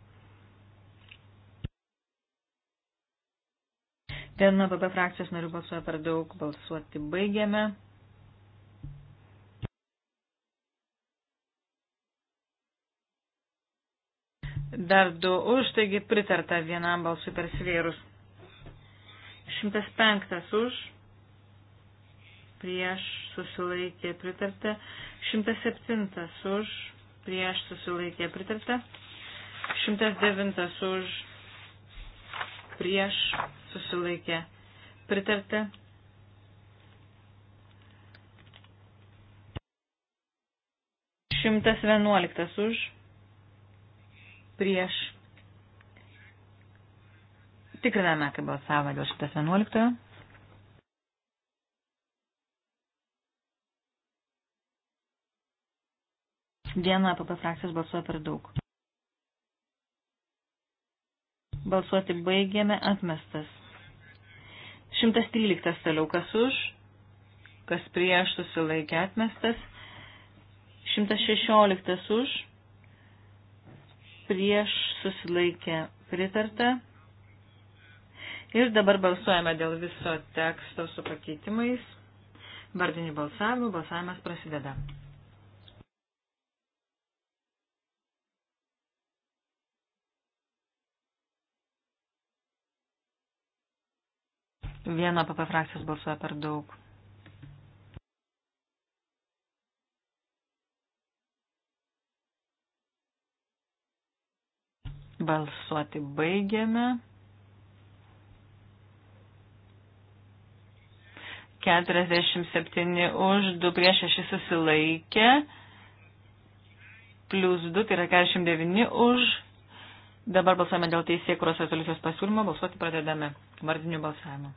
B: Viena BB frakcijos narių balsuoja per daug, balsuoti baigiame. Dar du už, taigi pritarta vienam balsui per svėrus. 105 už, prieš susilaikė pritarta. 107 už, prieš susilaikė pritarta. 109 už, prieš susilaikė pritarta. Šimtas vienuoliktas už prieš. Tikriname, kaip balsavo dėl šitas vienuoliktojo. Viena APP frakcijos balsuoja per daug. Balsuoti baigėme atmestas. 113 toliau kas už, kas prieš susilaikė atmestas. 116 už, prieš susilaikė pritarta. Ir dabar balsuojame dėl viso teksto su pakeitimais. Vardinių balsavimų balsavimas prasideda. Vieno PP frakcijos balsuoja per daug. Balsuoti baigiame. 47 už, 2 prieš 6 susilaikė, plus 2, tai yra 49 už. Dabar balsuojame dėl teisėkuros rezoliucijos pasiūlymo, balsuoti pradedame vardiniu balsavimu.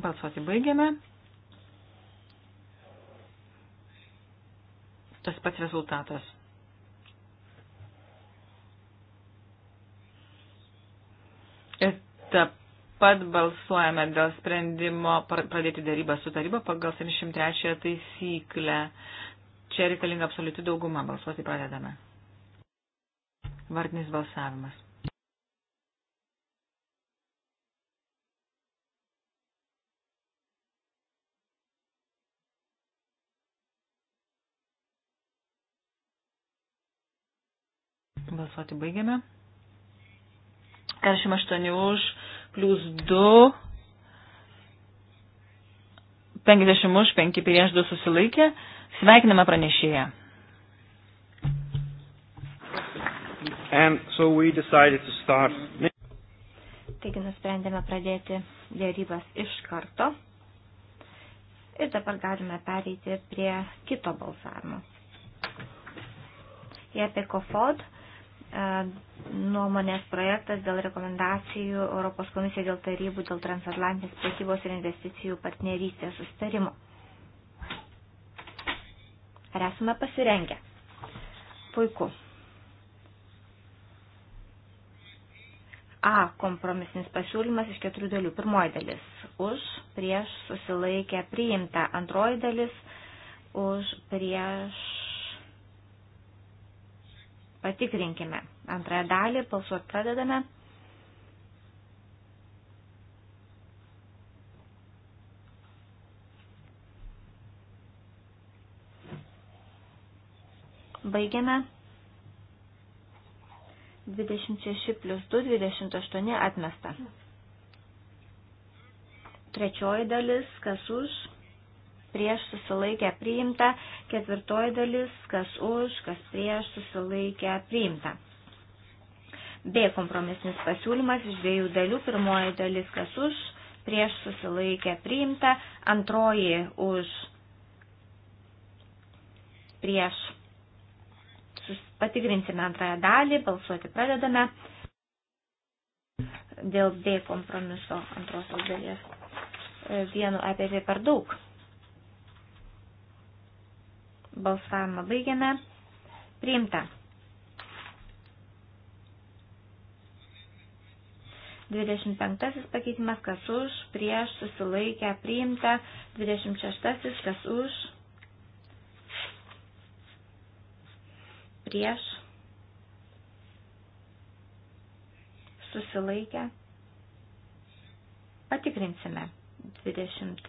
B: Balsuoti baigiame. Tas pats rezultatas. Ir taip pat balsuojame dėl sprendimo pradėti darybą su taryba pagal 703 taisyklę. Čia reikalinga absoliuti dauguma. Balsuoti pradedame.
A: Vardinis balsavimas. Balsuoti
B: baigiame. 48 už, plus 2, 50 už, 5 prieš 2 susilaikė. Sveikiname pranešėją.
A: And so we decided to start.
C: Taigi nusprendėme pradėti dėrybas iš karto. Ir dabar galime pereiti prie kito balsavimo. Jei apie COFOD E, nuomonės projektas dėl rekomendacijų Europos komisija dėl tarybų dėl transatlantinės prekybos ir investicijų partnerystės sustarimo. Ar esame pasirengę? Puiku. A. Kompromisinis pasiūlymas iš keturių dalių. Pirmoji dalis. Už, prieš, susilaikę, priimta. Antroji dalis. Už, prieš, Patikrinkime. Antrąją dalį balsuot pradedame. Baigiame. 26 plus 2, 28 atmesta. Trečioji dalis, kas už? prieš susilaikę priimta, ketvirtoji dalis, kas už, kas prieš susilaikę priimta. B kompromisinis pasiūlymas iš dviejų dalių, pirmoji dalis, kas už, prieš susilaikę priimta, antroji už, prieš. Patikrinsime antrąją dalį, balsuoti pradedame dėl B kompromiso antrosios dalies e, vienu EPV per daug. Balsavimą baigiame. Priimta. 25 pakeitimas, kas už, prieš, susilaikę, priimta. 26 kas už, prieš, susilaikę. Patikrinsime 26.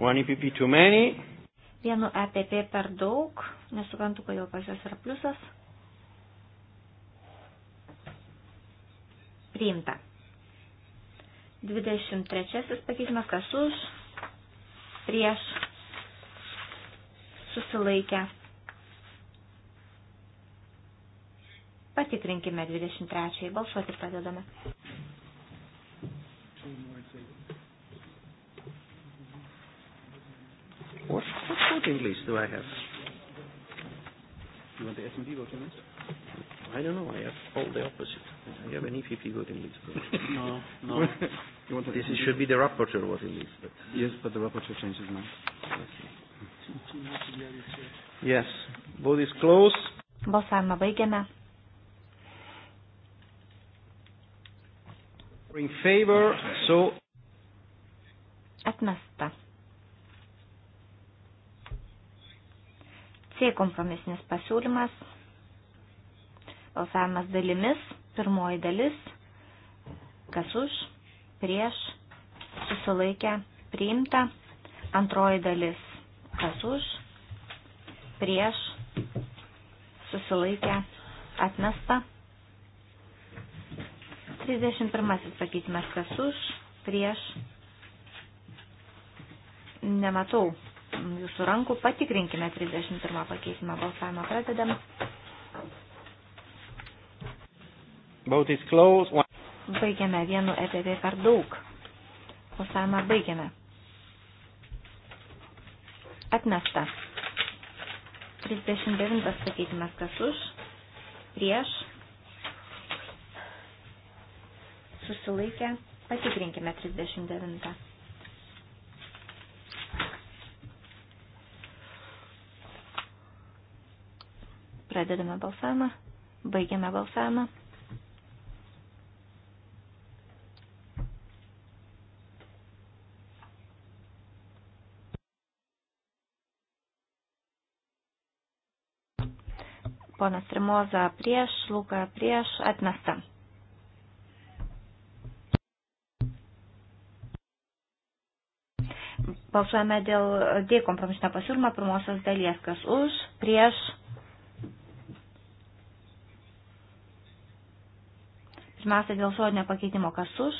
A: One EPP too many.
C: Vienu EPP per daug. Nesuprantu, kodėl pas jos yra pliusas. Priimta. 23 pakeitimas, kas už, prieš, susilaikę. Patikrinkime 23. Balsuoti pradedame.
A: do I have? You want the S&D voting list? I don't know. I have all the opposite. I have an EPP voting list. But no, no. you want this e should be the rapporteur voting list. But yes, but the rapporteur changes now. Okay. Yes. Vote is
C: closed. Balsavimą baigiame.
A: In favor, so.
C: Atmesta. C kompromisinis pasiūlymas. Balsavimas dalimis. Pirmoji dalis. Kas už, prieš, susilaikę, priimta. Antroji dalis. Kas už, prieš, susilaikę, atmesta. 31 pakeitimas kas už, prieš, nematau jūsų rankų. Patikrinkime 31 pakeitimą. Balsavimą pradedam.
A: Vote is closed.
C: Baigiame vienu EPV per daug. Balsavimą baigiame. Atmesta. 39 pakeitimas kas už, prieš, susilaikę, patikrinkime 39. Pradedame balsavimą. Baigiame balsavimą. Ponas Trimoza prieš, Luka prieš, atmesta. Balsuojame dėl D kompromisinio pasiūlymo pirmosios dalies, kas už, prieš, Pirmiausia, dėl žodinio pakeitimo kas už,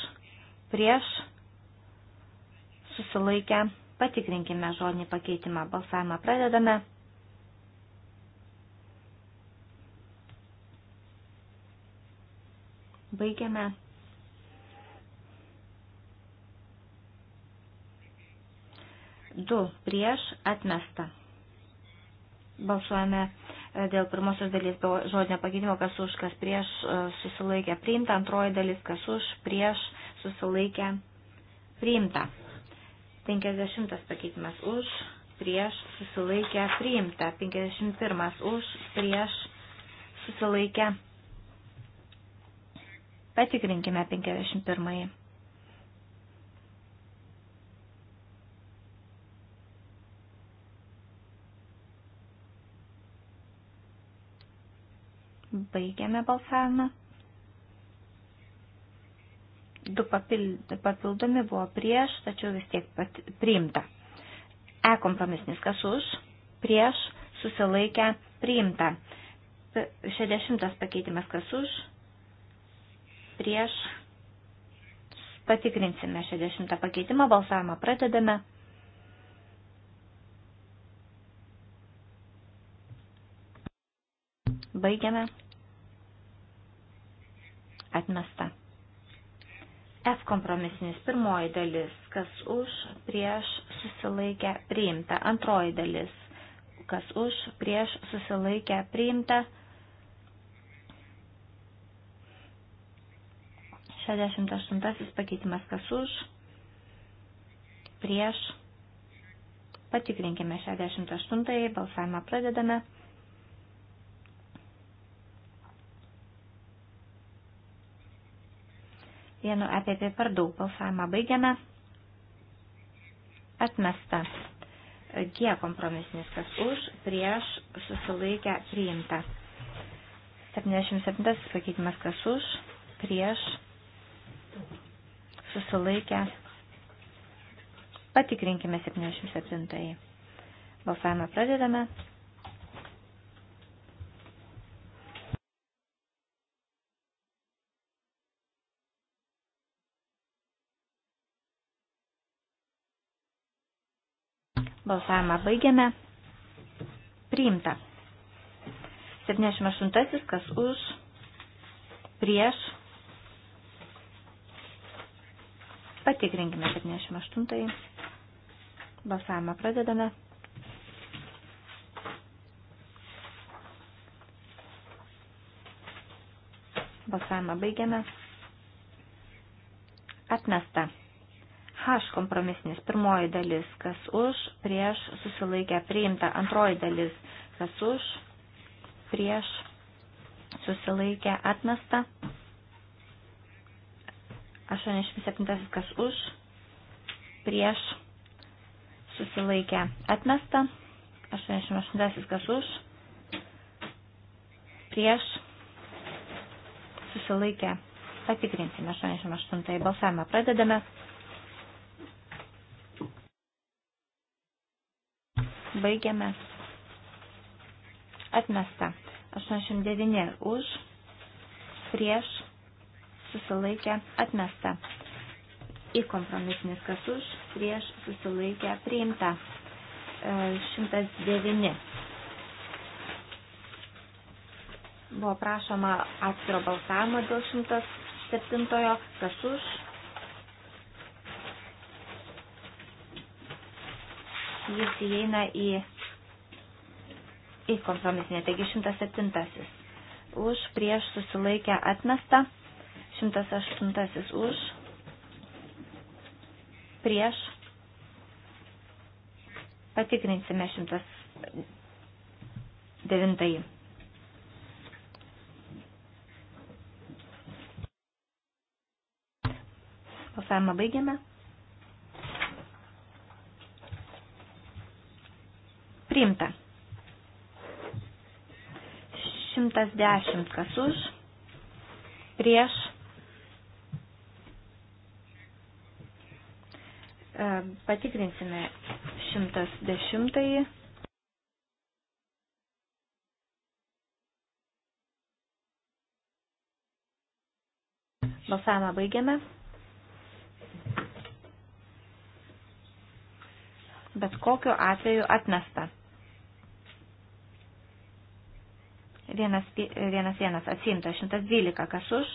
C: prieš, susilaikę, patikrinkime žodinį pakeitimą. Balsavimą pradedame. Baigiame. Du prieš atmesta. Balsuojame E, dėl pirmosios dalies be žodinio pakeitimo, kas už, kas prieš e, susilaikė priimta, antroji dalis, kas už, prieš susilaikė priimta. 50 pakeitimas už, prieš susilaikė priimta, 51 už, prieš susilaikė. Patikrinkime 51. Baigiame balsavimą. Du papildomi buvo prieš, tačiau vis tiek pat, priimta. E kompromisnis kas už, prieš, susilaikę, priimta. 60 pakeitimas kas už, prieš, patikrinsime 60 pakeitimą, balsavimą pradedame. Baigiame. Atmesta. F kompromisinis pirmoji dalis, kas už, prieš, susilaikę, priimta. Antroji dalis, kas už, prieš, susilaikę, priimta. 68 pakeitimas, kas už, prieš. Patikrinkime 68, balsavimą pradedame. vienu EPP per daug. Balsavimą baigiame. Atmesta. G kompromisinis, kas už, prieš, susilaikę, priimta. 77 pakeitimas, kas už, prieš, susilaikę. Patikrinkime 77. Balsavimą pradedame. Balsavimą baigiame. Priimta. 78. Kas už? Prieš. Patikrinkime 78. Balsavimą pradedame. Balsavimą baigiame. Atmesta. H kompromisinis pirmoji dalis, kas už, prieš, susilaikę priimta. Antroji dalis, kas už, prieš, susilaikę atmesta. 87 kas už, prieš, susilaikę atmesta. 88 kas už, prieš, susilaikę. Patikrinsime 88 balsavimą. Pradedame. Baigiame. Atmesta. 89 už, prieš, susilaikę, atmesta. Į kompromisinis kas už, prieš, susilaikę, priimta. 109. E, Buvo prašoma atskiro balsavimo dėl 107, kas už, jis įeina į, į kompromisinę, taigi 107. Už prieš susilaikę atmestą, 108 už prieš patikrinsime 109. Balsavimą baigiame. Priimta. 110 kas už, prieš, e, patikrinsime 110. Balsavimą baigiame. Bet kokiu atveju atmesta. Vienas, vienas, vienas atsimta, 112 kas už,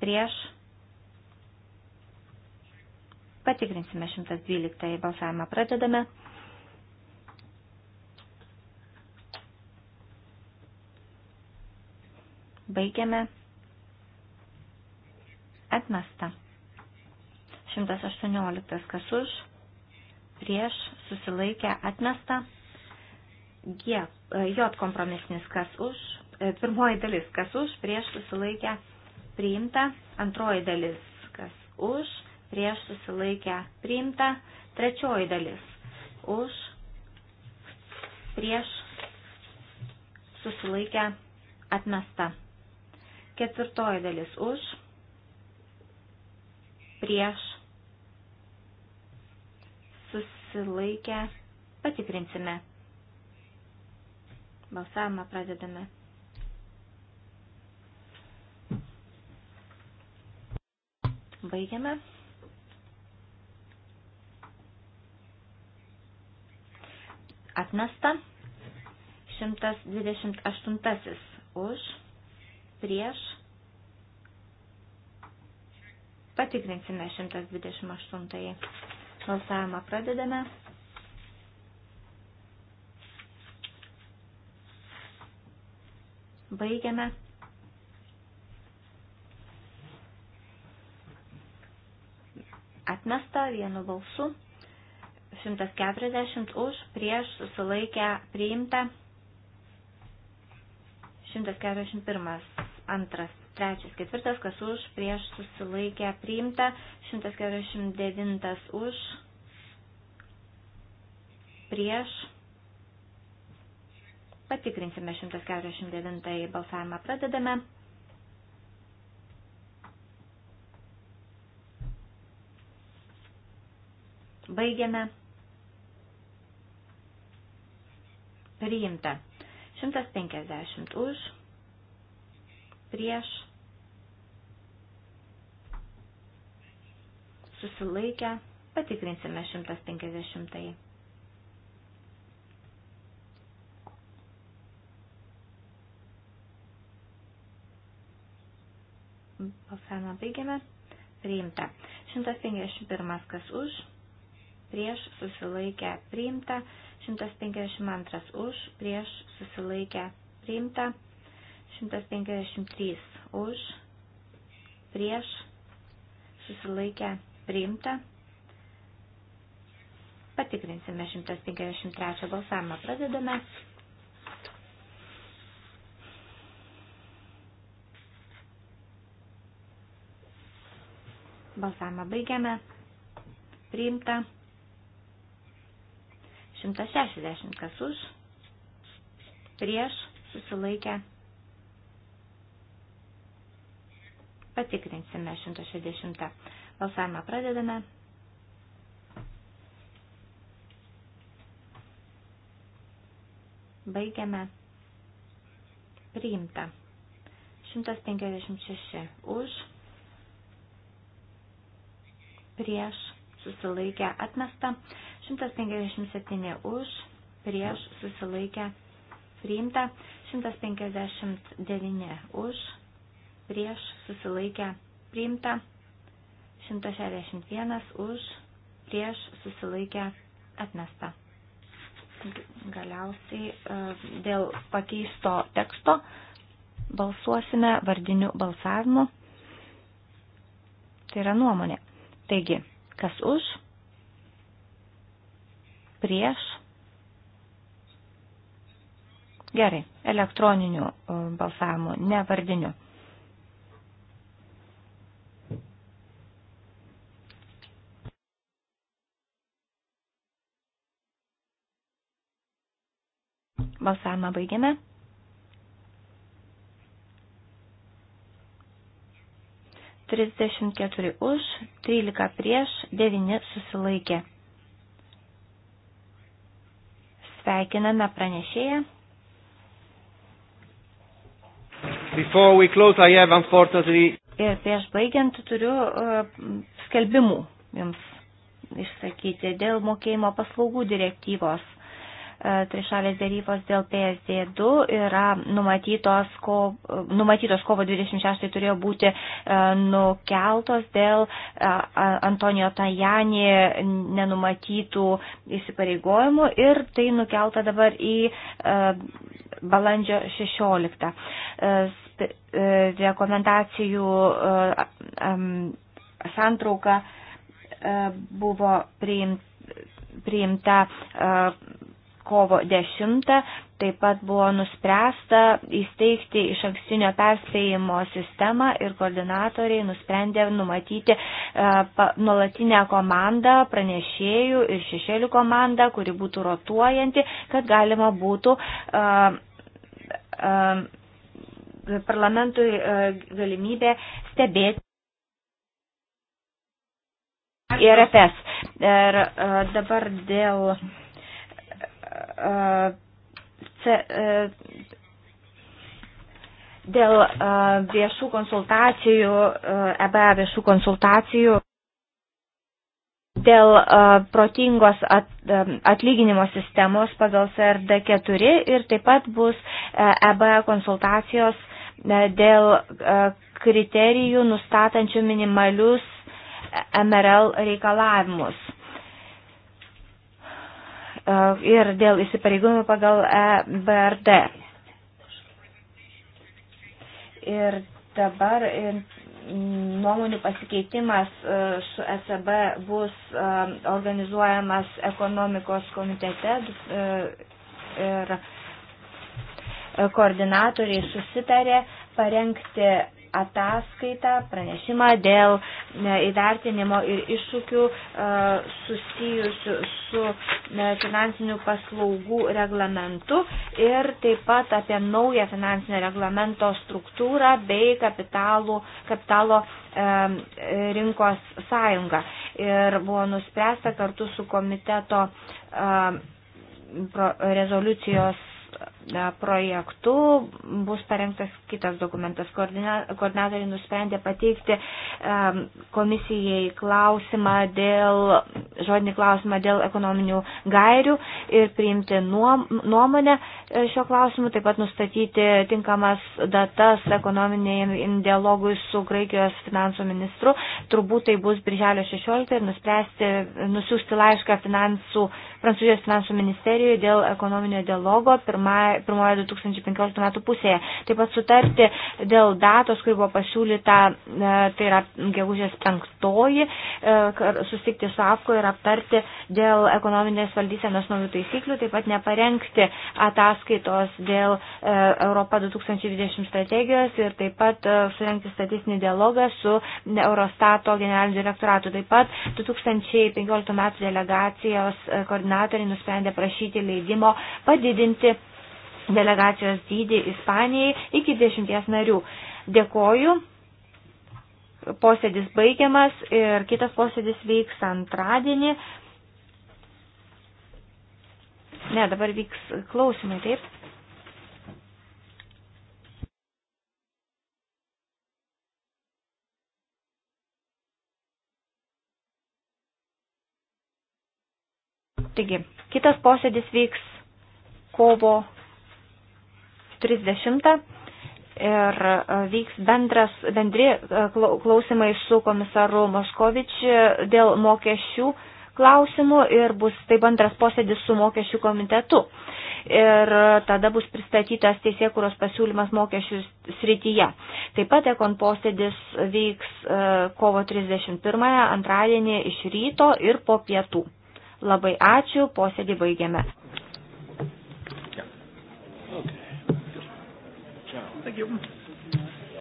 C: prieš. Patikrinsime 112 balsavimą, pradedame. Baigiame. Atmesta. 118 kas už, prieš, susilaikę, atmesta. G, e, J kompromisinis, kas už, e, pirmoji dalis, kas už, prieš susilaikę priimta, antroji dalis, kas už, prieš susilaikę priimta, trečioji dalis, už, prieš susilaikę atmesta, ketvirtoji dalis už, prieš susilaikę patikrinsime. Balsavimą pradedame. Baigiame. Atmesta. 128 už, prieš. Patikrinsime 128. Balsavimą pradedame. Baigiame. Atmesta vienu balsu. 140 už, prieš, susilaikę, priimta. 141. Antras, trečias, ketvirtas, kas už, prieš, susilaikę, priimta. 149 už, prieš, Patikrinsime 149 balsavimą. Pradedame. Baigiame. Priimta. 150 už. Prieš. Susilaikę. Patikrinsime 150. Balsavimą baigiame. Priimta. 151. Kas už? Prieš susilaikę priimta. 152. Už? Prieš susilaikę priimta. 153. Už? Prieš susilaikę priimta. Patikrinsime 153 balsavimą. Pradedame. Balsavimą baigiame. Priimta. 160 kas už. Prieš susilaikę. Patikrinsime 160. Balsavimą pradedame. Baigiame. Priimta. 156 už prieš susilaikę atmesta, 157 už, prieš susilaikę priimta, 159 už, prieš susilaikę priimta, 161 už, prieš susilaikę atmesta. Galiausiai e, dėl pakeisto teksto balsuosime vardiniu balsavimu. Tai yra nuomonė. Taigi, kas už, prieš, gerai, elektroniniu e, balsavimu, ne vardiniu. Balsavimą baigėme. 34 už, 13 prieš, 9 susilaikė. Sveikiname pranešėją.
A: Close, have, unfortunately...
C: Ir prieš baigiant turiu uh, skelbimų jums išsakyti dėl mokėjimo paslaugų direktyvos. E, trišalės dėrybos dėl PSD2 yra numatytos, ko, numatytos kovo 26 turėjo būti e, nukeltos dėl e, Antonijo Tajani nenumatytų įsipareigojimų ir tai nukelta dabar į balandžio 16. Rekomendacijų santrauka buvo priimta priimta kovo 10. Taip pat buvo nuspręsta įsteigti iš ankstinio perspėjimo sistemą ir koordinatoriai nusprendė numatyti e, nuolatinę komandą pranešėjų ir šešėlių komandą, kuri būtų rotuojanti, kad galima būtų e, e, parlamentui galimybė stebėti. IRFS. Ir dabar dėl ce, dėl e, viešų konsultacijų, EBA e viešų konsultacijų, dėl e, protingos at, atlyginimo sistemos pagal CRD 4 ir taip pat bus EBA konsultacijos dėl kriterijų nustatančių minimalius MRL reikalavimus. Uh, ir dėl įsipareigojimų pagal EBRD. Ir dabar nuomonių pasikeitimas uh, su ECB bus um, organizuojamas ekonomikos komitete uh, ir koordinatoriai susitarė parengti ataskaitą, pranešimą dėl e, įvertinimo ir iššūkių e, susijusių su e, finansinių paslaugų reglamentu ir taip pat apie naują finansinio reglamento struktūrą bei kapitalų, kapitalo rinkos sąjungą. Ir buvo nuspręsta kartu su komiteto rezoliucijos E, projektu bus parengtas kitas dokumentas. Koordinatoriai nusprendė pateikti e, komisijai klausimą dėl, žodinį klausimą dėl ekonominių gairių ir priimti nuomonę e, šio klausimu, taip pat nustatyti tinkamas datas ekonominiai dialogui su Graikijos finansų ministru. Turbūt tai bus birželio 16 ir nuspręsti, nusiųsti laišką finansų, Prancūzijos finansų ministerijoje dėl ekonominio dialogo pirmąjį pirmoje 2015 metų pusėje. Taip pat sutarti dėl datos, kuri buvo pasiūlyta, e, tai yra gegužės penktoji, e, susitikti su AFKO ir aptarti dėl ekonominės valdysenos naujų taisyklių, taip pat neparengti ataskaitos dėl e, Europa 2020 strategijos ir taip pat surengti statistinį dialogą su Eurostato generaliniu direktoratu. Taip pat 2015 metų delegacijos koordinatoriai nusprendė prašyti leidimo padidinti delegacijos dydį Ispanijai iki dešimties narių. Dėkoju. Posėdis baigiamas ir kitas posėdis vyks antradienį. Ne, dabar vyks klausimai, taip? Taigi, kitas posėdis vyks kovo 30 ir e, vyks bendras, bendri e, klausimai su komisaru Moškovič e, dėl mokesčių klausimų ir bus tai bendras posėdis su mokesčių komitetu. Ir tada bus pristatytas teisėkuros pasiūlymas mokesčių srityje. Taip pat ekon posėdis vyks kovo 31 antradienį iš ryto ir po pietų. Labai ačiū, posėdį baigiame.
A: abgegeben.